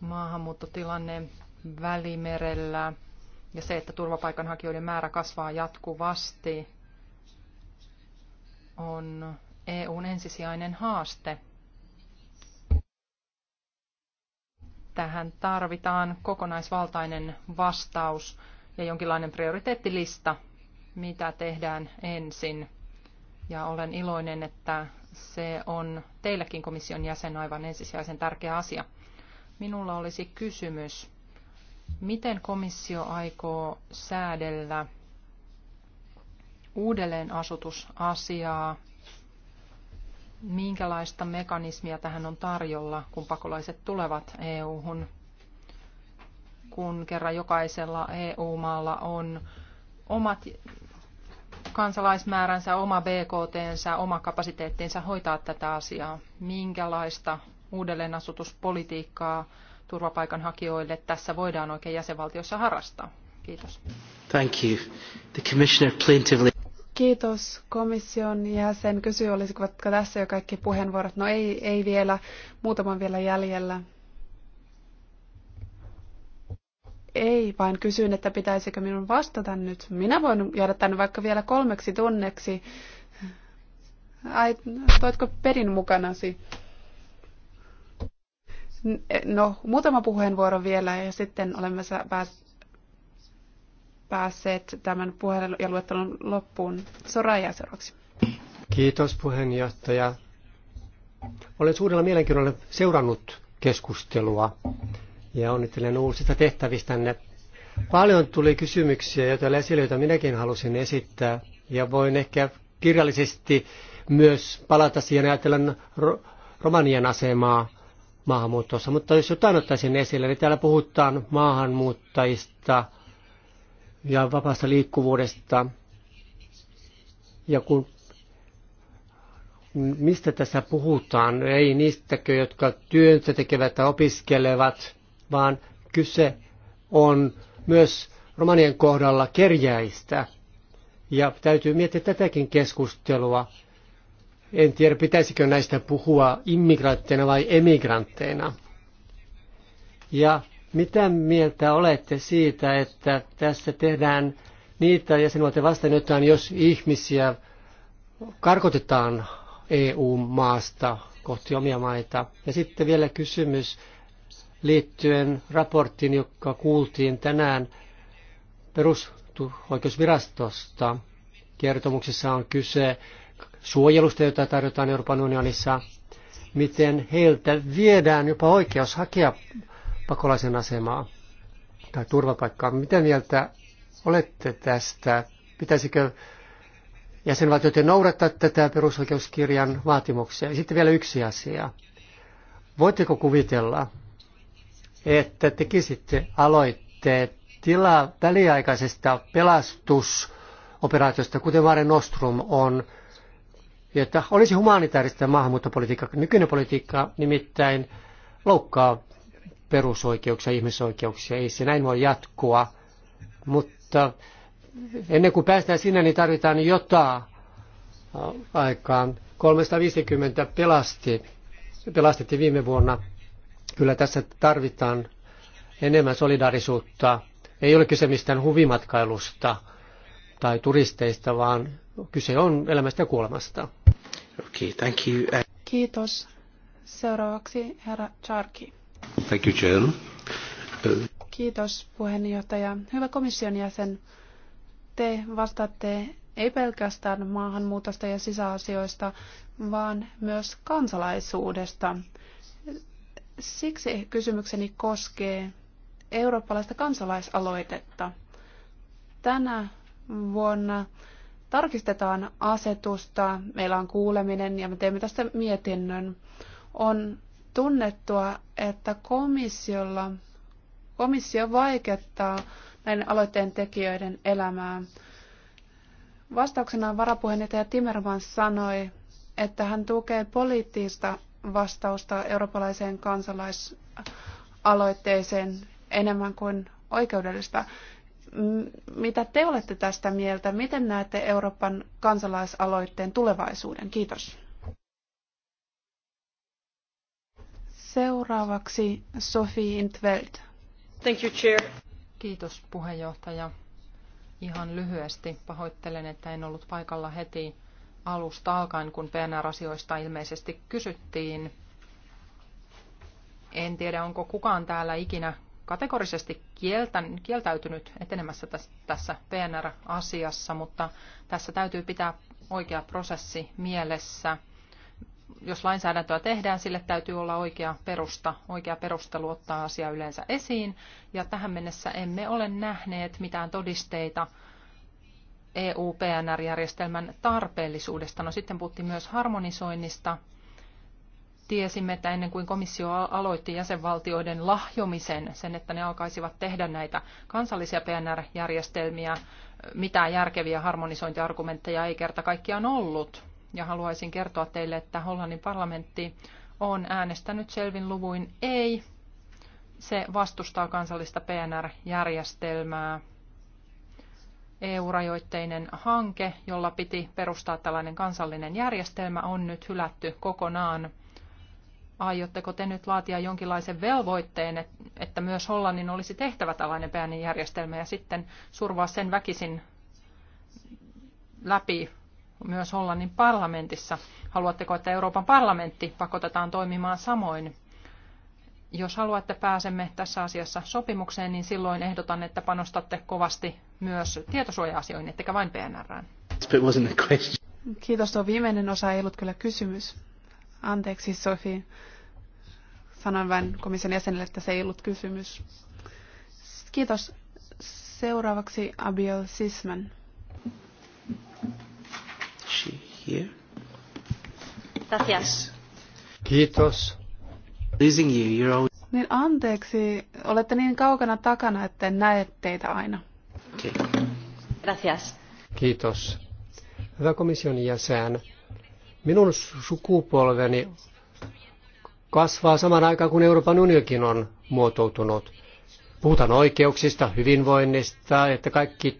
maahanmuuttotilanne Välimerellä ja se, että turvapaikanhakijoiden määrä kasvaa jatkuvasti, on EUn ensisijainen haaste. Tähän tarvitaan kokonaisvaltainen vastaus ja jonkinlainen prioriteettilista, mitä tehdään ensin. Ja olen iloinen, että se on teillekin komission jäsen aivan ensisijaisen tärkeä asia. Minulla olisi kysymys, miten komissio aikoo säädellä uudelleenasutusasiaa, minkälaista mekanismia tähän on tarjolla, kun pakolaiset tulevat EU-hun kun kerran jokaisella EU-maalla on omat kansalaismääränsä, oma BKTnsä, oma kapasiteettinsa hoitaa tätä asiaa. Minkälaista uudelleenasutuspolitiikkaa turvapaikanhakijoille tässä voidaan oikein jäsenvaltiossa harrastaa? Kiitos. Thank you. The commissioner plaintively... Kiitos komission jäsen. Kysyi, olisiko tässä jo kaikki puheenvuorot. No ei, ei vielä, muutaman vielä jäljellä. ei, vaan kysyin, että pitäisikö minun vastata nyt. Minä voin jäädä tänne vaikka vielä kolmeksi tunneksi. Ai, toitko pedin mukanasi? No, muutama puheenvuoro vielä ja sitten olemme päässeet tämän puheen ja luettelun loppuun. Soraya seuraavaksi. Kiitos puheenjohtaja. Olen suurella mielenkiinnolla seurannut keskustelua ja onnittelen uusista tehtävistänne. Paljon tuli kysymyksiä, joita esille, joita minäkin halusin esittää, ja voin ehkä kirjallisesti myös palata siihen ajatella Romanian asemaa maahanmuutossa. Mutta jos jotain ottaisin esille, niin täällä puhutaan maahanmuuttajista ja vapaasta liikkuvuudesta. Ja kun mistä tässä puhutaan? Ei niistäkö, jotka työntä tekevät tai opiskelevat, vaan kyse on myös romanien kohdalla kerjäistä. Ja täytyy miettiä tätäkin keskustelua. En tiedä, pitäisikö näistä puhua immigrantteina vai emigrantteina. Ja mitä mieltä olette siitä, että tässä tehdään niitä jäsenvaltioita vastaan jotain, jos ihmisiä karkotetaan EU-maasta kohti omia maita? Ja sitten vielä kysymys liittyen raporttiin, joka kuultiin tänään perusoikeusvirastosta. Kertomuksessa on kyse suojelusta, jota tarjotaan Euroopan unionissa, miten heiltä viedään jopa oikeus hakea pakolaisen asemaa tai turvapaikkaa. Miten mieltä olette tästä? Pitäisikö jäsenvaltioiden noudattaa tätä perusoikeuskirjan vaatimuksia? Ja sitten vielä yksi asia. Voitteko kuvitella, että tekisitte aloitteet tila väliaikaisesta pelastusoperaatiosta, kuten Mare Nostrum on, että olisi humanitaarista maahanmuuttopolitiikkaa. Nykyinen politiikka nimittäin loukkaa perusoikeuksia ihmisoikeuksia. Ei se näin voi jatkua, mutta ennen kuin päästään sinne, niin tarvitaan jotain äh, aikaan. 350 pelasti, pelastettiin viime vuonna Kyllä tässä tarvitaan enemmän solidaarisuutta. Ei ole kyse mistään huvimatkailusta tai turisteista, vaan kyse on elämästä ja kuolemasta. Okay, thank you. Kiitos. Seuraavaksi herra Charki. Thank you, Jill. Kiitos puheenjohtaja. Hyvä komission jäsen, te vastaatte ei pelkästään maahanmuutosta ja sisäasioista, vaan myös kansalaisuudesta. Siksi kysymykseni koskee eurooppalaista kansalaisaloitetta. Tänä vuonna tarkistetaan asetusta, meillä on kuuleminen ja me teemme tästä mietinnön. On tunnettua, että komissiolla, komissio vaikeuttaa näiden aloitteen tekijöiden elämää. Vastauksena varapuheenjohtaja Timmermans sanoi, että hän tukee poliittista vastausta eurooppalaiseen kansalaisaloitteeseen enemmän kuin oikeudellista. Mitä te olette tästä mieltä? Miten näette Euroopan kansalaisaloitteen tulevaisuuden? Kiitos. Seuraavaksi Sophie Intveld. Thank you, Chair. Kiitos puheenjohtaja. Ihan lyhyesti pahoittelen, että en ollut paikalla heti alusta alkaen, kun PNR-asioista ilmeisesti kysyttiin. En tiedä, onko kukaan täällä ikinä kategorisesti kieltän, kieltäytynyt etenemässä tässä PNR-asiassa, mutta tässä täytyy pitää oikea prosessi mielessä. Jos lainsäädäntöä tehdään, sille täytyy olla oikea perusta, oikea perustelu ottaa asia yleensä esiin, ja tähän mennessä emme ole nähneet mitään todisteita EU-PNR-järjestelmän tarpeellisuudesta. No sitten puhuttiin myös harmonisoinnista. Tiesimme, että ennen kuin komissio aloitti jäsenvaltioiden lahjomisen, sen, että ne alkaisivat tehdä näitä kansallisia PNR-järjestelmiä, mitään järkeviä harmonisointiargumentteja ei kerta kaikkiaan ollut. Ja haluaisin kertoa teille, että Hollannin parlamentti on äänestänyt selvin luvuin ei. Se vastustaa kansallista PNR-järjestelmää EU-rajoitteinen hanke, jolla piti perustaa tällainen kansallinen järjestelmä, on nyt hylätty kokonaan. Aiotteko te nyt laatia jonkinlaisen velvoitteen, että myös Hollannin olisi tehtävä tällainen pääni järjestelmä ja sitten survaa sen väkisin läpi myös Hollannin parlamentissa? Haluatteko, että Euroopan parlamentti pakotetaan toimimaan samoin? Jos haluatte pääsemme tässä asiassa sopimukseen, niin silloin ehdotan, että panostatte kovasti myös tietosuoja-asioihin, ettekä vain PNR. Kiitos, tuo viimeinen osa ei ollut kyllä kysymys. Anteeksi, Sofi. Sanoin vain komission jäsenelle, että se ei ollut kysymys. Kiitos. Seuraavaksi Abiel Sisman. She here. Gracias. Kiitos. Losing you, you're always... Niin anteeksi, olette niin kaukana takana, että en näe teitä aina. Gracias. Kiitos. Hyvä komission jäsen, minun sukupolveni kasvaa saman aikaan kuin Euroopan unionikin on muotoutunut. Puhutaan oikeuksista, hyvinvoinnista, että kaikki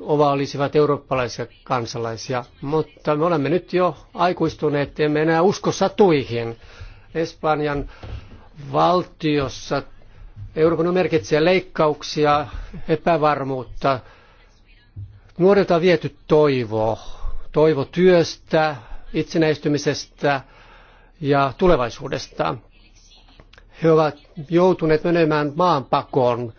ova olisivat eurooppalaisia kansalaisia, mutta me olemme nyt jo aikuistuneet, emme enää usko satuihin. Espanjan valtiossa Euroopan merkitsee leikkauksia, epävarmuutta, Nuorilta on viety toivo, toivo työstä, itsenäistymisestä ja tulevaisuudesta. He ovat joutuneet menemään maanpakoon.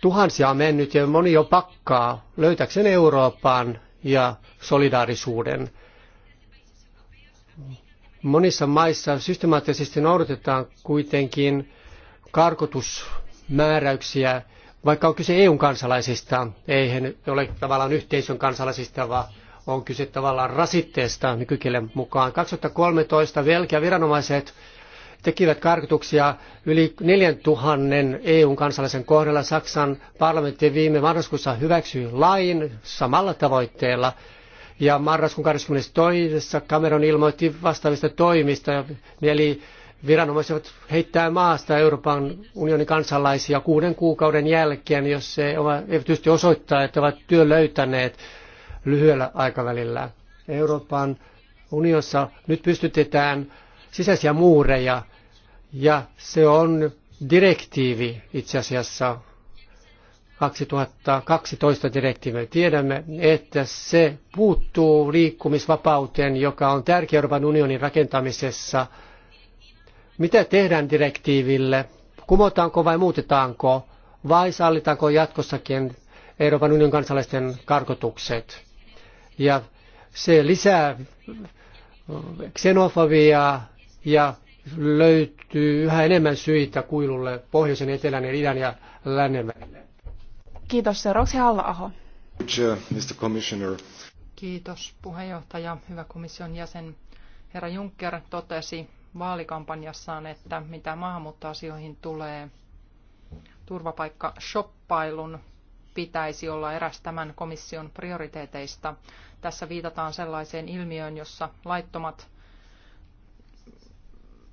Tuhansia on mennyt ja moni jo pakkaa löytäkseen Euroopan ja solidaarisuuden. Monissa maissa systemaattisesti noudatetaan kuitenkin karkotusmääräyksiä vaikka on kyse EUn kansalaisista, hän ole tavallaan yhteisön kansalaisista, vaan on kyse tavallaan rasitteesta nykykielen mukaan. 2013 velkiä viranomaiset tekivät karkotuksia yli 4000 EUn kansalaisen kohdalla. Saksan parlamentti viime marraskuussa hyväksyi lain samalla tavoitteella. Ja marraskuun 22. Cameron ilmoitti vastaavista toimista, eli viranomaiset heittää maasta Euroopan unionin kansalaisia kuuden kuukauden jälkeen, jos se eivät pysty osoittaa, että ovat työ löytäneet lyhyellä aikavälillä. Euroopan unionissa nyt pystytetään sisäisiä muureja ja se on direktiivi itse asiassa 2012 direktiivi. Tiedämme, että se puuttuu liikkumisvapauteen, joka on tärkeä Euroopan unionin rakentamisessa – mitä tehdään direktiiville? Kumotaanko vai muutetaanko? Vai sallitaanko jatkossakin Euroopan unionin kansalaisten karkotukset? Ja se lisää xenofobiaa ja löytyy yhä enemmän syitä kuilulle pohjoisen, etelän idän ja lännen välille. Kiitos. Seuraavaksi Halla-aho. Kiitos puheenjohtaja, hyvä komission jäsen. Herra Juncker totesi, vaalikampanjassaan, että mitä maahanmuuttoasioihin tulee, turvapaikka-shoppailun pitäisi olla eräs tämän komission prioriteeteista. Tässä viitataan sellaiseen ilmiöön, jossa laittomat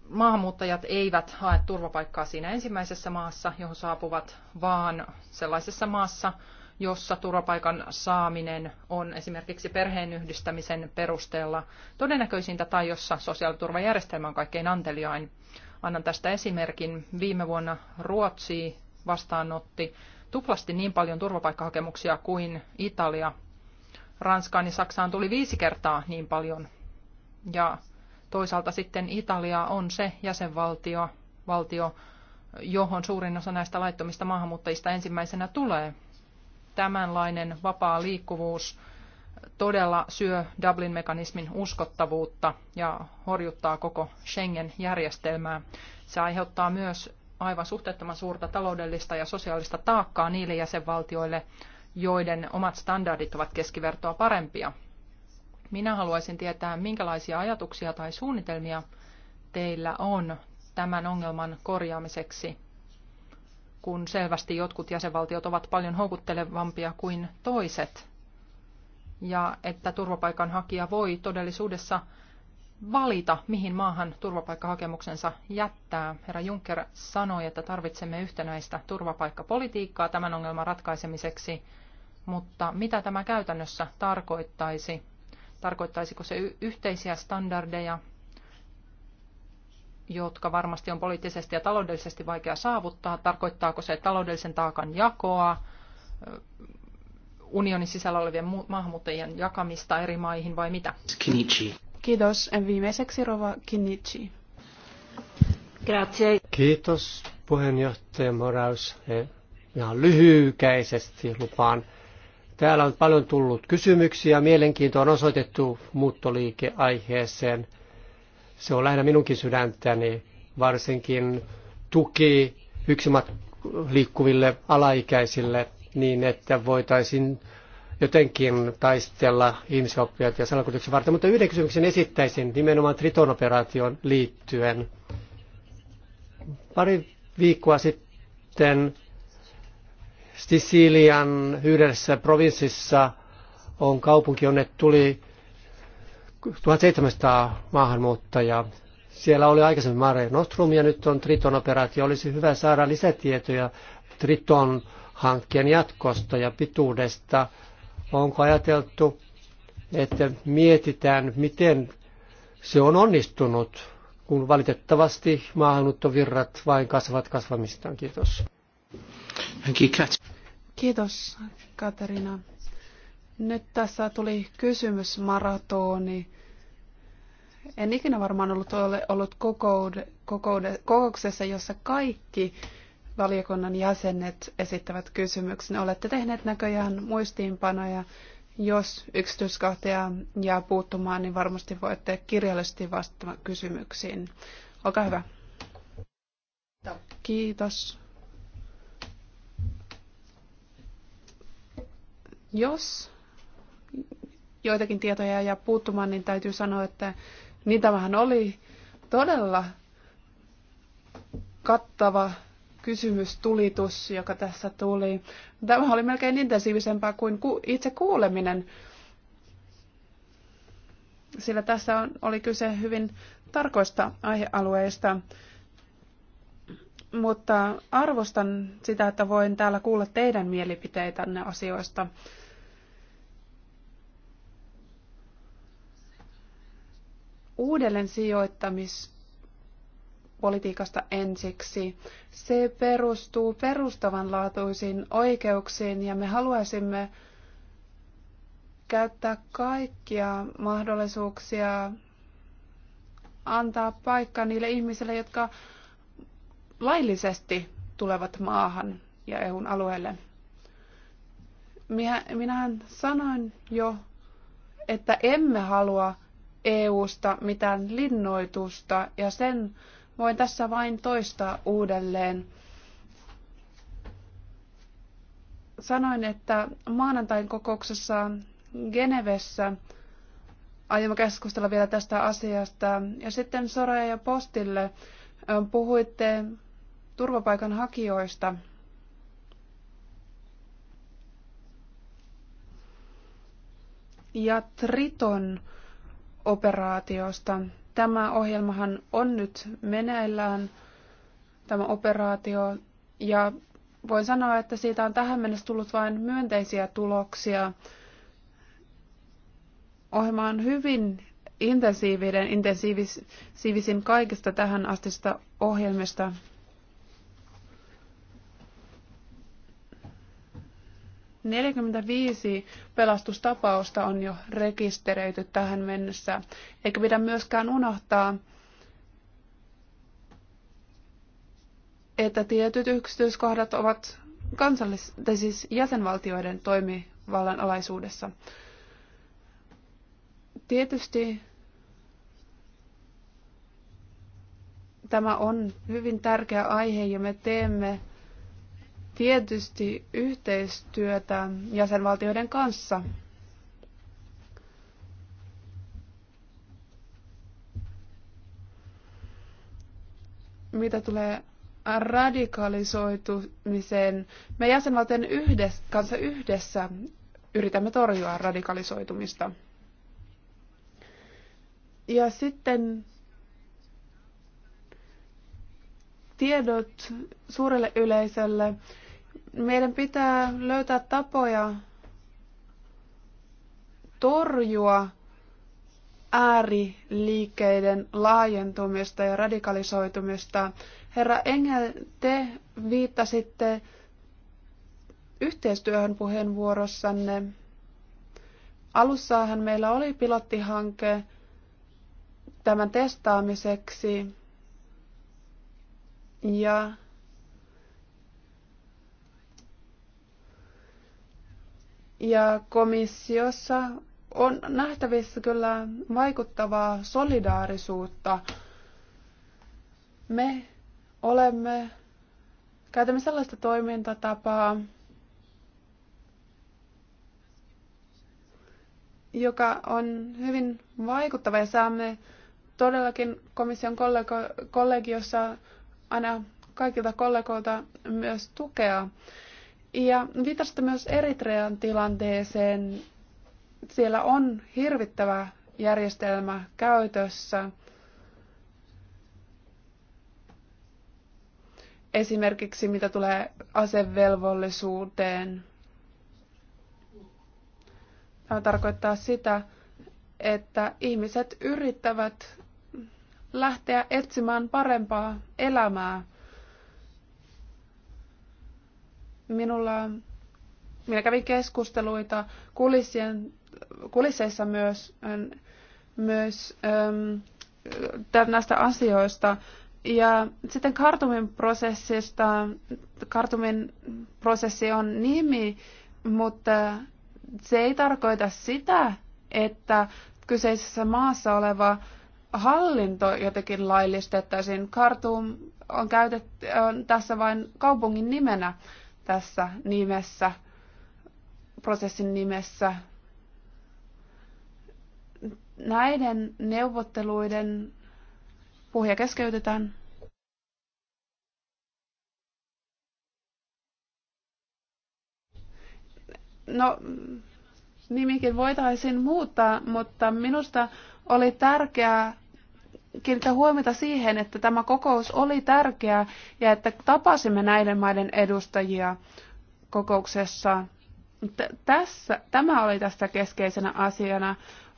maahanmuuttajat eivät hae turvapaikkaa siinä ensimmäisessä maassa, johon saapuvat, vaan sellaisessa maassa, jossa turvapaikan saaminen on esimerkiksi yhdistämisen perusteella todennäköisintä tai jossa sosiaaliturvajärjestelmä on kaikkein anteliain. Annan tästä esimerkin. Viime vuonna Ruotsi vastaanotti tuplasti niin paljon turvapaikkahakemuksia kuin Italia. Ranskaan ja Saksaan tuli viisi kertaa niin paljon. Ja toisaalta sitten Italia on se jäsenvaltio, valtio, johon suurin osa näistä laittomista maahanmuuttajista ensimmäisenä tulee tämänlainen vapaa liikkuvuus todella syö Dublin-mekanismin uskottavuutta ja horjuttaa koko Schengen-järjestelmää. Se aiheuttaa myös aivan suhteettoman suurta taloudellista ja sosiaalista taakkaa niille jäsenvaltioille, joiden omat standardit ovat keskivertoa parempia. Minä haluaisin tietää, minkälaisia ajatuksia tai suunnitelmia teillä on tämän ongelman korjaamiseksi kun selvästi jotkut jäsenvaltiot ovat paljon houkuttelevampia kuin toiset, ja että turvapaikanhakija voi todellisuudessa valita, mihin maahan turvapaikkahakemuksensa jättää. Herra Juncker sanoi, että tarvitsemme yhtenäistä turvapaikkapolitiikkaa tämän ongelman ratkaisemiseksi, mutta mitä tämä käytännössä tarkoittaisi? Tarkoittaisiko se yhteisiä standardeja jotka varmasti on poliittisesti ja taloudellisesti vaikea saavuttaa. Tarkoittaako se taloudellisen taakan jakoa, unionin sisällä olevien maahanmuuttajien jakamista eri maihin vai mitä? Kinichi. Kiitos. en Viimeiseksi Rova Kinichi. Grazie. Kiitos puheenjohtaja Moraus. E, ihan lyhykäisesti lupaan. Täällä on paljon tullut kysymyksiä. Mielenkiinto on osoitettu muuttoliikeaiheeseen. aiheeseen se on lähinnä minunkin sydäntäni, varsinkin tuki yksimmat liikkuville alaikäisille niin, että voitaisiin jotenkin taistella ihmisoppijat ja salakuljetuksen varten. Mutta yhden kysymyksen esittäisin nimenomaan Triton-operaation liittyen. Pari viikkoa sitten Sisilian yhdessä provinssissa on kaupunki, jonne tuli 1700 maahanmuuttajaa. Siellä oli aikaisemmin Mare Nostrum ja nyt on Triton operaatio. Olisi hyvä saada lisätietoja Triton hankkeen jatkosta ja pituudesta. Onko ajateltu, että mietitään, miten se on onnistunut, kun valitettavasti maahanmuuttovirrat vain kasvavat kasvamistaan. Kiitos. Kiitos, Katarina. Nyt tässä tuli kysymys maratoni. En ikinä varmaan ollut, ollut kokoude, kokoude, kokouksessa, jossa kaikki valiokunnan jäsenet esittävät kysymyksen. Olette tehneet näköjään muistiinpanoja. Jos yksityiskohtia jää puuttumaan, niin varmasti voitte kirjallisesti vastata kysymyksiin. Olkaa hyvä. Kiitos. Jos joitakin tietoja ja puuttumaan, niin täytyy sanoa, että niitä vähän oli todella kattava kysymystulitus, joka tässä tuli. Tämä oli melkein intensiivisempää kuin itse kuuleminen, sillä tässä on, oli kyse hyvin tarkoista aihealueista. Mutta arvostan sitä, että voin täällä kuulla teidän mielipiteitänne asioista. uudelleen sijoittamispolitiikasta ensiksi. Se perustuu perustavanlaatuisiin oikeuksiin ja me haluaisimme käyttää kaikkia mahdollisuuksia antaa paikka niille ihmisille, jotka laillisesti tulevat maahan ja EUn alueelle. Minä, minähän sanoin jo, että emme halua EUsta mitään linnoitusta ja sen voin tässä vain toistaa uudelleen. Sanoin, että maanantain kokouksessa Genevessä aiomme keskustella vielä tästä asiasta. Ja sitten Soraya ja Postille puhuitte turvapaikanhakijoista. Ja Triton operaatiosta. Tämä ohjelmahan on nyt meneillään, tämä operaatio, ja voin sanoa, että siitä on tähän mennessä tullut vain myönteisiä tuloksia. Ohjelma on hyvin intensiivinen, intensiivisin kaikista tähän astista ohjelmista 45 pelastustapausta on jo rekisteröity tähän mennessä, eikä pidä myöskään unohtaa, että tietyt yksityiskohdat ovat kansallis- tai siis jäsenvaltioiden toimivallan alaisuudessa. Tietysti tämä on hyvin tärkeä aihe ja me teemme tietysti yhteistyötä jäsenvaltioiden kanssa. Mitä tulee radikalisoitumiseen, me jäsenvaltioiden yhdessä, kanssa yhdessä yritämme torjua radikalisoitumista. Ja sitten tiedot suurelle yleisölle meidän pitää löytää tapoja torjua ääriliikkeiden laajentumista ja radikalisoitumista. Herra Engel, te viittasitte yhteistyöhön puheenvuorossanne. Alussahan meillä oli pilottihanke tämän testaamiseksi ja Ja komissiossa on nähtävissä kyllä vaikuttavaa solidaarisuutta. Me olemme, käytämme sellaista toimintatapaa, joka on hyvin vaikuttava ja saamme todellakin komission kollego, kollegiossa aina kaikilta kollegoilta myös tukea. Ja viitasta myös Eritrean tilanteeseen. Siellä on hirvittävä järjestelmä käytössä. Esimerkiksi mitä tulee asevelvollisuuteen. Tämä tarkoittaa sitä, että ihmiset yrittävät lähteä etsimään parempaa elämää Minulla, minä kävin keskusteluita kulissien, kulisseissa myös, ähm, myös äm, näistä asioista. Ja sitten kartumin prosessista, kartumin prosessi on nimi, mutta se ei tarkoita sitä, että kyseisessä maassa oleva hallinto jotenkin laillistettaisiin. Kartum on käytetty on tässä vain kaupungin nimenä tässä nimessä, prosessin nimessä. Näiden neuvotteluiden puhuja keskeytetään. No, nimikin voitaisiin muuttaa, mutta minusta oli tärkeää kiinnittää huomiota siihen, että tämä kokous oli tärkeä ja että tapasimme näiden maiden edustajia kokouksessa. tässä, tämä oli tästä keskeisenä asiana.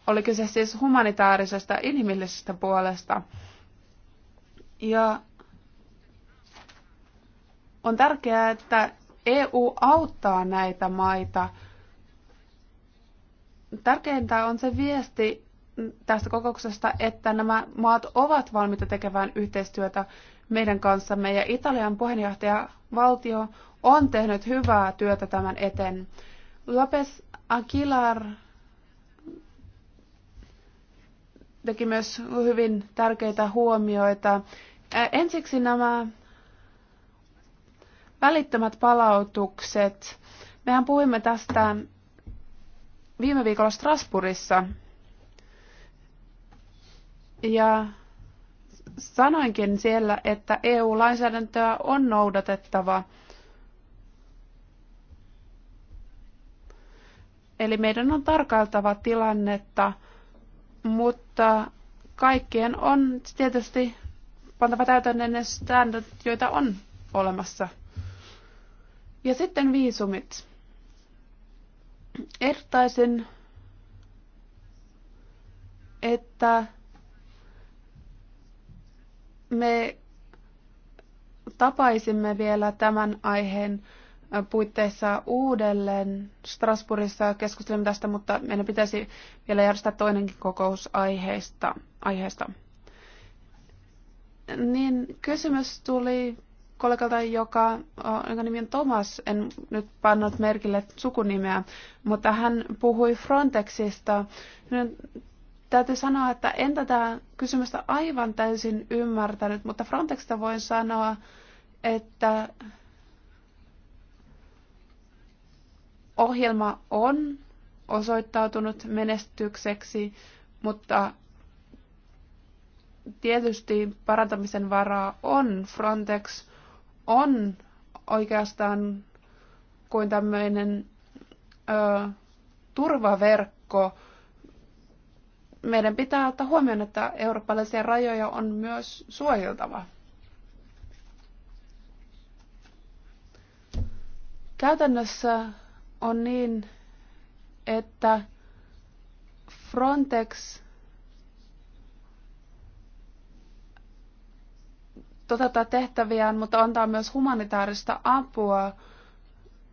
Oli kyse siis humanitaarisesta inhimillisestä puolesta. Ja on tärkeää, että EU auttaa näitä maita. Tärkeintä on se viesti, tästä kokouksesta, että nämä maat ovat valmiita tekemään yhteistyötä meidän kanssamme ja Italian puheenjohtaja valtio on tehnyt hyvää työtä tämän eteen. Lopes Aguilar teki myös hyvin tärkeitä huomioita. Ensiksi nämä välittömät palautukset. Mehän puhuimme tästä viime viikolla Strasbourgissa ja sanoinkin siellä, että EU-lainsäädäntöä on noudatettava. Eli meidän on tarkailtava tilannetta, mutta kaikkien on tietysti pantava täytäntöön ne standardit, joita on olemassa. Ja sitten viisumit. Ertaisin, että me tapaisimme vielä tämän aiheen puitteissa uudelleen Strasbourgissa keskustelemme tästä, mutta meidän pitäisi vielä järjestää toinenkin kokous aiheesta. aiheesta. Niin, kysymys tuli kollegalta, joka, jonka nimi on Thomas, en nyt pannut merkille sukunimeä, mutta hän puhui Frontexista. Täytyy sanoa, että en tätä kysymystä aivan täysin ymmärtänyt, mutta Frontexista voin sanoa, että ohjelma on osoittautunut menestykseksi, mutta tietysti parantamisen varaa on. Frontex on oikeastaan kuin tämmöinen ö, turvaverkko meidän pitää ottaa huomioon, että eurooppalaisia rajoja on myös suojeltava. Käytännössä on niin, että Frontex toteuttaa tehtäviään, mutta antaa myös humanitaarista apua.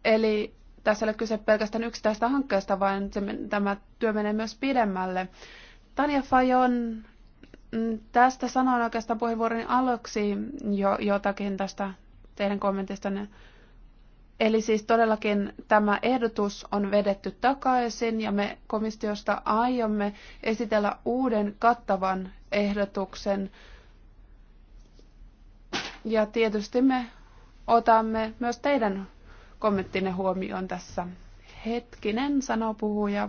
Eli tässä ei ole kyse pelkästään yksittäistä hankkeesta, vaan tämä työ menee myös pidemmälle. Tanja Fajon, mm, tästä sanoin oikeastaan puheenvuoroni aluksi jo jotakin tästä teidän kommentistanne. Eli siis todellakin tämä ehdotus on vedetty takaisin ja me komissiosta aiomme esitellä uuden kattavan ehdotuksen. Ja tietysti me otamme myös teidän kommenttinne huomioon tässä. Hetkinen, sanoo puhuja.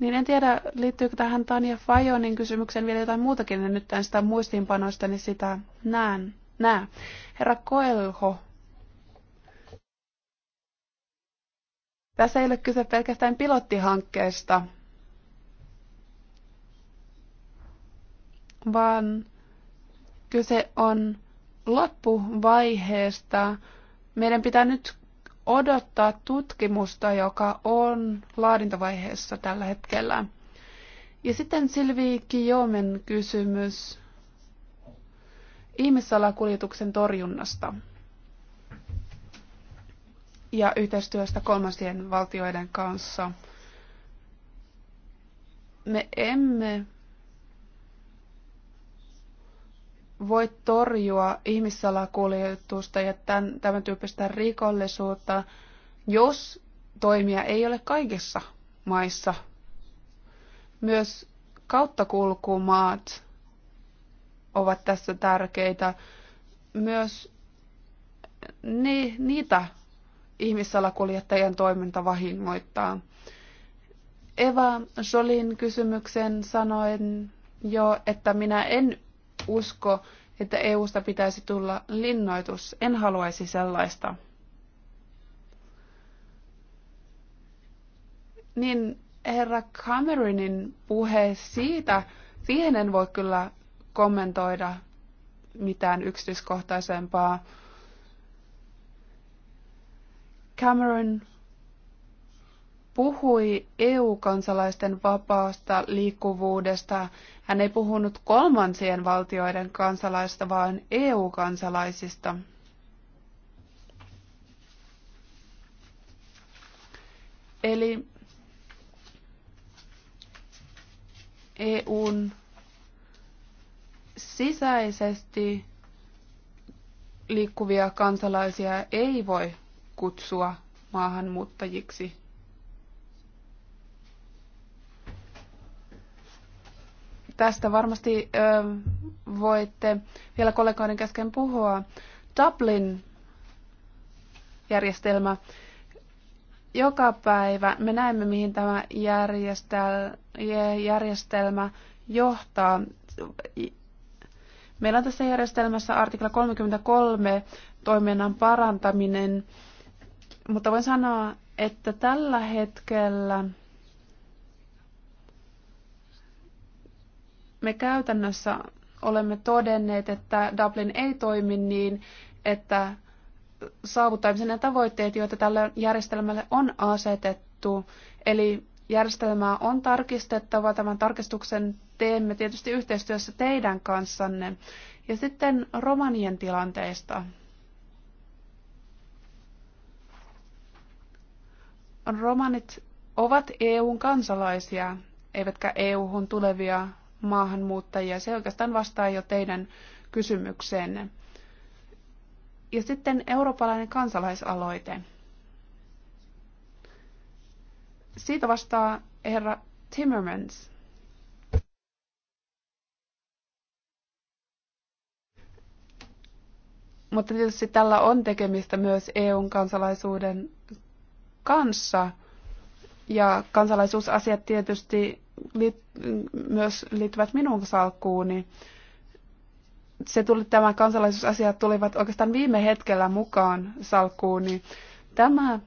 Niin en tiedä, liittyykö tähän Tanja Fajonin kysymykseen vielä jotain muutakin, en nyt sitä muistiinpanoista, niin sitä näen. Nää. Herra Koelho. Tässä ei ole kyse pelkästään pilottihankkeesta, vaan kyse on loppuvaiheesta. Meidän pitää nyt odottaa tutkimusta, joka on laadintavaiheessa tällä hetkellä. Ja sitten Silvi Kiomen kysymys ihmissalakuljetuksen torjunnasta ja yhteistyöstä kolmansien valtioiden kanssa. Me emme voi torjua ihmissalakuljetusta ja tämän, tämän tyyppistä rikollisuutta, jos toimia ei ole kaikissa maissa. Myös kauttakulkumaat ovat tässä tärkeitä. Myös ni, niitä ihmissalakuljettajien toiminta vahingoittaa. Eva Jolin kysymyksen sanoin jo, että minä en usko, että EUsta pitäisi tulla linnoitus. En haluaisi sellaista. Niin herra Cameronin puhe siitä, siihen en voi kyllä kommentoida mitään yksityiskohtaisempaa. Cameron puhui EU-kansalaisten vapaasta liikkuvuudesta. Hän ei puhunut kolmansien valtioiden kansalaista vaan EU-kansalaisista. Eli EUn sisäisesti liikkuvia kansalaisia ei voi kutsua maahanmuuttajiksi. Tästä varmasti ö, voitte vielä kollegoiden kesken puhua. Dublin-järjestelmä. Joka päivä me näemme, mihin tämä järjestelmä johtaa. Meillä on tässä järjestelmässä artikla 33 toiminnan parantaminen, mutta voin sanoa, että tällä hetkellä Me käytännössä olemme todenneet, että Dublin ei toimi niin, että saavuttamisen ne tavoitteet, joita tälle järjestelmälle on asetettu, eli järjestelmää on tarkistettava. Tämän tarkistuksen teemme tietysti yhteistyössä teidän kanssanne. Ja sitten romanien tilanteesta. Romanit ovat EUn kansalaisia, eivätkä EUhun tulevia maahanmuuttajia. Se oikeastaan vastaa jo teidän kysymykseenne. Ja sitten eurooppalainen kansalaisaloite. Siitä vastaa herra Timmermans. Mutta tietysti tällä on tekemistä myös EUn kansalaisuuden kanssa. Ja kansalaisuusasiat tietysti myös liittyvät minun salkkuuni. Se tuli, tämä kansalaisuusasiat tulivat oikeastaan viime hetkellä mukaan salkkuuni. Tämä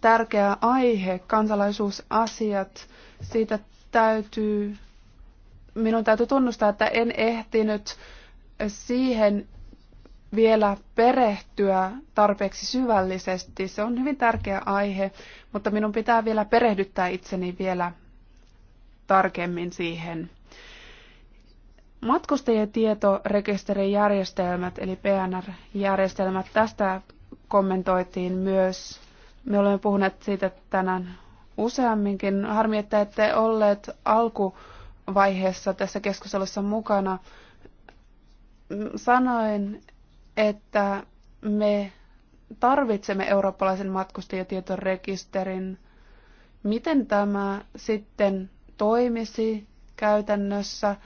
tärkeä aihe, kansalaisuusasiat, siitä täytyy, minun täytyy tunnustaa, että en ehtinyt siihen vielä perehtyä tarpeeksi syvällisesti. Se on hyvin tärkeä aihe, mutta minun pitää vielä perehdyttää itseni vielä tarkemmin siihen. Matkustajatietorekisterijärjestelmät eli PNR-järjestelmät, tästä kommentoitiin myös. Me olemme puhuneet siitä tänään useamminkin. Harmi, että ette olleet alkuvaiheessa tässä keskustelussa mukana. Sanoin, että me tarvitsemme eurooppalaisen matkustajatietorekisterin. Miten tämä sitten toimisi käytännössä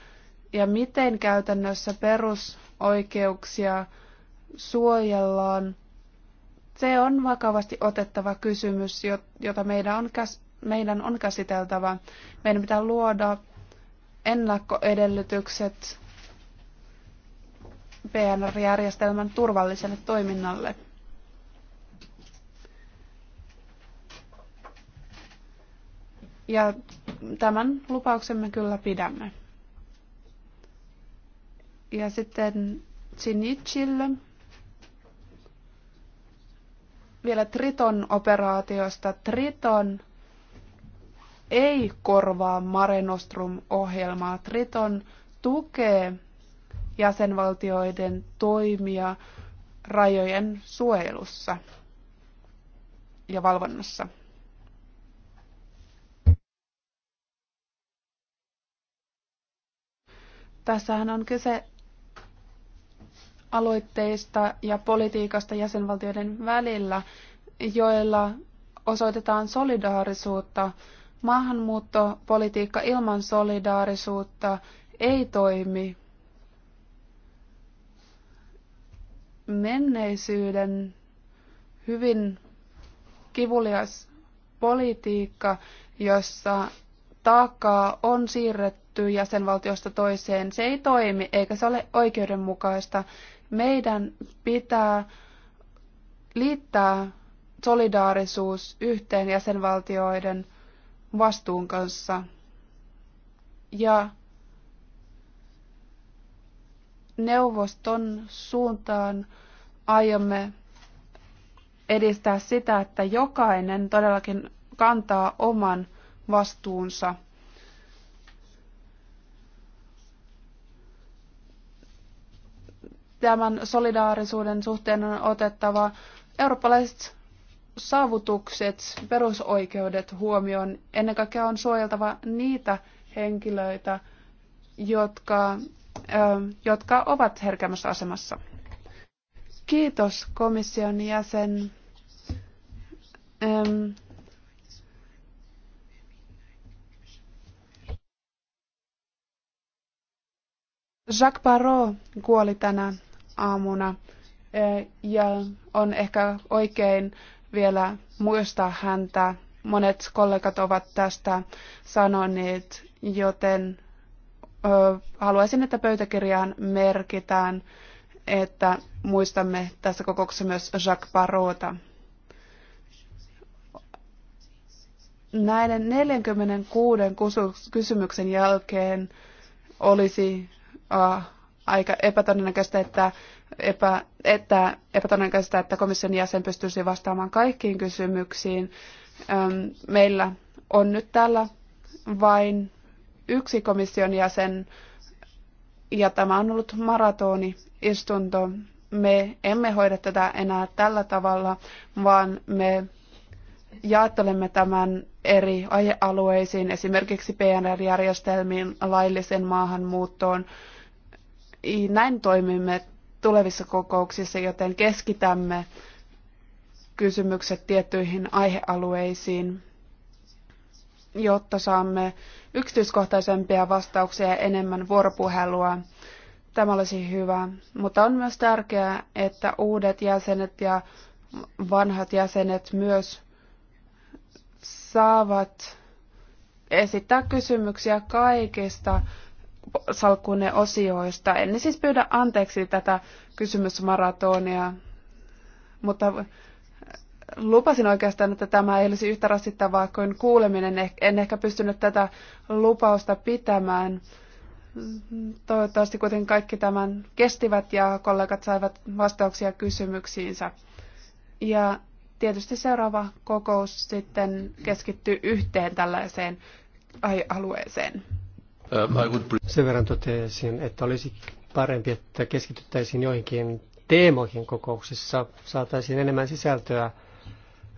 ja miten käytännössä perusoikeuksia suojellaan, se on vakavasti otettava kysymys, jota meidän on, käs- meidän on käsiteltävä. Meidän pitää luoda ennakkoedellytykset PNR-järjestelmän turvalliselle toiminnalle. Ja tämän lupauksen me kyllä pidämme. Ja sitten Sinichille vielä Triton operaatiosta. Triton ei korvaa Mare Nostrum-ohjelmaa. Triton tukee jäsenvaltioiden toimia rajojen suojelussa ja valvonnassa. Tässähän on kyse aloitteista ja politiikasta jäsenvaltioiden välillä, joilla osoitetaan solidaarisuutta. Maahanmuuttopolitiikka ilman solidaarisuutta ei toimi. Menneisyyden hyvin kivulias politiikka, jossa taakkaa on siirretty siirtyy jäsenvaltiosta toiseen. Se ei toimi eikä se ole oikeudenmukaista. Meidän pitää liittää solidaarisuus yhteen jäsenvaltioiden vastuun kanssa. Ja neuvoston suuntaan aiomme edistää sitä, että jokainen todellakin kantaa oman vastuunsa. tämän solidaarisuuden suhteen on otettava eurooppalaiset saavutukset, perusoikeudet huomioon. Ennen kaikkea on suojeltava niitä henkilöitä, jotka, ö, jotka ovat herkemmässä asemassa. Kiitos komission jäsen. Öm, Jacques Barrault kuoli tänään aamuna. E, ja on ehkä oikein vielä muistaa häntä. Monet kollegat ovat tästä sanoneet, joten haluaisin, että pöytäkirjaan merkitään, että muistamme tässä kokouksessa myös Jacques Parota. Näiden 46 kysymyksen jälkeen olisi aika epätodennäköistä, että, epä, että, epätodennäköistä, että komission jäsen pystyisi vastaamaan kaikkiin kysymyksiin. Meillä on nyt täällä vain yksi komission jäsen, ja tämä on ollut maratoniistunto. Me emme hoida tätä enää tällä tavalla, vaan me jaattelemme tämän eri aihealueisiin, esimerkiksi PNR-järjestelmiin, laillisen maahanmuuttoon, näin toimimme tulevissa kokouksissa, joten keskitämme kysymykset tiettyihin aihealueisiin, jotta saamme yksityiskohtaisempia vastauksia ja enemmän vuoropuhelua. Tämä olisi hyvä, mutta on myös tärkeää, että uudet jäsenet ja vanhat jäsenet myös saavat esittää kysymyksiä kaikista salkkunne osioista. En siis pyydä anteeksi tätä kysymysmaratonia, mutta lupasin oikeastaan, että tämä ei olisi yhtä rasittavaa kuin kuuleminen. Eh, en ehkä pystynyt tätä lupausta pitämään. Toivottavasti kuitenkin kaikki tämän kestivät ja kollegat saivat vastauksia kysymyksiinsä. Ja tietysti seuraava kokous sitten keskittyy yhteen tällaiseen aihealueeseen. Um, Sen verran totesin, että olisi parempi, että keskityttäisiin joihinkin teemoihin kokouksissa, saataisiin enemmän sisältöä,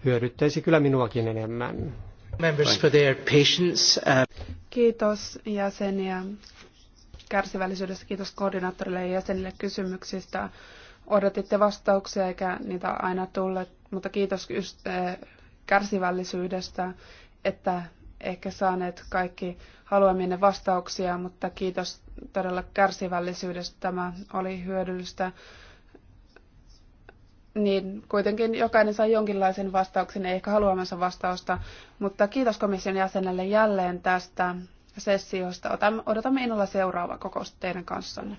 hyödyttäisi kyllä minuakin enemmän. Uh, kiitos jäseniä kärsivällisyydestä. Kiitos koordinaattorille ja jäsenille kysymyksistä. Odotitte vastauksia eikä niitä aina tulle, mutta kiitos uh, kärsivällisyydestä, että ehkä saaneet kaikki haluamienne vastauksia, mutta kiitos todella kärsivällisyydestä. Tämä oli hyödyllistä. Niin, kuitenkin jokainen sai jonkinlaisen vastauksen, ei ehkä haluamansa vastausta, mutta kiitos komission jäsenelle jälleen tästä sessiosta. Otamme, odotamme innolla seuraavaa kokousta teidän kanssanne.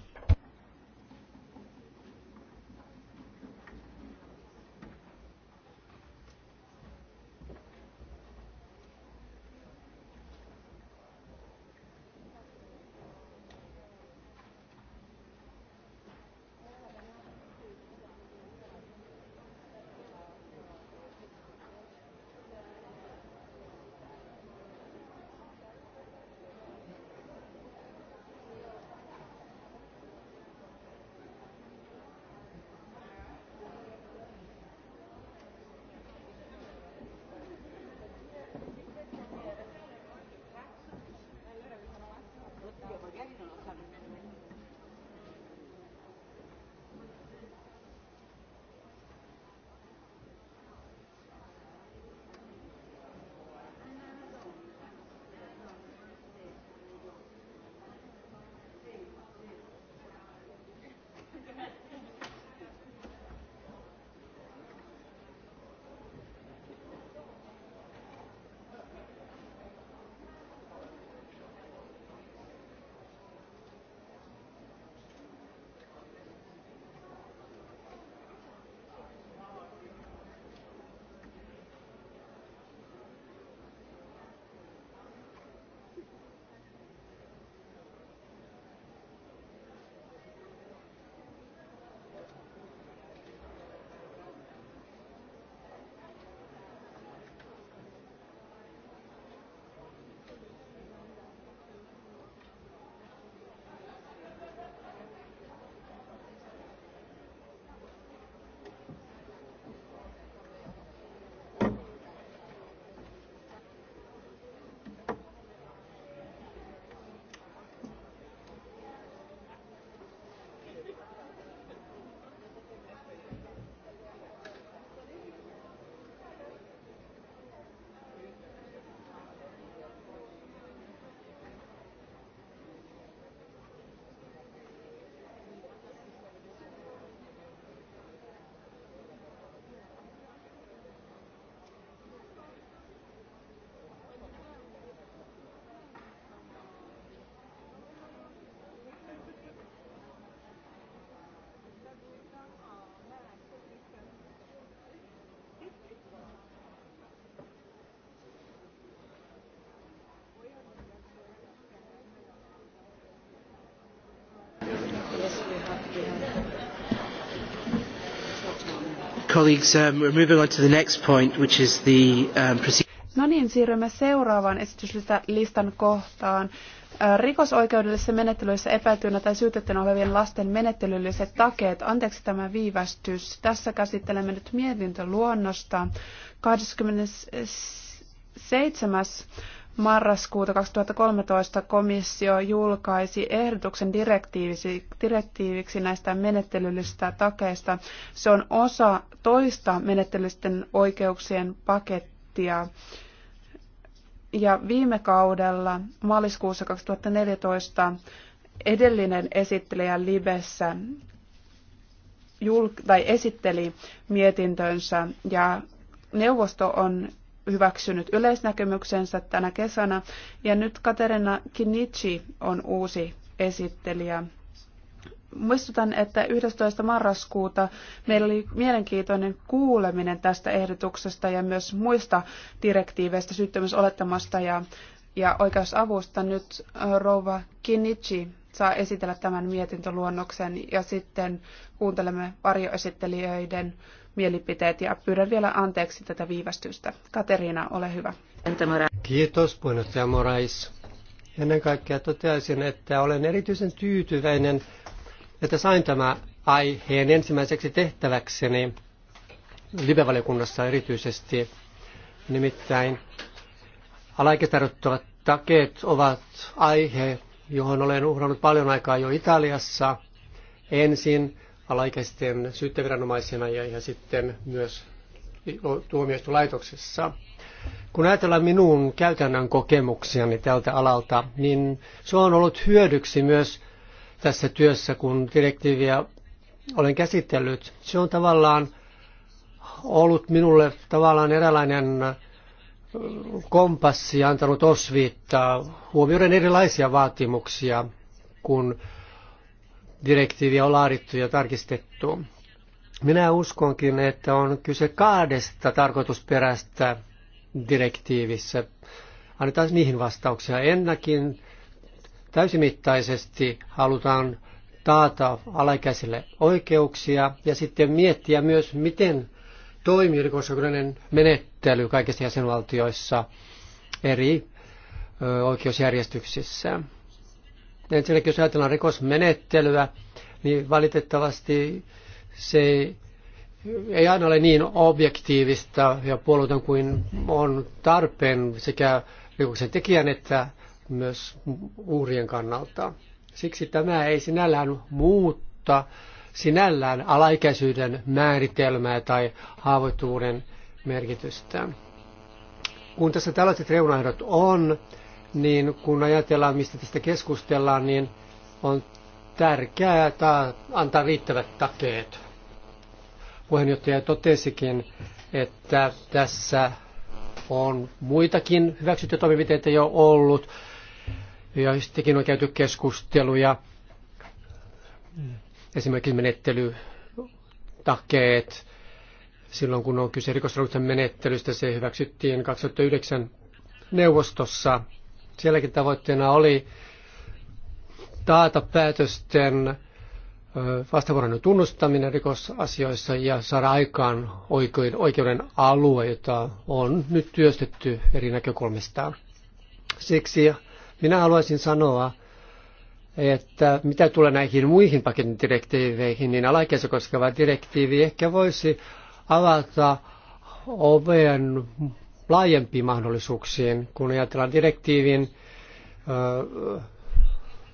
Colleagues, um, we're moving on to the next point, which is the um, No niin, siirrymme seuraavaan esityslistan kohtaan. Rikosoikeudellisissa menettelyissä epäiltyinä tai syytettynä olevien lasten menettelylliset takeet. Anteeksi tämä viivästys. Tässä käsittelemme nyt mietintöluonnosta 27 marraskuuta 2013 komissio julkaisi ehdotuksen direktiiviksi, näistä menettelyllisistä takeista. Se on osa toista menettelyllisten oikeuksien pakettia. Ja viime kaudella, maaliskuussa 2014, edellinen esittelijä Libessä jul- tai esitteli mietintönsä ja neuvosto on hyväksynyt yleisnäkemyksensä tänä kesänä. Ja nyt Katerina Kinichi on uusi esittelijä. Muistutan, että 11. marraskuuta meillä oli mielenkiintoinen kuuleminen tästä ehdotuksesta ja myös muista direktiiveistä, syyttömyysolettamasta ja, ja oikeusavusta. Nyt äh, Rova Kinichi saa esitellä tämän mietintöluonnoksen ja sitten kuuntelemme varjoesittelijöiden mielipiteet ja pyydän vielä anteeksi tätä viivästystä. Kateriina, ole hyvä. Kiitos puheenjohtaja Morais. Ennen kaikkea toteaisin, että olen erityisen tyytyväinen, että sain tämä aiheen ensimmäiseksi tehtäväkseni live erityisesti. Nimittäin alaikäistarjottavat takeet ovat aihe, johon olen uhrannut paljon aikaa jo Italiassa. Ensin alaikäisten syyttäviranomaisena ja, ihan sitten myös tuomioistulaitoksessa. Kun ajatellaan minun käytännön kokemuksiani tältä alalta, niin se on ollut hyödyksi myös tässä työssä, kun direktiiviä olen käsitellyt. Se on tavallaan ollut minulle tavallaan eräänlainen kompassi antanut osviittaa huomioiden erilaisia vaatimuksia, kun direktiiviä on laadittu ja tarkistettu. Minä uskonkin, että on kyse kahdesta tarkoitusperästä direktiivissä. Annetaan niihin vastauksia. Ennakin täysimittaisesti halutaan taata alaikäisille oikeuksia ja sitten miettiä myös, miten toimii rikosoikeudellinen menettely kaikissa jäsenvaltioissa eri oikeusjärjestyksissä. Ensinnäkin jos ajatellaan rikosmenettelyä, niin valitettavasti se ei aina ole niin objektiivista ja puolueton kuin on tarpeen sekä rikoksen tekijän että myös uhrien kannalta. Siksi tämä ei sinällään muutta sinällään alaikäisyyden määritelmää tai haavoittuvuuden merkitystä. Kun tässä tällaiset reunaehdot on, niin kun ajatellaan, mistä tästä keskustellaan, niin on tärkeää antaa riittävät takeet. Puheenjohtaja totesikin, että tässä on muitakin hyväksyttyjä toimenpiteitä jo ollut, ja on käyty keskusteluja, esimerkiksi menettelytakeet, silloin kun on kyse rikosrahoituksen menettelystä, se hyväksyttiin 2009 neuvostossa Sielläkin tavoitteena oli taata päätösten vastavuoroinen tunnustaminen rikosasioissa ja saada aikaan oikeuden, oikeuden alue, jota on nyt työstetty eri näkökulmistaan. Siksi minä haluaisin sanoa, että mitä tulee näihin muihin paketin niin alaikäisen koskeva direktiivi ehkä voisi avata oven laajempiin mahdollisuuksiin. Kun ajatellaan direktiivin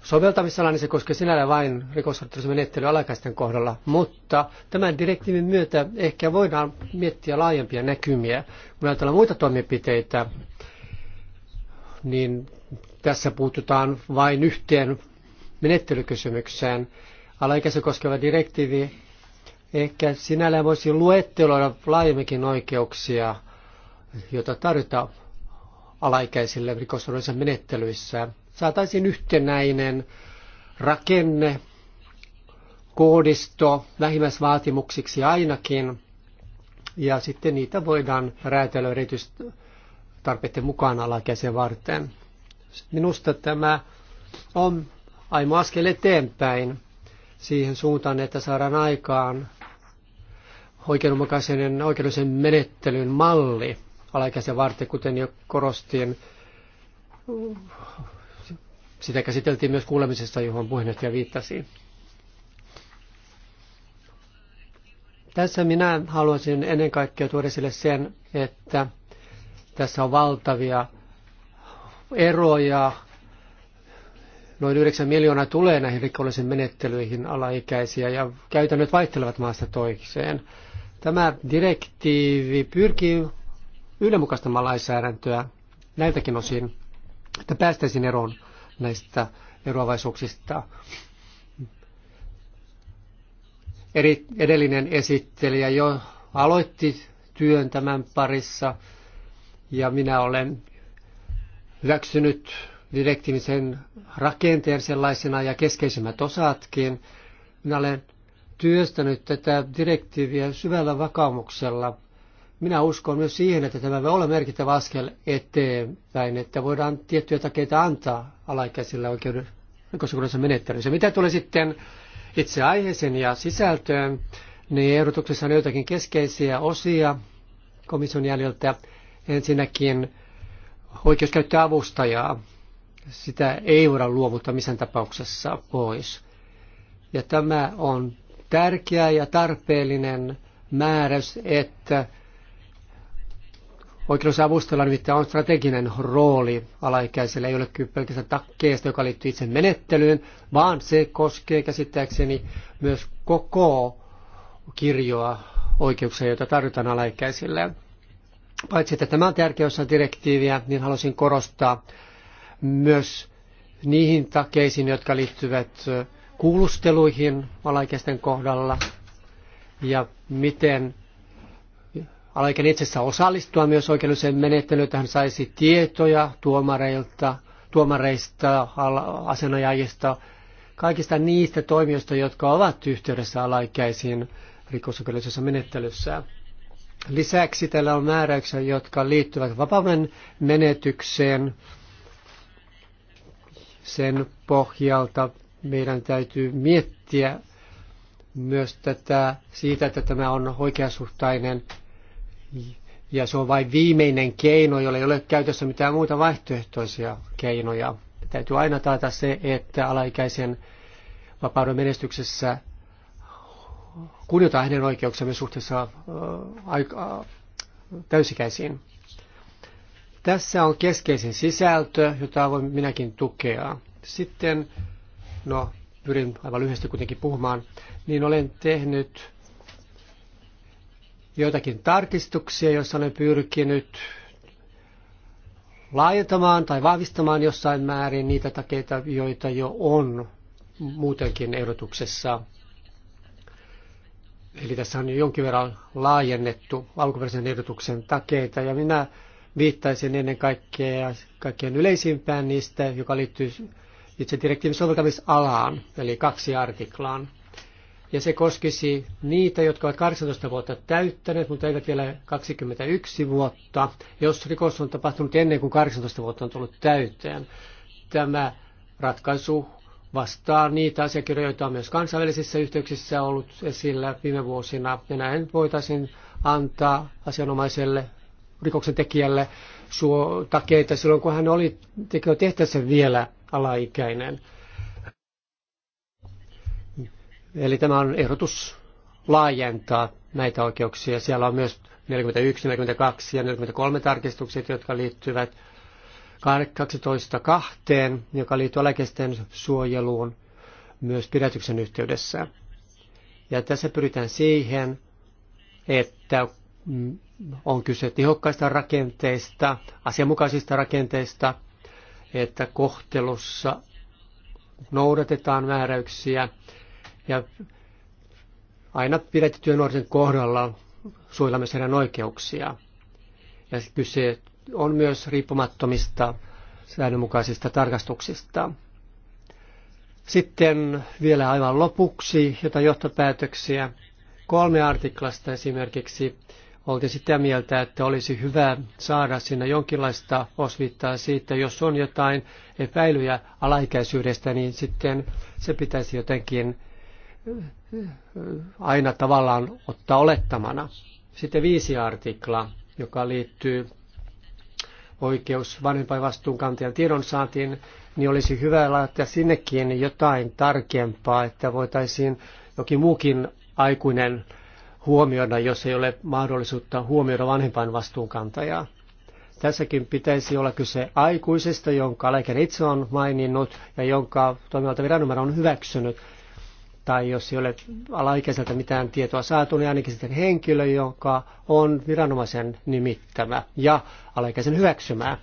soveltamisella niin se koskee sinällä vain rikosratkaisumenettelyä alaikäisten kohdalla, mutta tämän direktiivin myötä ehkä voidaan miettiä laajempia näkymiä. Kun ajatellaan muita toimenpiteitä, niin tässä puututaan vain yhteen menettelykysymykseen. Alaikäisen koskeva direktiivi ehkä sinällään voisi luetteloida laajemminkin oikeuksia – jota tarjotaan alaikäisille rikosodellisissa menettelyissä. Saataisiin yhtenäinen rakenne, koodisto vähimmäisvaatimuksiksi ainakin, ja sitten niitä voidaan räätälöidä erityistarpeiden mukaan alaikäisen varten. Minusta tämä on aimo askel eteenpäin siihen suuntaan, että saadaan aikaan oikeudenmukaisen oikeudellisen menettelyn malli alaikäisen varten, kuten jo korostin. Sitä käsiteltiin myös kuulemisessa, johon puheenjohtaja viittasi. Tässä minä haluaisin ennen kaikkea tuoda esille sen, että tässä on valtavia eroja. Noin 9 miljoonaa tulee näihin rikollisiin menettelyihin alaikäisiä ja käytännöt vaihtelevat maasta toiseen. Tämä direktiivi pyrkii yhdenmukaistamaan lainsäädäntöä näiltäkin osin, että päästäisiin eroon näistä eroavaisuuksista. Eri, edellinen esittelijä jo aloitti työn tämän parissa ja minä olen hyväksynyt direktiivisen rakenteen sellaisena ja keskeisimmät osatkin. Minä olen työstänyt tätä direktiiviä syvällä vakaumuksella – minä uskon myös siihen, että tämä voi olla merkittävä askel eteenpäin, että voidaan tiettyjä takeita antaa alaikäisille oikeuden rikosoikeudessa menettelyssä. Mitä tulee sitten itse aiheeseen ja sisältöön, niin ehdotuksessa on joitakin keskeisiä osia komission jäljiltä. Ensinnäkin oikeus käyttää avustajaa. Sitä ei voida luovuttaa missään tapauksessa pois. Ja tämä on tärkeä ja tarpeellinen määräys, että Oikeusavustalla nimittäin on strateginen rooli alaikäisellä, ei ole kyllä pelkästään takkeesta, joka liittyy itse menettelyyn, vaan se koskee käsittääkseni myös koko kirjoa oikeuksia, joita tarjotaan alaikäisille. Paitsi että tämä on tärkeä osa direktiiviä, niin haluaisin korostaa myös niihin takeisiin, jotka liittyvät kuulusteluihin alaikäisten kohdalla ja miten itse itsessä osallistua myös oikeudelliseen menettelyyn, että hän saisi tietoja tuomareilta, tuomareista, asenajajista, kaikista niistä toimijoista, jotka ovat yhteydessä alaikäisiin rikosoikeudellisessa menettelyssä. Lisäksi täällä on määräyksiä, jotka liittyvät vapauden menetykseen. Sen pohjalta meidän täytyy miettiä myös tätä, siitä, että tämä on oikeasuhtainen ja se on vain viimeinen keino, jolla ei ole käytössä mitään muuta vaihtoehtoisia keinoja. Täytyy aina taata se, että alaikäisen vapauden menestyksessä kunnioitetaan hänen oikeuksiamme suhteessa aika, täysikäisiin. Tässä on keskeisin sisältö, jota voin minäkin tukea. Sitten, no pyrin aivan lyhyesti kuitenkin puhumaan, niin olen tehnyt joitakin tarkistuksia, joissa olen pyrkinyt laajentamaan tai vahvistamaan jossain määrin niitä takeita, joita jo on muutenkin ehdotuksessa. Eli tässä on jonkin verran laajennettu alkuperäisen ehdotuksen takeita, ja minä viittaisin ennen kaikkea kaikkein yleisimpään niistä, joka liittyy itse direktiivin soveltamisalaan, eli kaksi artiklaan ja se koskisi niitä, jotka ovat 18 vuotta täyttäneet, mutta eivät vielä 21 vuotta, jos rikos on tapahtunut ennen kuin 18 vuotta on tullut täyteen. Tämä ratkaisu vastaa niitä asiakirjoja, joita on myös kansainvälisissä yhteyksissä ollut esillä viime vuosina, ja näin voitaisiin antaa asianomaiselle rikoksen tekijälle suo, takeita silloin, kun hän oli tehtäessä vielä alaikäinen. Eli tämä on ehdotus laajentaa näitä oikeuksia. Siellä on myös 41, 42 ja 43 tarkistukset, jotka liittyvät 12.2, joka liittyy alaikäisten suojeluun myös pidätyksen yhteydessä. Ja tässä pyritään siihen, että on kyse tehokkaista rakenteista, asianmukaisista rakenteista, että kohtelussa noudatetaan määräyksiä ja aina pidätettyjen nuorten kohdalla suojelemme heidän oikeuksia. Ja kyse on myös riippumattomista säännönmukaisista tarkastuksista. Sitten vielä aivan lopuksi jotain johtopäätöksiä. Kolme artiklasta esimerkiksi oltiin sitä mieltä, että olisi hyvä saada sinne jonkinlaista osviittaa siitä, jos on jotain epäilyjä alaikäisyydestä, niin sitten se pitäisi jotenkin aina tavallaan ottaa olettamana. Sitten viisi artikla, joka liittyy oikeus vanhempainvastuunkantajan tiedonsaantiin, niin olisi hyvä laittaa sinnekin jotain tarkempaa, että voitaisiin jokin muukin aikuinen huomioida, jos ei ole mahdollisuutta huomioida vanhempainvastuunkantajaa. Tässäkin pitäisi olla kyse aikuisesta, jonka lääkäri itse on maininnut ja jonka toimivalta viranomainen on hyväksynyt, tai jos ei ole alaikäiseltä mitään tietoa saatu, niin ainakin sitten henkilö, joka on viranomaisen nimittämä ja alaikäisen hyväksymää.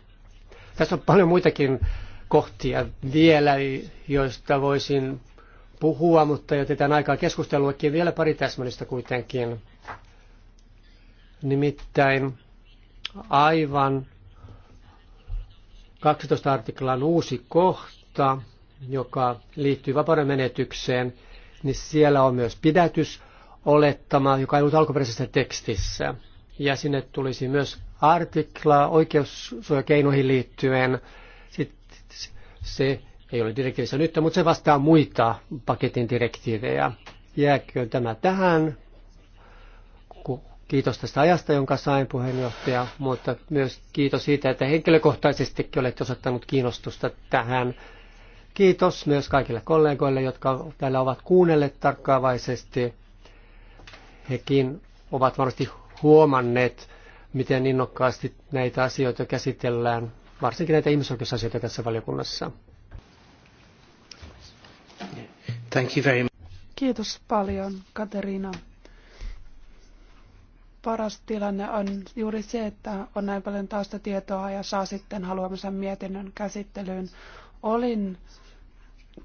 Tässä on paljon muitakin kohtia vielä, joista voisin puhua, mutta jätetään aikaa keskusteluakin vielä pari täsmällistä kuitenkin. Nimittäin aivan 12 artiklan uusi kohta, joka liittyy vapauden menetykseen niin siellä on myös pidätys olettama, joka ei ollut alkuperäisessä tekstissä. Ja sinne tulisi myös artikla oikeussuojakeinoihin liittyen. Sitten se ei ole direktiivissä nyt, mutta se vastaa muita paketin direktiivejä. Jääkö tämä tähän? Kiitos tästä ajasta, jonka sain puheenjohtaja, mutta myös kiitos siitä, että henkilökohtaisestikin olette osoittanut kiinnostusta tähän Kiitos myös kaikille kollegoille, jotka täällä ovat kuunnelleet tarkkaavaisesti. Hekin ovat varmasti huomanneet, miten innokkaasti näitä asioita käsitellään, varsinkin näitä ihmisoikeusasioita tässä valiokunnassa. Thank you very much. Kiitos paljon, Katerina. Paras tilanne on juuri se, että on näin paljon taustatietoa ja saa sitten haluamansa mietinnön käsittelyyn. Olin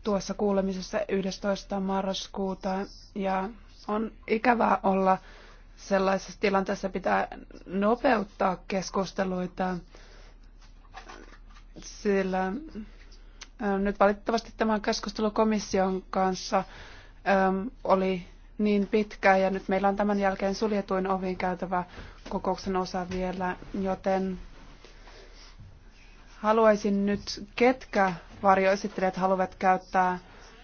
tuossa kuulemisessa 11. marraskuuta ja on ikävää olla sellaisessa tilanteessa, pitää nopeuttaa keskusteluita, sillä nyt valitettavasti tämä keskustelu komission kanssa oli niin pitkä ja nyt meillä on tämän jälkeen suljetuin oviin käytävä kokouksen osa vielä, joten Haluaisin nyt, ketkä varjoesittelijät haluavat käyttää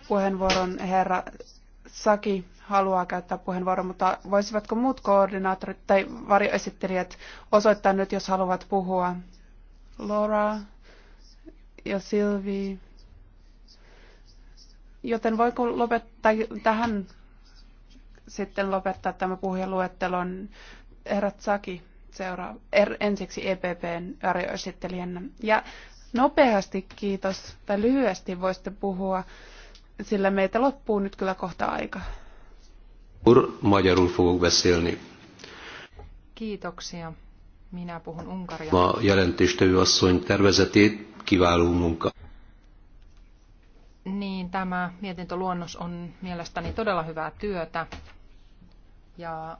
puheenvuoron. Herra Saki haluaa käyttää puheenvuoron, mutta voisivatko muut koordinaattorit tai varjoesittelijät osoittaa nyt, jos haluavat puhua? Laura ja Silvi. Joten voiko lopettaa tähän sitten lopettaa tämä puheenluettelon? Herrat Saki seuraa er, ensiksi EPPn varjoesittelijänä. Ja nopeasti kiitos, tai lyhyesti voisitte puhua, sillä meitä loppuu nyt kyllä kohta aika. Ur magyarul fogok beszélni. Kiitoksia. Minä puhun unkaria. Ma jelentistövi asszony tervezetét kiváló munka. Niin, tämä mietintöluonnos on mielestäni todella hyvää työtä. Ja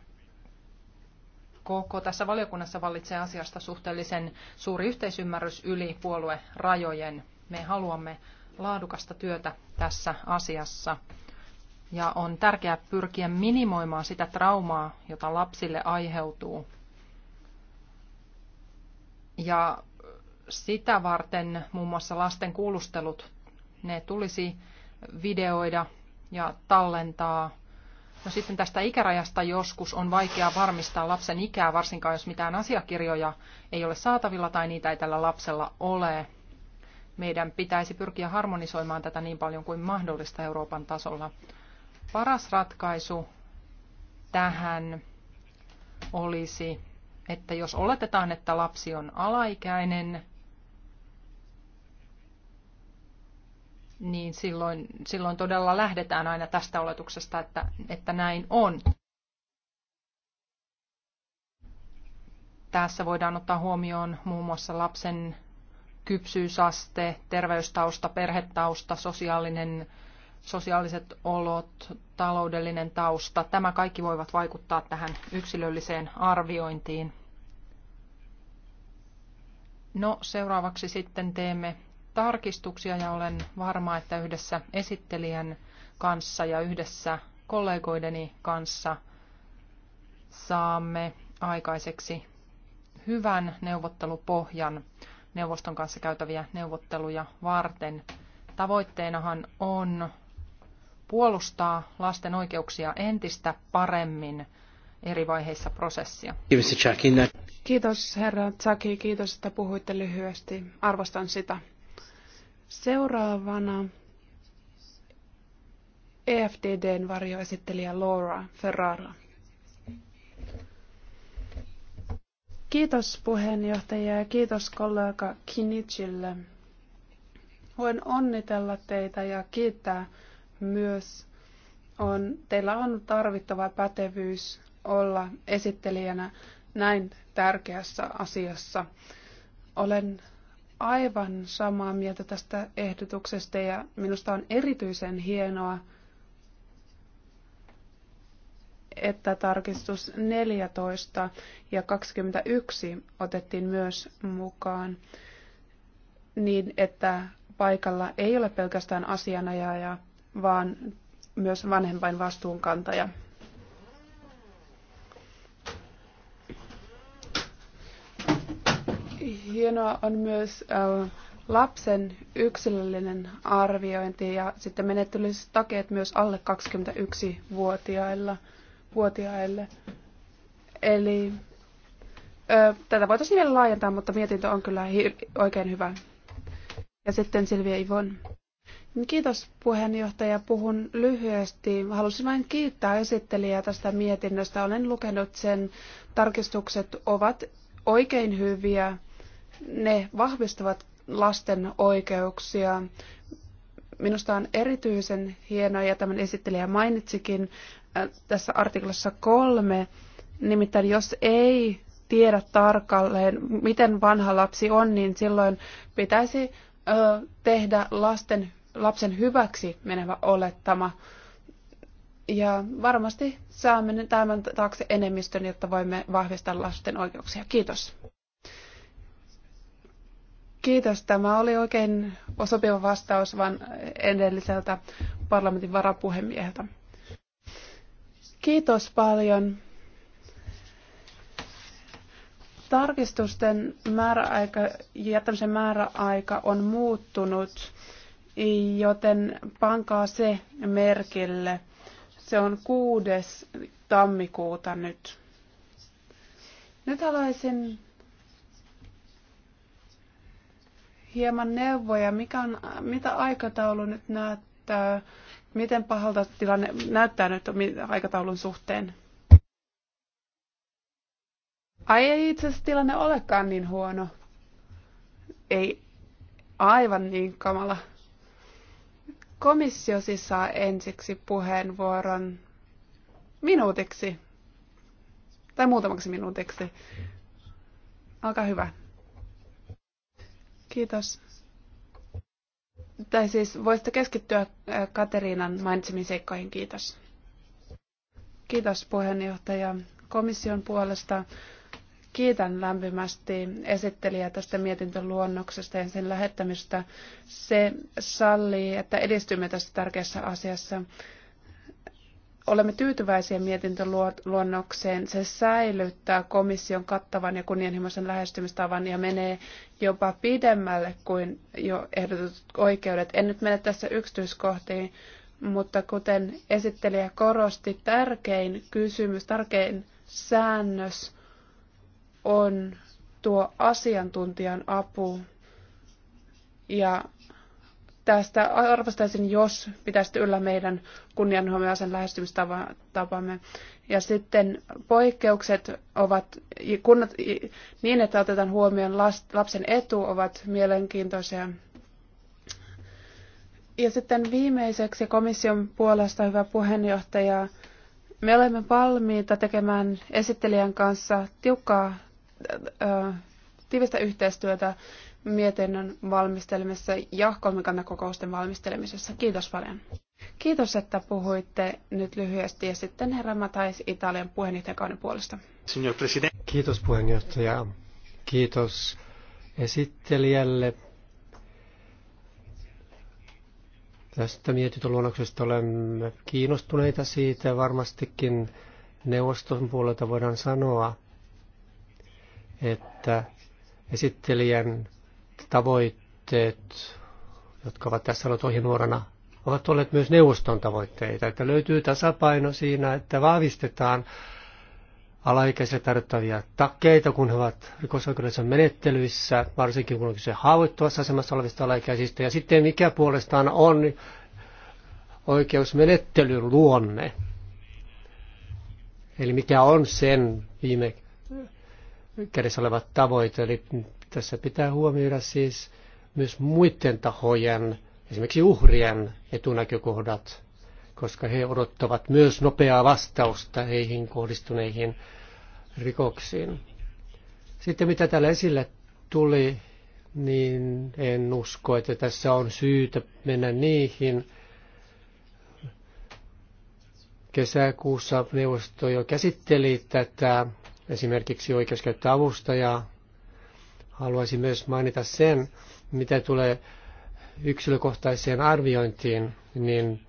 koko tässä valiokunnassa vallitsee asiasta suhteellisen suuri yhteisymmärrys yli puoluerajojen. Me haluamme laadukasta työtä tässä asiassa. Ja on tärkeää pyrkiä minimoimaan sitä traumaa, jota lapsille aiheutuu. Ja sitä varten muun muassa lasten kuulustelut, ne tulisi videoida ja tallentaa No sitten tästä ikärajasta joskus on vaikea varmistaa lapsen ikää, varsinkaan jos mitään asiakirjoja ei ole saatavilla tai niitä ei tällä lapsella ole. Meidän pitäisi pyrkiä harmonisoimaan tätä niin paljon kuin mahdollista Euroopan tasolla. Paras ratkaisu tähän olisi, että jos oletetaan, että lapsi on alaikäinen, niin silloin, silloin todella lähdetään aina tästä oletuksesta, että, että näin on. Tässä voidaan ottaa huomioon muun muassa lapsen kypsyysaste, terveystausta, perhetausta, sosiaalinen, sosiaaliset olot, taloudellinen tausta. Tämä kaikki voivat vaikuttaa tähän yksilölliseen arviointiin. No seuraavaksi sitten teemme tarkistuksia ja olen varma, että yhdessä esittelijän kanssa ja yhdessä kollegoideni kanssa saamme aikaiseksi hyvän neuvottelupohjan neuvoston kanssa käytäviä neuvotteluja varten. Tavoitteenahan on puolustaa lasten oikeuksia entistä paremmin eri vaiheissa prosessia. Kiitos herra Tsaki, kiitos että puhuitte lyhyesti. Arvostan sitä. Seuraavana EFTDn varjoesittelijä Laura Ferrara. Kiitos puheenjohtaja ja kiitos kollega Kinichille. Voin onnitella teitä ja kiittää myös. On, teillä on tarvittava pätevyys olla esittelijänä näin tärkeässä asiassa. Olen aivan samaa mieltä tästä ehdotuksesta ja minusta on erityisen hienoa, että tarkistus 14 ja 21 otettiin myös mukaan niin, että paikalla ei ole pelkästään asianajaja, vaan myös vanhempain vastuunkantaja. Hienoa on myös äh, lapsen yksilöllinen arviointi ja sitten menettelylliset takeet myös alle 21-vuotiailla vuotiaille. Eli ö, äh, tätä voitaisiin vielä laajentaa, mutta mietintö on kyllä oikein hyvä. Ja sitten Silvia Ivon. Kiitos puheenjohtaja. Puhun lyhyesti. Halusin vain kiittää esittelijää tästä mietinnöstä. Olen lukenut sen. Tarkistukset ovat oikein hyviä ne vahvistavat lasten oikeuksia. Minusta on erityisen hienoa, ja tämän esittelijä mainitsikin äh, tässä artiklassa kolme, nimittäin jos ei tiedä tarkalleen, miten vanha lapsi on, niin silloin pitäisi ö, tehdä lasten, lapsen hyväksi menevä olettama. Ja varmasti saamme tämän taakse enemmistön, jotta voimme vahvistaa lasten oikeuksia. Kiitos. Kiitos. Tämä oli oikein sopiva vastaus vaan edelliseltä parlamentin varapuhemieheltä. Kiitos paljon. Tarkistusten määräaika, jättämisen määräaika on muuttunut, joten pankaa se merkille. Se on 6. tammikuuta nyt. Nyt haluaisin hieman neuvoja, mikä on, mitä aikataulu nyt näyttää, miten pahalta tilanne näyttää nyt aikataulun suhteen? Ai ei itse asiassa tilanne olekaan niin huono. Ei aivan niin kamala. Komissio siis saa ensiksi puheenvuoron minuutiksi. Tai muutamaksi minuutiksi. Olkaa hyvä. Kiitos. Tai siis voisitte keskittyä äh, Kateriinan mainitsemiin seikkoihin. Kiitos. Kiitos puheenjohtaja komission puolesta. Kiitän lämpimästi esittelijää tästä mietintöluonnoksesta ja sen lähettämistä. Se sallii, että edistymme tässä tärkeässä asiassa olemme tyytyväisiä mietintöluonnokseen. Se säilyttää komission kattavan ja kunnianhimoisen lähestymistavan ja menee jopa pidemmälle kuin jo ehdotetut oikeudet. En nyt mene tässä yksityiskohtiin, mutta kuten esittelijä korosti, tärkein kysymys, tärkein säännös on tuo asiantuntijan apu. Ja tästä arvostaisin, jos pitäisi yllä meidän kunnianhimoisen lähestymistapamme. Ja sitten poikkeukset ovat, kunnat, niin että otetaan huomioon lapsen etu, ovat mielenkiintoisia. Ja sitten viimeiseksi komission puolesta hyvä puheenjohtaja, me olemme valmiita tekemään esittelijän kanssa tiukkaa, tiivistä yhteistyötä mietinnön valmistelemisessa ja kokousten valmistelemisessa. Kiitos paljon. Kiitos, että puhuitte nyt lyhyesti ja sitten herra Matais Italian puheenjohtajakauden puolesta. Kiitos puheenjohtaja. Kiitos esittelijälle. Tästä mietintöluonnoksesta olemme kiinnostuneita siitä. Varmastikin neuvoston puolelta voidaan sanoa, että esittelijän tavoitteet, jotka ovat tässä olleet ohjenuorana, ovat olleet myös neuvoston tavoitteita, että löytyy tasapaino siinä, että vahvistetaan alaikäisille tarjottavia takkeita, kun he ovat rikosoikeudellisissa menettelyissä, varsinkin kun on kyse haavoittuvassa asemassa olevista alaikäisistä, ja sitten mikä puolestaan on oikeusmenettelyn luonne. Eli mikä on sen viime kädessä oleva tavoite, eli tässä pitää huomioida siis myös muiden tahojen, esimerkiksi uhrien etunäkökohdat, koska he odottavat myös nopeaa vastausta heihin kohdistuneihin rikoksiin. Sitten mitä täällä esille tuli, niin en usko, että tässä on syytä mennä niihin. Kesäkuussa neuvosto jo käsitteli tätä esimerkiksi oikeuskäyttöavustajaa Haluaisin myös mainita sen, mitä tulee yksilökohtaiseen arviointiin, niin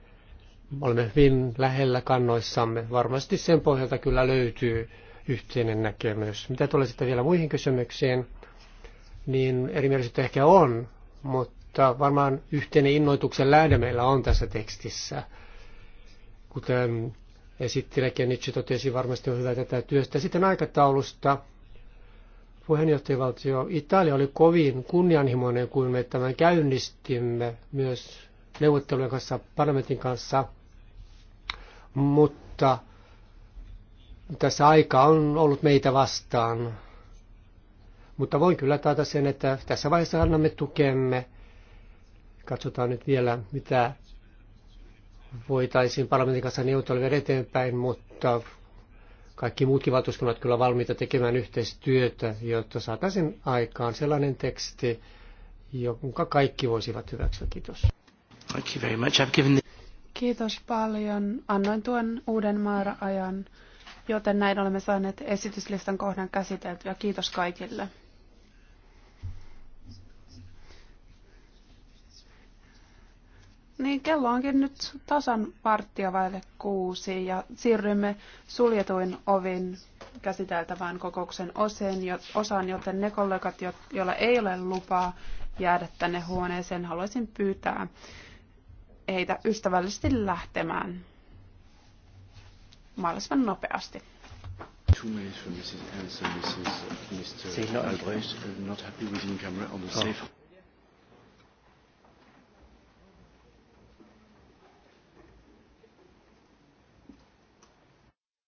olemme hyvin lähellä kannoissamme. Varmasti sen pohjalta kyllä löytyy yhteinen näkemys. Mitä tulee sitten vielä muihin kysymyksiin, niin erimielisyyttä ehkä on, mutta varmaan yhteinen innoituksen lähde meillä on tässä tekstissä. Kuten esittelijäkin itse totesi, varmasti on hyvä tätä työstä. Sitten aikataulusta puheenjohtajavaltio Italia oli kovin kunnianhimoinen, kun me tämän käynnistimme myös neuvottelujen kanssa, parlamentin kanssa. Mutta tässä aika on ollut meitä vastaan. Mutta voin kyllä taata sen, että tässä vaiheessa annamme tukemme. Katsotaan nyt vielä, mitä voitaisiin parlamentin kanssa neuvotella eteenpäin, mutta kaikki muutkin valtuuskunnat kyllä valmiita tekemään yhteistyötä, jotta saataisiin aikaan sellainen teksti, jonka kaikki voisivat hyväksyä. Kiitos. Thank you very much. I've given the... Kiitos paljon. Annoin tuon uuden määräajan, joten näin olemme saaneet esityslistan kohdan käsiteltyä. Kiitos kaikille. Niin, kello onkin nyt tasan varttia vaille kuusi ja siirrymme suljetuin ovin käsiteltävään kokouksen osaan, joten ne kollegat, joilla ei ole lupaa jäädä tänne huoneeseen, haluaisin pyytää heitä ystävällisesti lähtemään mahdollisimman nopeasti. Two no, uh, on